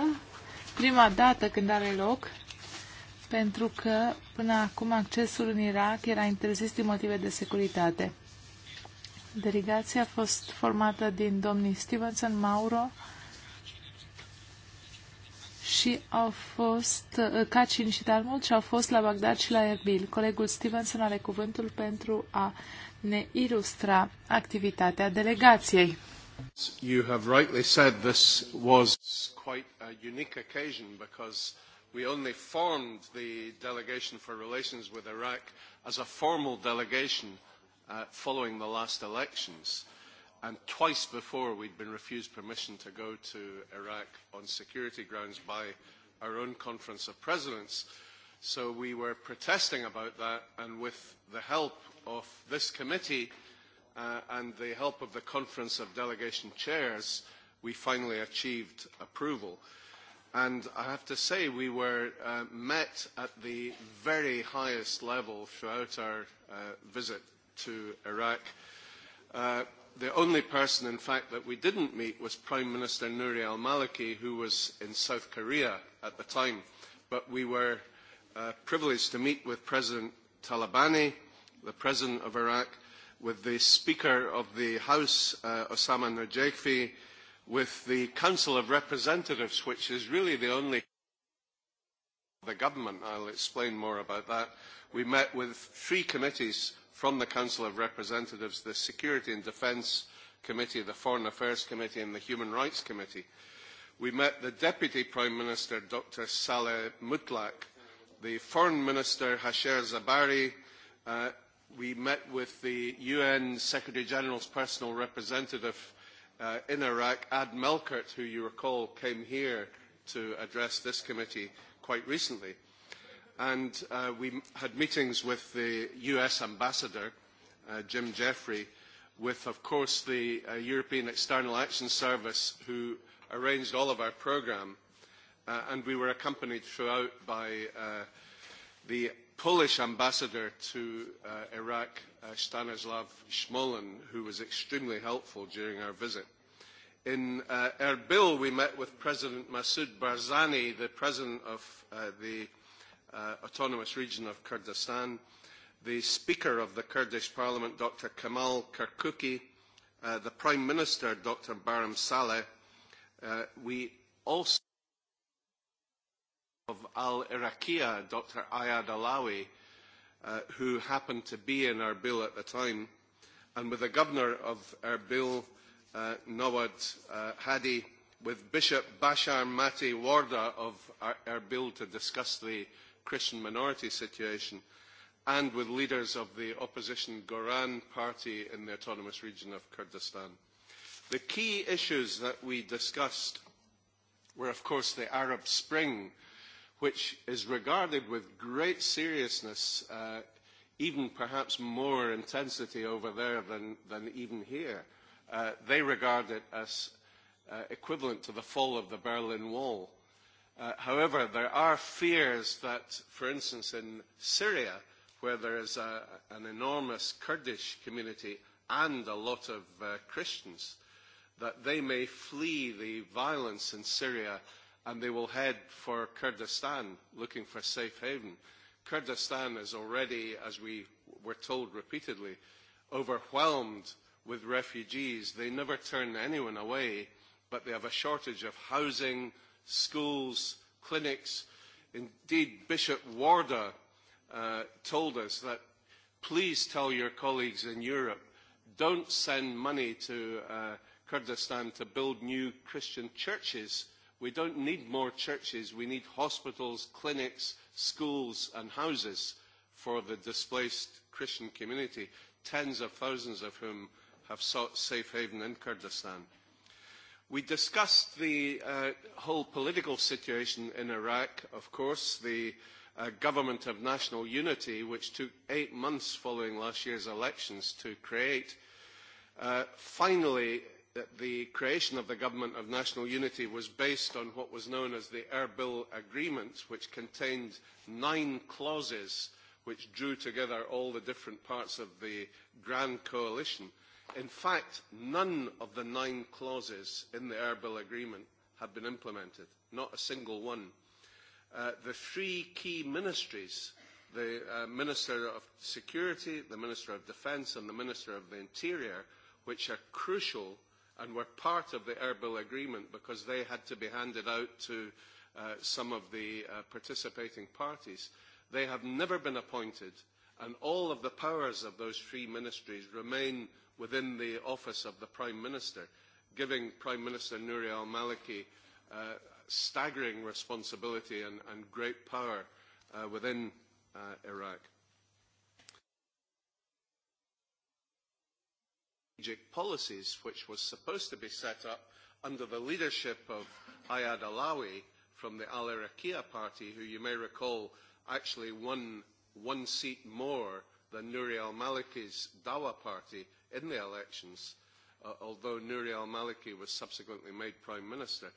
prima dată când are loc, pentru că până acum accesul în Irak era interzis din motive de securitate. Delegația a fost formată din domnii Stevenson, Mauro, și au fost, Cacin uh, și mult, și au fost la Bagdad și la Erbil. Colegul Stevenson are cuvântul pentru a ne ilustra activitatea delegației. You have rightly said this was quite a unique occasion because we only formed the delegation for relations with Iraq as a formal delegation uh, following the last elections and twice before we'd been refused permission to go to Iraq on security grounds by our own Conference of Presidents. So we were protesting about that, and with the help of this committee uh, and the help of the Conference of Delegation Chairs, we finally achieved approval. And I have to say, we were uh, met at the very highest level throughout our uh, visit to Iraq. Uh, the only person, in fact, that we didn't meet was Prime Minister Nouri al-Maliki, who was in South Korea at the time. But we were uh, privileged to meet with President Talabani, the President of Iraq, with the Speaker of the House, uh, Osama Najefi, with the Council of Representatives, which is really the only the government. I'll explain more about that. We met with three committees from the Council of Representatives, the Security and Defence Committee, the Foreign Affairs Committee and the Human Rights Committee. We met the Deputy Prime Minister, Dr Saleh Mutlak, the Foreign Minister, Hasher Zabari. Uh, we met with the UN Secretary General's personal representative uh, in Iraq, Ad Melkert, who you recall came here to address this committee quite recently and uh, we had meetings with the US ambassador, uh, Jim Jeffrey, with, of course, the uh, European External Action Service, who arranged all of our programme, uh, and we were accompanied throughout by uh, the Polish ambassador to uh, Iraq, uh, Stanislav Smolin, who was extremely helpful during our visit. In uh, Erbil, we met with President Massoud Barzani, the president of uh, the uh, Autonomous Region of Kurdistan. The Speaker of the Kurdish Parliament, Dr. Kamal Kirkuki, uh, the Prime Minister, Dr. Baram Saleh. Uh, we also of Al-Iraqiya, Dr. Ayad Alawi, uh, who happened to be in Erbil at the time, and with the governor of Erbil, uh, Nawad uh, Hadi, with Bishop Bashar Mati Warda of Erbil to discuss the Christian minority situation and with leaders of the opposition Goran party in the autonomous region of Kurdistan. The key issues that we discussed were, of course, the Arab Spring, which is regarded with great seriousness, uh, even perhaps more intensity over there than, than even here. Uh, they regard it as uh, equivalent to the fall of the Berlin Wall. Uh, however, there are fears that, for instance, in Syria, where there is a, an enormous Kurdish community and a lot of uh, Christians, that they may flee the violence in Syria and they will head for Kurdistan looking for safe haven. Kurdistan is already, as we were told repeatedly, overwhelmed with refugees. They never turn anyone away, but they have a shortage of housing, schools, clinics. Indeed, Bishop Warda uh, told us that please tell your colleagues in Europe, don't send money to uh, Kurdistan to build new Christian churches. We don't need more churches. We need hospitals, clinics, schools and houses for the displaced Christian community, tens of thousands of whom have sought safe haven in Kurdistan. We discussed the uh, whole political situation in Iraq, of course, the uh, government of national unity, which took eight months following last year's elections to create. Uh, finally, uh, the creation of the government of national unity was based on what was known as the Erbil Agreement, which contained nine clauses which drew together all the different parts of the grand coalition. Uh, In fact, none of the nine clauses in the Erbil Agreement have been implemented, not a single one. Uh, the three key ministries, the uh, Minister of Security, the Minister of Defence and the Minister of the Interior, which are crucial and were part of the Erbil Agreement because they had to be handed out to uh, some of the uh, participating parties, they have never been appointed and all of the powers of those three ministries remain within the office of the Prime Minister, giving Prime Minister Nouri al-Maliki uh, staggering responsibility and, and great power uh, within uh, Iraq. Strategic policies, which was supposed to be set up under the leadership of Ayad Alawi from the Al Iraqiyya Party, who you may recall actually won one seat more than Nouri al-Maliki's Dawa party in the elections, uh, although Nouri al-Maliki was subsequently made prime minister.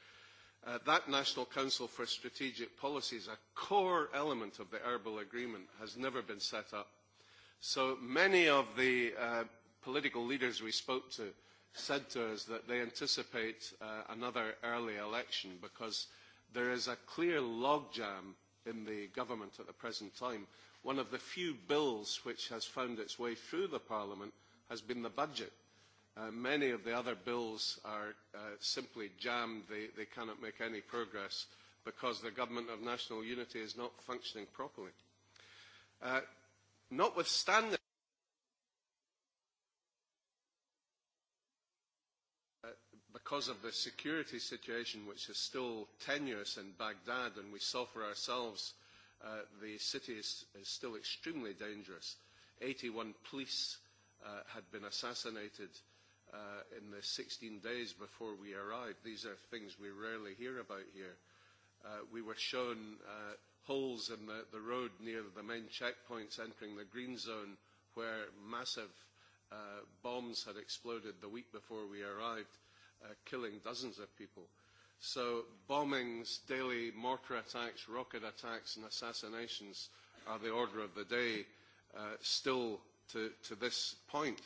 Uh, that National Council for Strategic Policies, a core element of the Erbil Agreement, has never been set up. So many of the uh, political leaders we spoke to said to us that they anticipate uh, another early election because there is a clear logjam in the government at the present time one of the few bills which has found its way through the Parliament has been the budget. Uh, many of the other bills are uh, simply jammed. They, they cannot make any progress because the government of national unity is not functioning properly. Uh, notwithstanding uh, because of the security situation which is still tenuous in Baghdad and we suffer ourselves Uh, the city is, is still extremely dangerous. 81 police uh, had been assassinated uh, in the 16 days before we arrived. These are things we rarely hear about here. Uh, we were shown uh, holes in the, the road near the main checkpoints entering the green zone where massive uh, bombs had exploded the week before we arrived, uh, killing dozens of people. Uh, So bombings, daily mortar attacks, rocket attacks and assassinations are the order of the day uh, still to, to this point.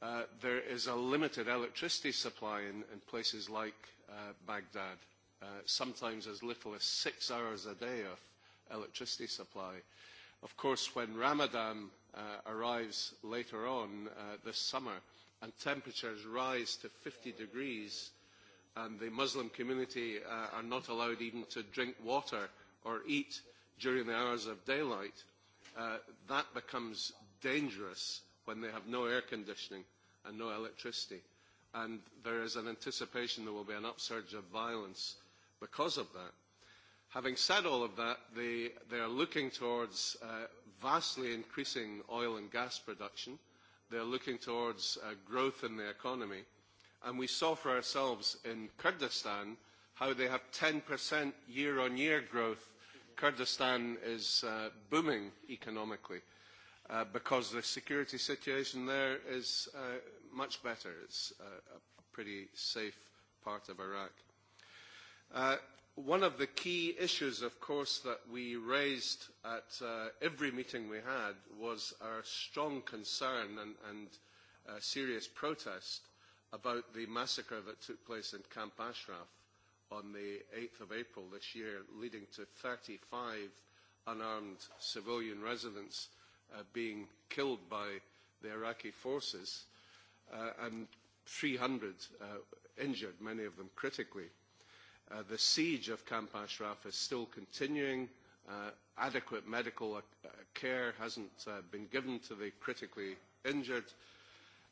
Uh, there is a limited electricity supply in, in places like uh, Baghdad, uh, sometimes as little as six hours a day of electricity supply. Of course, when Ramadan uh, arrives later on uh, this summer and temperatures rise to 50 degrees, and the Muslim community uh, are not allowed even to drink water or eat during the hours of daylight, uh, that becomes dangerous when they have no air conditioning and no electricity. And there is an anticipation there will be an upsurge of violence because of that. Having said all of that, they, they are looking towards uh, vastly increasing oil and gas production. They are looking towards uh, growth in the economy. Uh, And we saw for ourselves in Kurdistan how they have 10% year-on-year growth. Kurdistan is uh, booming economically uh, because the security situation there is uh, much better. It's uh, a pretty safe part of Iraq. Uh, one of the key issues, of course, that we raised at uh, every meeting we had was our strong concern and, and uh, serious protest about the massacre that took place in Camp Ashraf on the 8th of April this year, leading to 35 unarmed civilian residents uh, being killed by the Iraqi forces uh, and 300 uh, injured, many of them critically. Uh, the siege of Camp Ashraf is still continuing. Uh, adequate medical uh, care hasn't uh, been given to the critically injured.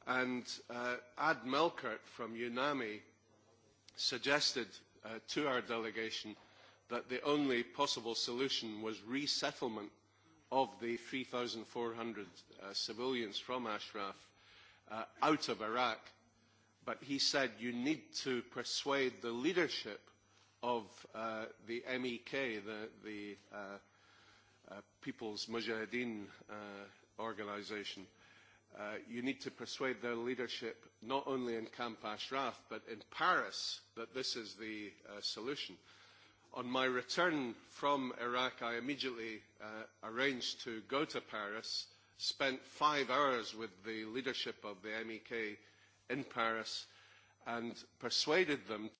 And uh, Ad Melkert from UNAMI suggested uh, to our delegation that the only possible solution was resettlement of the 3,400 uh, civilians from Ashraf uh, out of Iraq. But he said you need to persuade the leadership of uh, the MEK, the, the uh, uh, People's Mujahideen uh, organization, Uh, you need to persuade their leadership, not only in Camp Ashraf, but in Paris, that this is the uh, solution. On my return from Iraq, I immediately uh, arranged to go to Paris, spent five hours with the leadership of the MEK in Paris, and persuaded them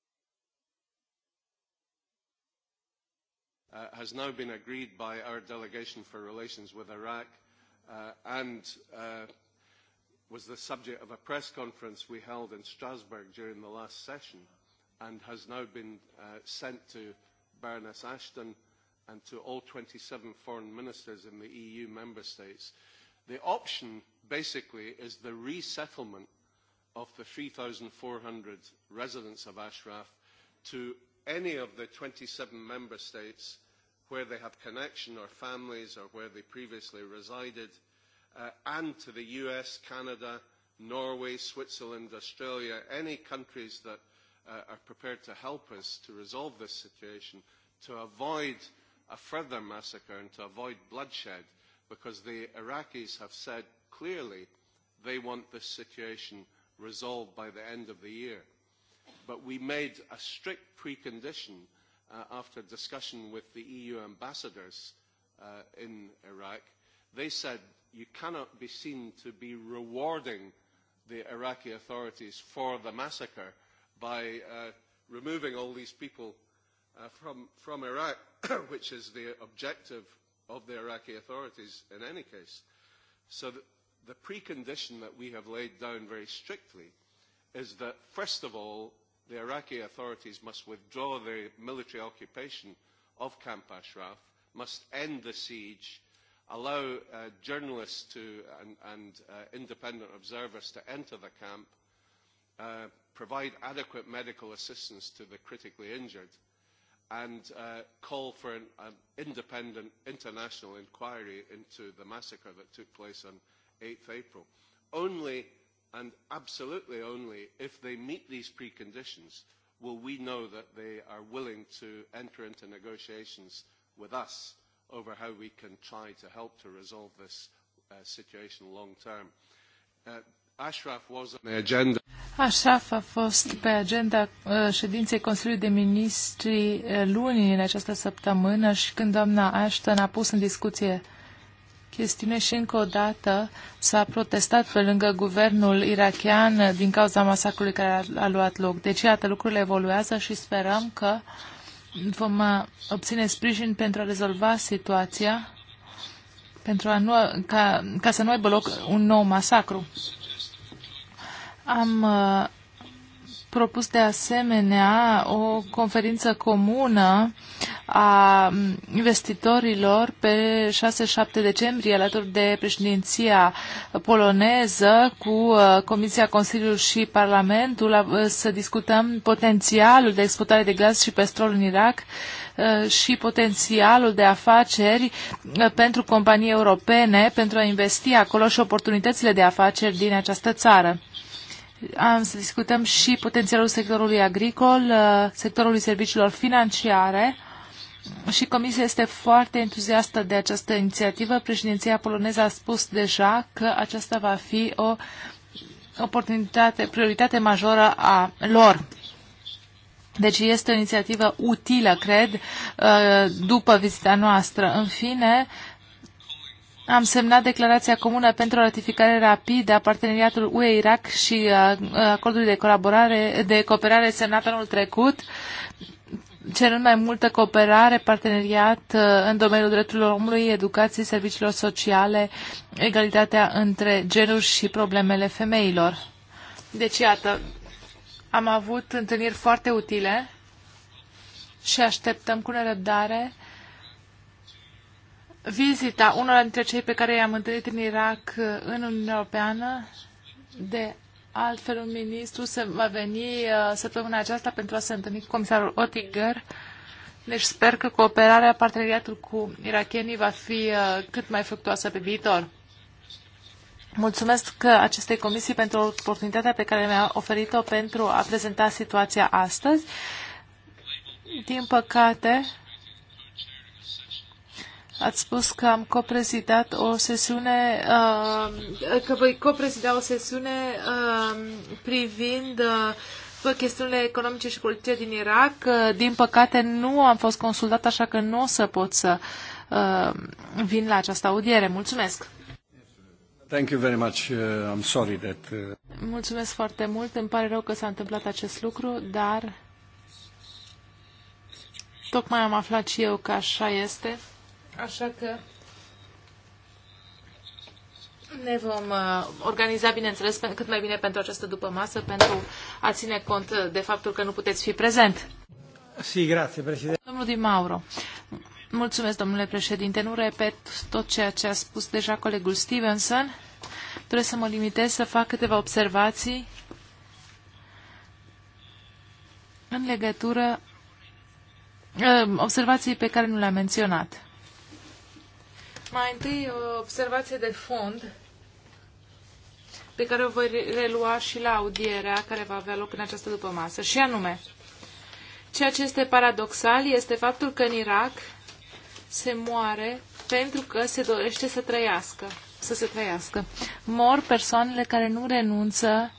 uh, has now been agreed by our delegation for relations with Iraq uh, and uh, was the subject of a press conference we held in Strasbourg during the last session and has now been uh, sent to Baroness Ashton and to all 27 foreign ministers in the EU member states. The option basically is the resettlement of the 3,400 residents of Ashraf to any of the 27 member states where they have connection or families or where they previously resided – uh, and to the US, Canada, Norway, Switzerland, Australia, any countries that uh, are prepared to help us to resolve this situation, to avoid a further massacre and to avoid bloodshed, because the Iraqis have said clearly they want this situation resolved by the end of the year. But we made a strict precondition uh, after discussion with the EU ambassadors uh, in Iraq. They said you cannot be seen to be rewarding the Iraqi authorities for the massacre by uh, removing all these people uh, from, from Iraq, which is the objective of the Iraqi authorities in any case. So the, the precondition that we have laid down very strictly is that, first of all, the Iraqi authorities must withdraw the military occupation of Camp Ashraf, must end the siege, allow uh, journalists to, and, and uh, independent observers to enter the camp, uh, provide adequate medical assistance to the critically injured, and uh, call for an, an independent international inquiry into the massacre that took place on 8th April. Only and absolutely only if they meet these preconditions will we know that they are willing to enter into negotiations with us over how we can try to help to resolve this uh, situation long term. Uh, Ashraf was on the agenda. Ashraf a fost pe agenda uh, ședinței Consiliului de Ministri uh, luni în această săptămână și când doamna Ashton a pus în discuție chestiune și încă o dată s-a protestat pe lângă guvernul irachian din cauza masacrului care a, a luat loc. Deci, iată, lucrurile evoluează și sperăm că uh, vom uh, obține sprijin pentru a rezolva situația, pentru a nu, ca, ca să nu aibă loc un nou masacru. Am uh, propus de asemenea o conferință comună a investitorilor pe 6-7 decembrie alături de președinția poloneză cu uh, Comisia Consiliului și Parlamentul uh, să discutăm potențialul de exportare de gaz și petrol în Irak uh, și potențialul de afaceri pentru companii europene pentru a investi acolo și oportunitățile de afaceri din această țară. Am să discutăm și potențialul sectorului agricol, sectorului serviciilor financiare și Comisia este foarte entuziastă de această inițiativă. Președinția poloneză a spus deja că aceasta va fi o oportunitate, prioritate majoră a lor. Deci este o inițiativă utilă, cred, uh, după vizita noastră. În fine, am semnat declarația comună pentru ratificare rapidă a parteneriatului UE-Irak și uh, acordului de colaborare, de cooperare semnat anul trecut cerând mai multă cooperare, parteneriat uh, în domeniul drepturilor omului, educației, serviciilor sociale, egalitatea între genuri și problemele femeilor. Deci, iată, am avut întâlniri foarte utile și așteptăm cu nerăbdare vizita unor dintre cei pe care i-am întâlnit în Irak, uh, în Uniunea Europeană, de Altfel, un ministru se va veni uh, săptămâna aceasta pentru a se întâlni cu comisarul Oettinger. Deci sper că cooperarea, parteneriatul cu irachenii va fi uh, cât mai fructuoasă pe viitor. Mulțumesc uh, acestei comisii pentru oportunitatea pe care mi-a oferit-o pentru a prezenta situația astăzi. Din păcate, Ați spus că am coprezidat o sesiune, uh, că voi coprezida o sesiune um, privind uh, chestiunile economice și politice din Irak. Uh, din păcate nu am fost consultat, așa că nu o să pot să vin la această audiere. Mulțumesc! Thank you very much. I'm sorry that... Mulțumesc foarte mult. Îmi pare rău că s-a întâmplat acest lucru, dar tocmai am aflat și eu că așa este. Așa că ne vom uh, organiza, bineînțeles, cât mai bine pentru această după masă, pentru a ține cont de faptul că nu puteți fi prezent. Si, grazie, președinte. Domnul Di Mauro, mulțumesc, domnule președinte. Nu repet tot ceea ce a spus deja colegul Stevenson. Doresc să mă limitez să fac câteva observații în legătură uh, observații pe care nu le-am menționat. Mai întâi, o observație de fond pe care o voi relua și la audierea care va avea loc în această după masă. Și anume, ceea ce este paradoxal este faptul că în Irak se moare pentru că se dorește să trăiască, să se trăiască. Mor persoanele care nu renunță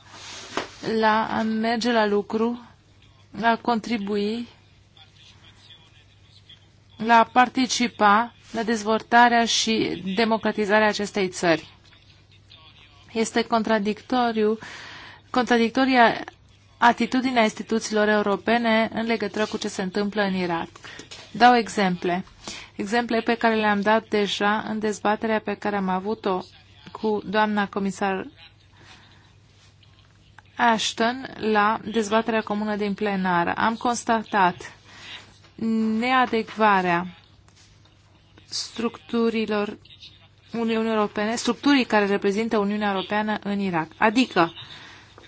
la a merge la lucru, la a contribui, la a participa la dezvoltarea și democratizarea acestei țări. Este contradictoriu, contradictoria atitudinea instituțiilor europene în legătură cu ce se întâmplă în Irak. Dau exemple. Exemple pe care le-am dat deja în dezbaterea pe care am avut-o cu doamna comisar Ashton la dezbaterea comună din plenară. Am constatat neadecvarea structurilor Uniunii Europene, structurii care reprezintă Uniunea Europeană în Irak. Adică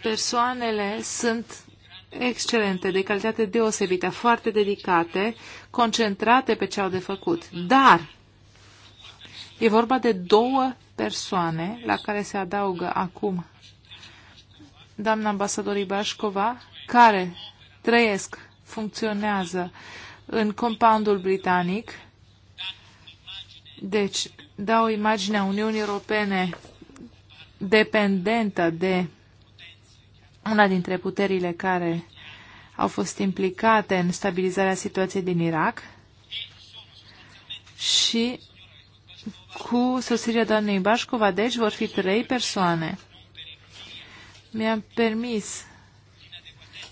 persoanele sunt excelente, de calitate deosebită, foarte dedicate, concentrate pe ce au de făcut. Dar e vorba de două persoane la care se adaugă acum doamna ambasadorii Ibașcova, care trăiesc, funcționează în compoundul britanic, deci, dau imaginea Uniunii Europene dependentă de una dintre puterile care au fost implicate în stabilizarea situației din Irak și cu sosirea doamnei Bașcova, deci vor fi trei persoane. Mi-am permis,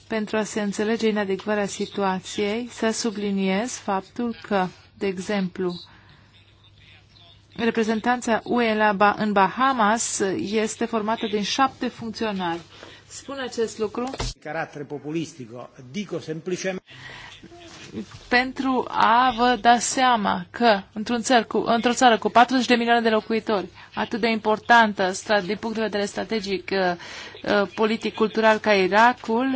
pentru a se înțelege inadecvarea situației, să subliniez faptul că, de exemplu, reprezentanța UE la în Bahamas este formată din șapte funcționari. Spun acest lucru. Caracter populistic, dico semplicemente pentru a vă da seama că într-un țară cu, într-o țară cu 40 de milioane de locuitori, atât de importantă din punct de vedere strategic, uh, uh, politic, cultural ca Irakul,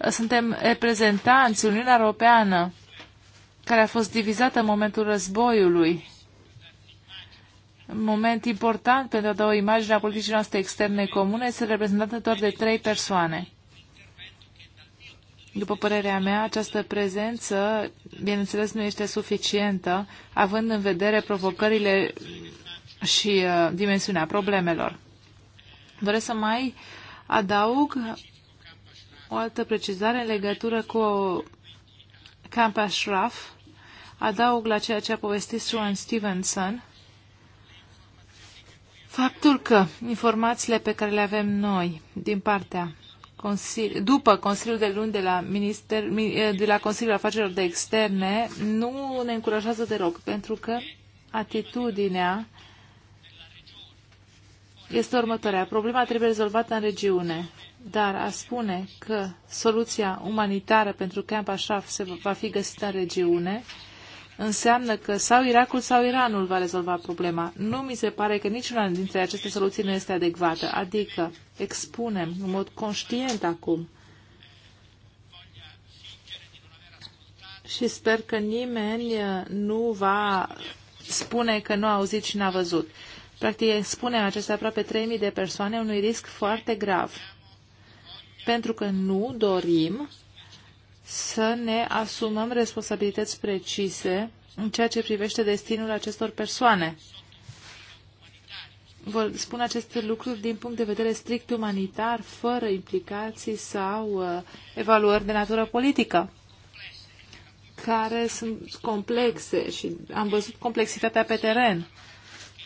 uh, suntem reprezentanți Uniunea Europeană, care a fost divizată în momentul războiului moment important pentru a da o imagine a politicii noastre externe comune este reprezentată doar de trei persoane. După părerea mea, această prezență, bineînțeles, nu este suficientă, având în vedere provocările și uh, dimensiunea problemelor. Doresc să mai adaug o altă precizare în legătură cu Camp Ashraf. Adaug la ceea ce a povestit Sean Stevenson Faptul că informațiile pe care le avem noi din partea Consili, după Consiliul de luni de la, Minister, eh, de la Consiliul Afacerilor de Externe nu ne încurajează deloc, pentru că atitudinea este următoarea. Problema trebuie rezolvată în regiune, dar a spune că soluția umanitară pentru Camp Ashraf se va fi găsită în regiune înseamnă că sau Irakul sau Iranul va rezolva problema. Nu mi se pare că niciuna dintre aceste soluții nu este adecvată, adică expunem în mod conștient acum și sper că nimeni uh, nu va spune că nu a auzit și n-a văzut. Practic, expunem aceste aproape 3.000 de persoane unui risc foarte grav, pentru că nu dorim să ne asumăm responsabilități precise în ceea ce privește destinul acestor persoane. Vă spun aceste lucruri din punct de vedere strict umanitar, fără implicații sau uh, evaluări de natură politică, care sunt complexe și am văzut complexitatea pe teren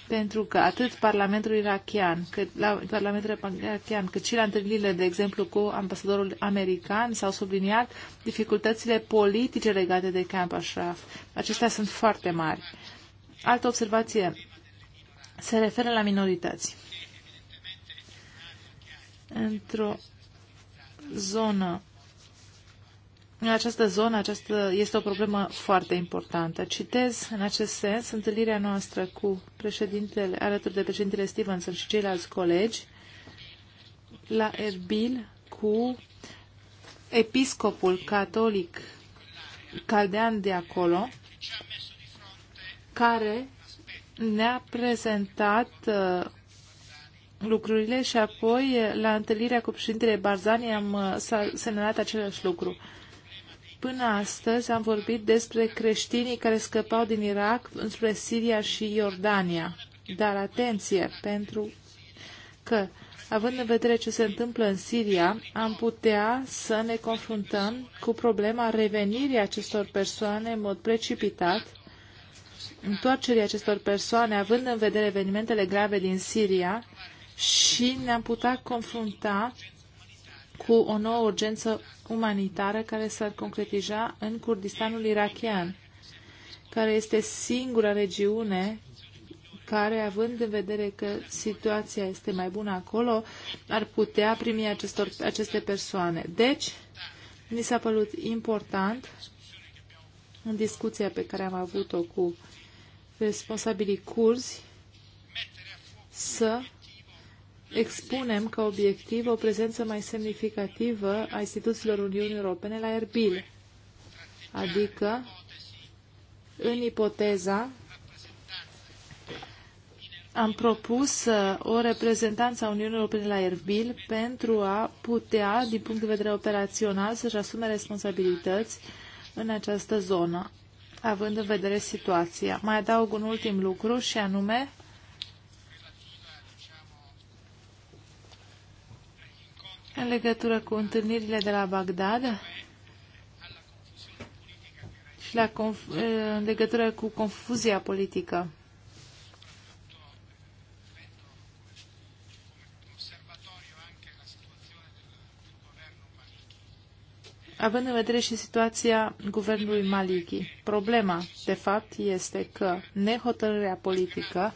pentru că atât Parlamentul irachian, cât la Parlamentul irachian, cât și la întâlnirile, de exemplu, cu ambasadorul american, s-au subliniat dificultățile politice legate de Camp Ashraf. Acestea sunt foarte mari. Altă observație se referă la minorități. Într-o zonă în această zonă această este o problemă foarte importantă. Citez în acest sens întâlnirea noastră cu președintele, alături de președintele Stevenson și ceilalți colegi la Erbil cu episcopul catolic caldean de acolo, care ne-a prezentat uh, lucrurile și apoi uh, la întâlnirea cu președintele Barzani am uh, semnalat același lucru. Până astăzi am vorbit despre creștinii care scăpau din Irak înspre Siria și Iordania. Dar atenție, pentru că, având în vedere ce se întâmplă în Siria, am putea să ne confruntăm cu problema revenirii acestor persoane în mod precipitat, întoarcerii acestor persoane, având în vedere evenimentele grave din Siria, și ne-am putea confrunta cu o nouă urgență umanitară care s-ar concretiza în Kurdistanul irachian, care este singura regiune care, având în vedere că situația este mai bună acolo, ar putea primi acestor, aceste persoane. Deci, mi s-a părut important în discuția pe care am avut-o cu responsabilii curzi să expunem ca obiectiv o prezență mai semnificativă a instituțiilor Uniunii Europene la Erbil, adică în ipoteza am propus uh, o reprezentanță a Uniunii Europene la Erbil pentru a putea, din punct de vedere operațional, să-și asume responsabilități în această zonă, având în vedere situația. Mai adaug un ultim lucru și anume în legătură cu întâlnirile de la Bagdad și la conf- în legătură cu confuzia politică. Având în vedere și situația guvernului Maliki, problema, de fapt, este că nehotărârea politică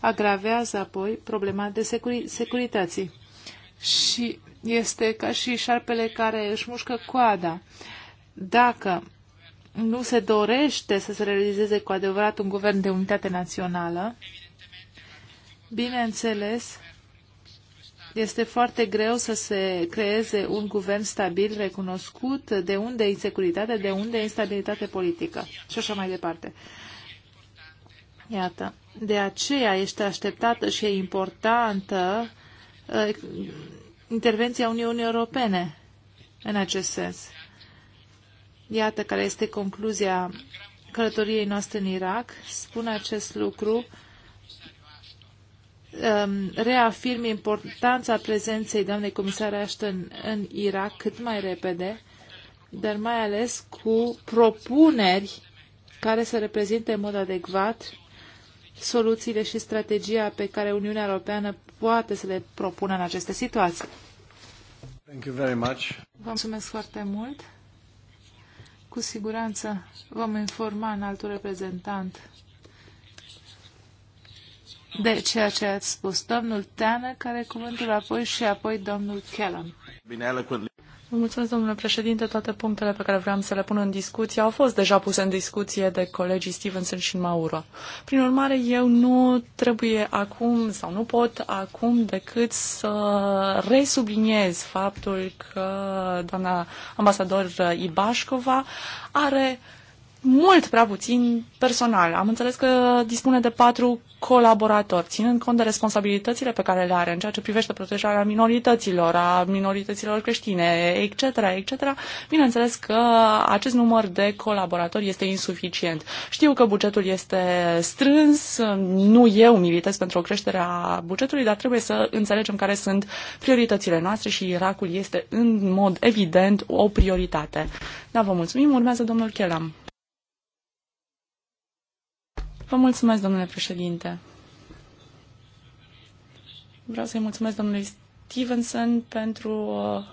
agravează apoi problema de securi- securității. Și este ca și șarpele care își mușcă coada. Dacă nu se dorește să se realizeze cu adevărat un guvern de unitate națională, bineînțeles, este foarte greu să se creeze un guvern stabil, recunoscut, de unde insecuritate, de unde instabilitate politică și așa mai departe. Iată, de aceea este așteptată și e importantă intervenția Uniunii Europene în acest sens. Iată care este concluzia călătoriei noastre în Irak. Spun acest lucru, um, reafirm importanța prezenței doamnei comisar Ashton în Irak cât mai repede, dar mai ales cu propuneri care să reprezinte în mod adecvat soluțiile și strategia pe care Uniunea Europeană poate să le propună în aceste situații. Thank you very much. Vă mulțumesc foarte mult. Cu siguranță vom informa în altul reprezentant de ceea ce ați spus. Domnul Teană, care cuvântul apoi și apoi domnul Kellam mulțumesc, domnule președinte. Toate punctele pe care vreau să le pun în discuție au fost deja puse în discuție de colegii Stevenson și Mauro. Prin urmare, eu nu trebuie acum sau nu pot acum decât să resubliniez faptul că doamna ambasador Ibașcova are uh, mult prea puțin personal. Am înțeles că dispune de patru colaboratori, ținând cont de responsabilitățile pe care le are în ceea ce privește protejarea minorităților, a minorităților creștine, etc., etc. Bineînțeles că acest număr de colaboratori este insuficient. Știu că bugetul este strâns, nu eu militez pentru o creștere a bugetului, dar trebuie să înțelegem care sunt prioritățile noastre și Irakul este în mod evident o prioritate. Da, vă mulțumim. Urmează domnul Chelam. Vă mulțumesc, domnule președinte. Vreau să-i mulțumesc domnului Stevenson pentru uh,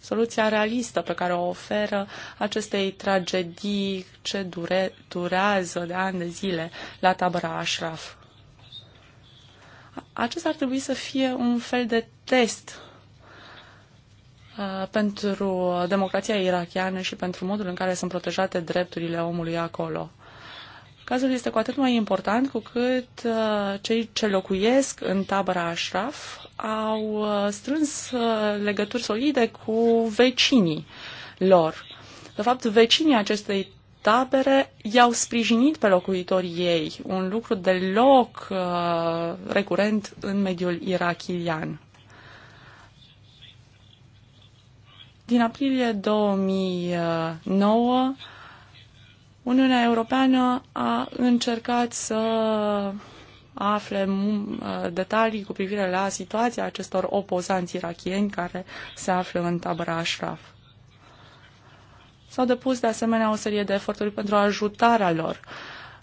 soluția realistă pe care o oferă acestei tragedii ce dure, durează de ani de zile la tabăra Ashraf. Acesta ar trebui să fie un fel de test uh, pentru democrația irachiană și pentru modul în care sunt protejate drepturile omului acolo. Cazul este cu atât mai important cu cât uh, cei ce locuiesc în tabăra Ashraf au uh, strâns uh, legături solide cu vecinii lor. De fapt, vecinii acestei tabere i-au sprijinit pe locuitorii ei, un lucru deloc uh, recurent în mediul irachilian. Din aprilie 2009, Uniunea Europeană a încercat să afle mm, uh, detalii cu privire la situația acestor opozanți irachieni care se află în tabăra Ashraf. S-au depus de asemenea o serie de eforturi pentru ajutarea lor.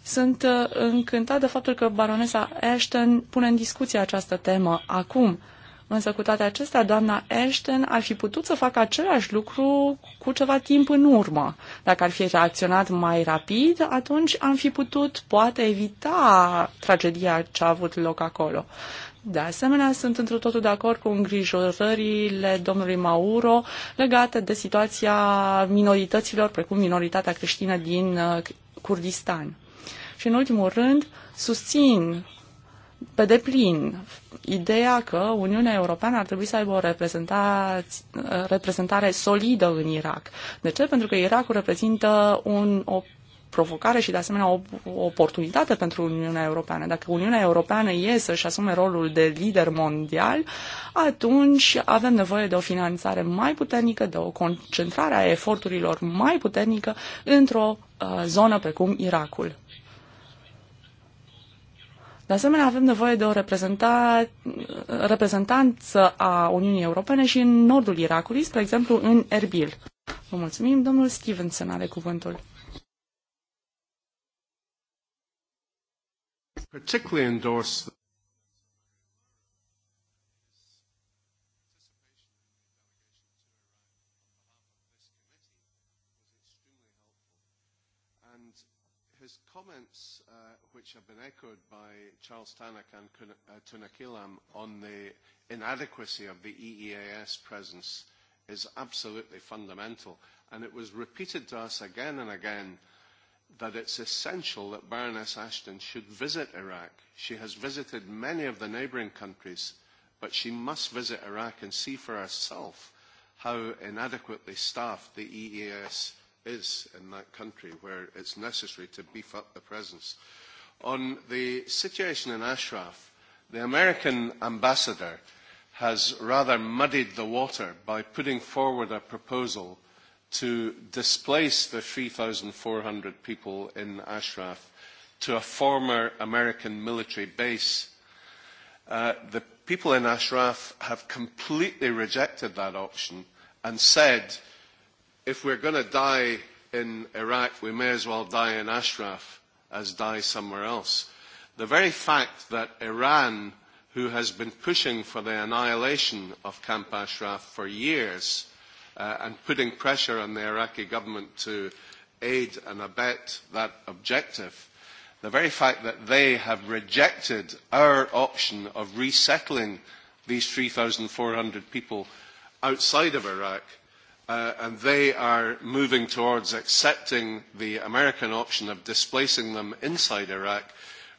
Sunt uh, încântat de faptul că baronesa Ashton pune în discuție această temă acum, Însă cu toate acestea, doamna Ashton ar fi putut să facă același lucru cu ceva timp în urmă. Dacă ar fi reacționat mai rapid, atunci am fi putut poate evita tragedia ce a avut loc acolo. De asemenea, sunt într totul de acord cu îngrijorările domnului Mauro legate de situația minorităților, precum minoritatea creștină din uh, Kurdistan. Și în ultimul rând, susțin pe deplin ideea că Uniunea Europeană ar trebui să aibă o reprezentare solidă în Irak. De ce? Pentru că Irakul reprezintă un, o provocare și, de asemenea, o, o oportunitate pentru Uniunea Europeană. Dacă Uniunea Europeană e să-și asume rolul de lider mondial, atunci avem nevoie de o finanțare mai puternică, de o concentrare a eforturilor mai puternică într-o uh, zonă precum Irakul. De asemenea, avem nevoie de o reprezentanță a Uniunii Europene și în nordul Irakului, spre exemplu în Erbil. Vă mulțumim, domnul Stevenson are cuvântul. echoed by Charles Tannock and uh, Tuna Kilam on the inadequacy of the EEAS presence is absolutely fundamental. And it was repeated to us again and again that it's essential that Baroness Ashton should visit Iraq. She has visited many of the neighbouring countries, but she must visit Iraq and see for herself how inadequately staffed the EEAS is in that country, where it's necessary to beef up the presence. On the situation in Ashraf, the American ambassador has rather muddied the water by putting forward a proposal to displace the 3,400 people in Ashraf to a former American military base. Uh, the people in Ashraf have completely rejected that option and said, if we're going to die in Iraq, we may as well die in Ashraf as die somewhere else. The very fact that Iran, who has been pushing for the annihilation of Camp Ashraf for years uh, and putting pressure on the Iraqi government to aid and abet that objective, the very fact that they have rejected our option of resettling these 3,400 people outside of Iraq uh, and they are moving towards accepting the American option of displacing them inside Iraq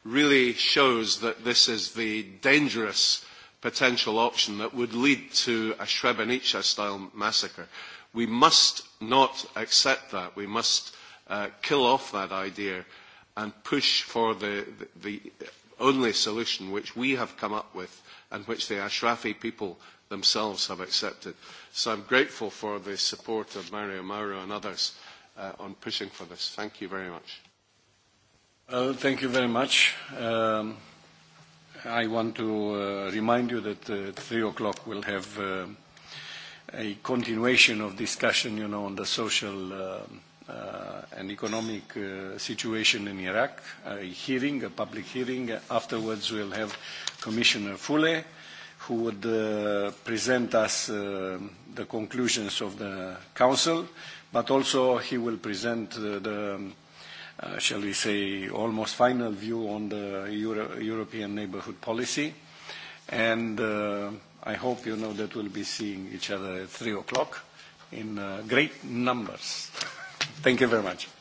really shows that this is the dangerous potential option that would lead to a Srebrenica-style massacre. We must not accept that. We must uh, kill off that idea and push for the, the, the only solution which we have come up with and which the Ashrafi people themselves have accepted. So I'm grateful for the support of Mario Mauro and others uh, on pushing for this. Thank you very much. Well, thank you very much. Um, I want to uh, remind you that uh, at 3 o'clock we'll have uh, a continuation of discussion, you know, on the social uh, uh, and economic uh, situation in Iraq, a hearing, a public hearing. Afterwards, we'll have Commissioner Fule who would uh, present us uh, the conclusions of the Council, but also he will present uh, the, uh, shall we say, almost final view on the Euro European neighborhood policy. And uh, I hope you know that we'll be seeing each other at 3 o'clock in uh, great numbers. Thank you very much.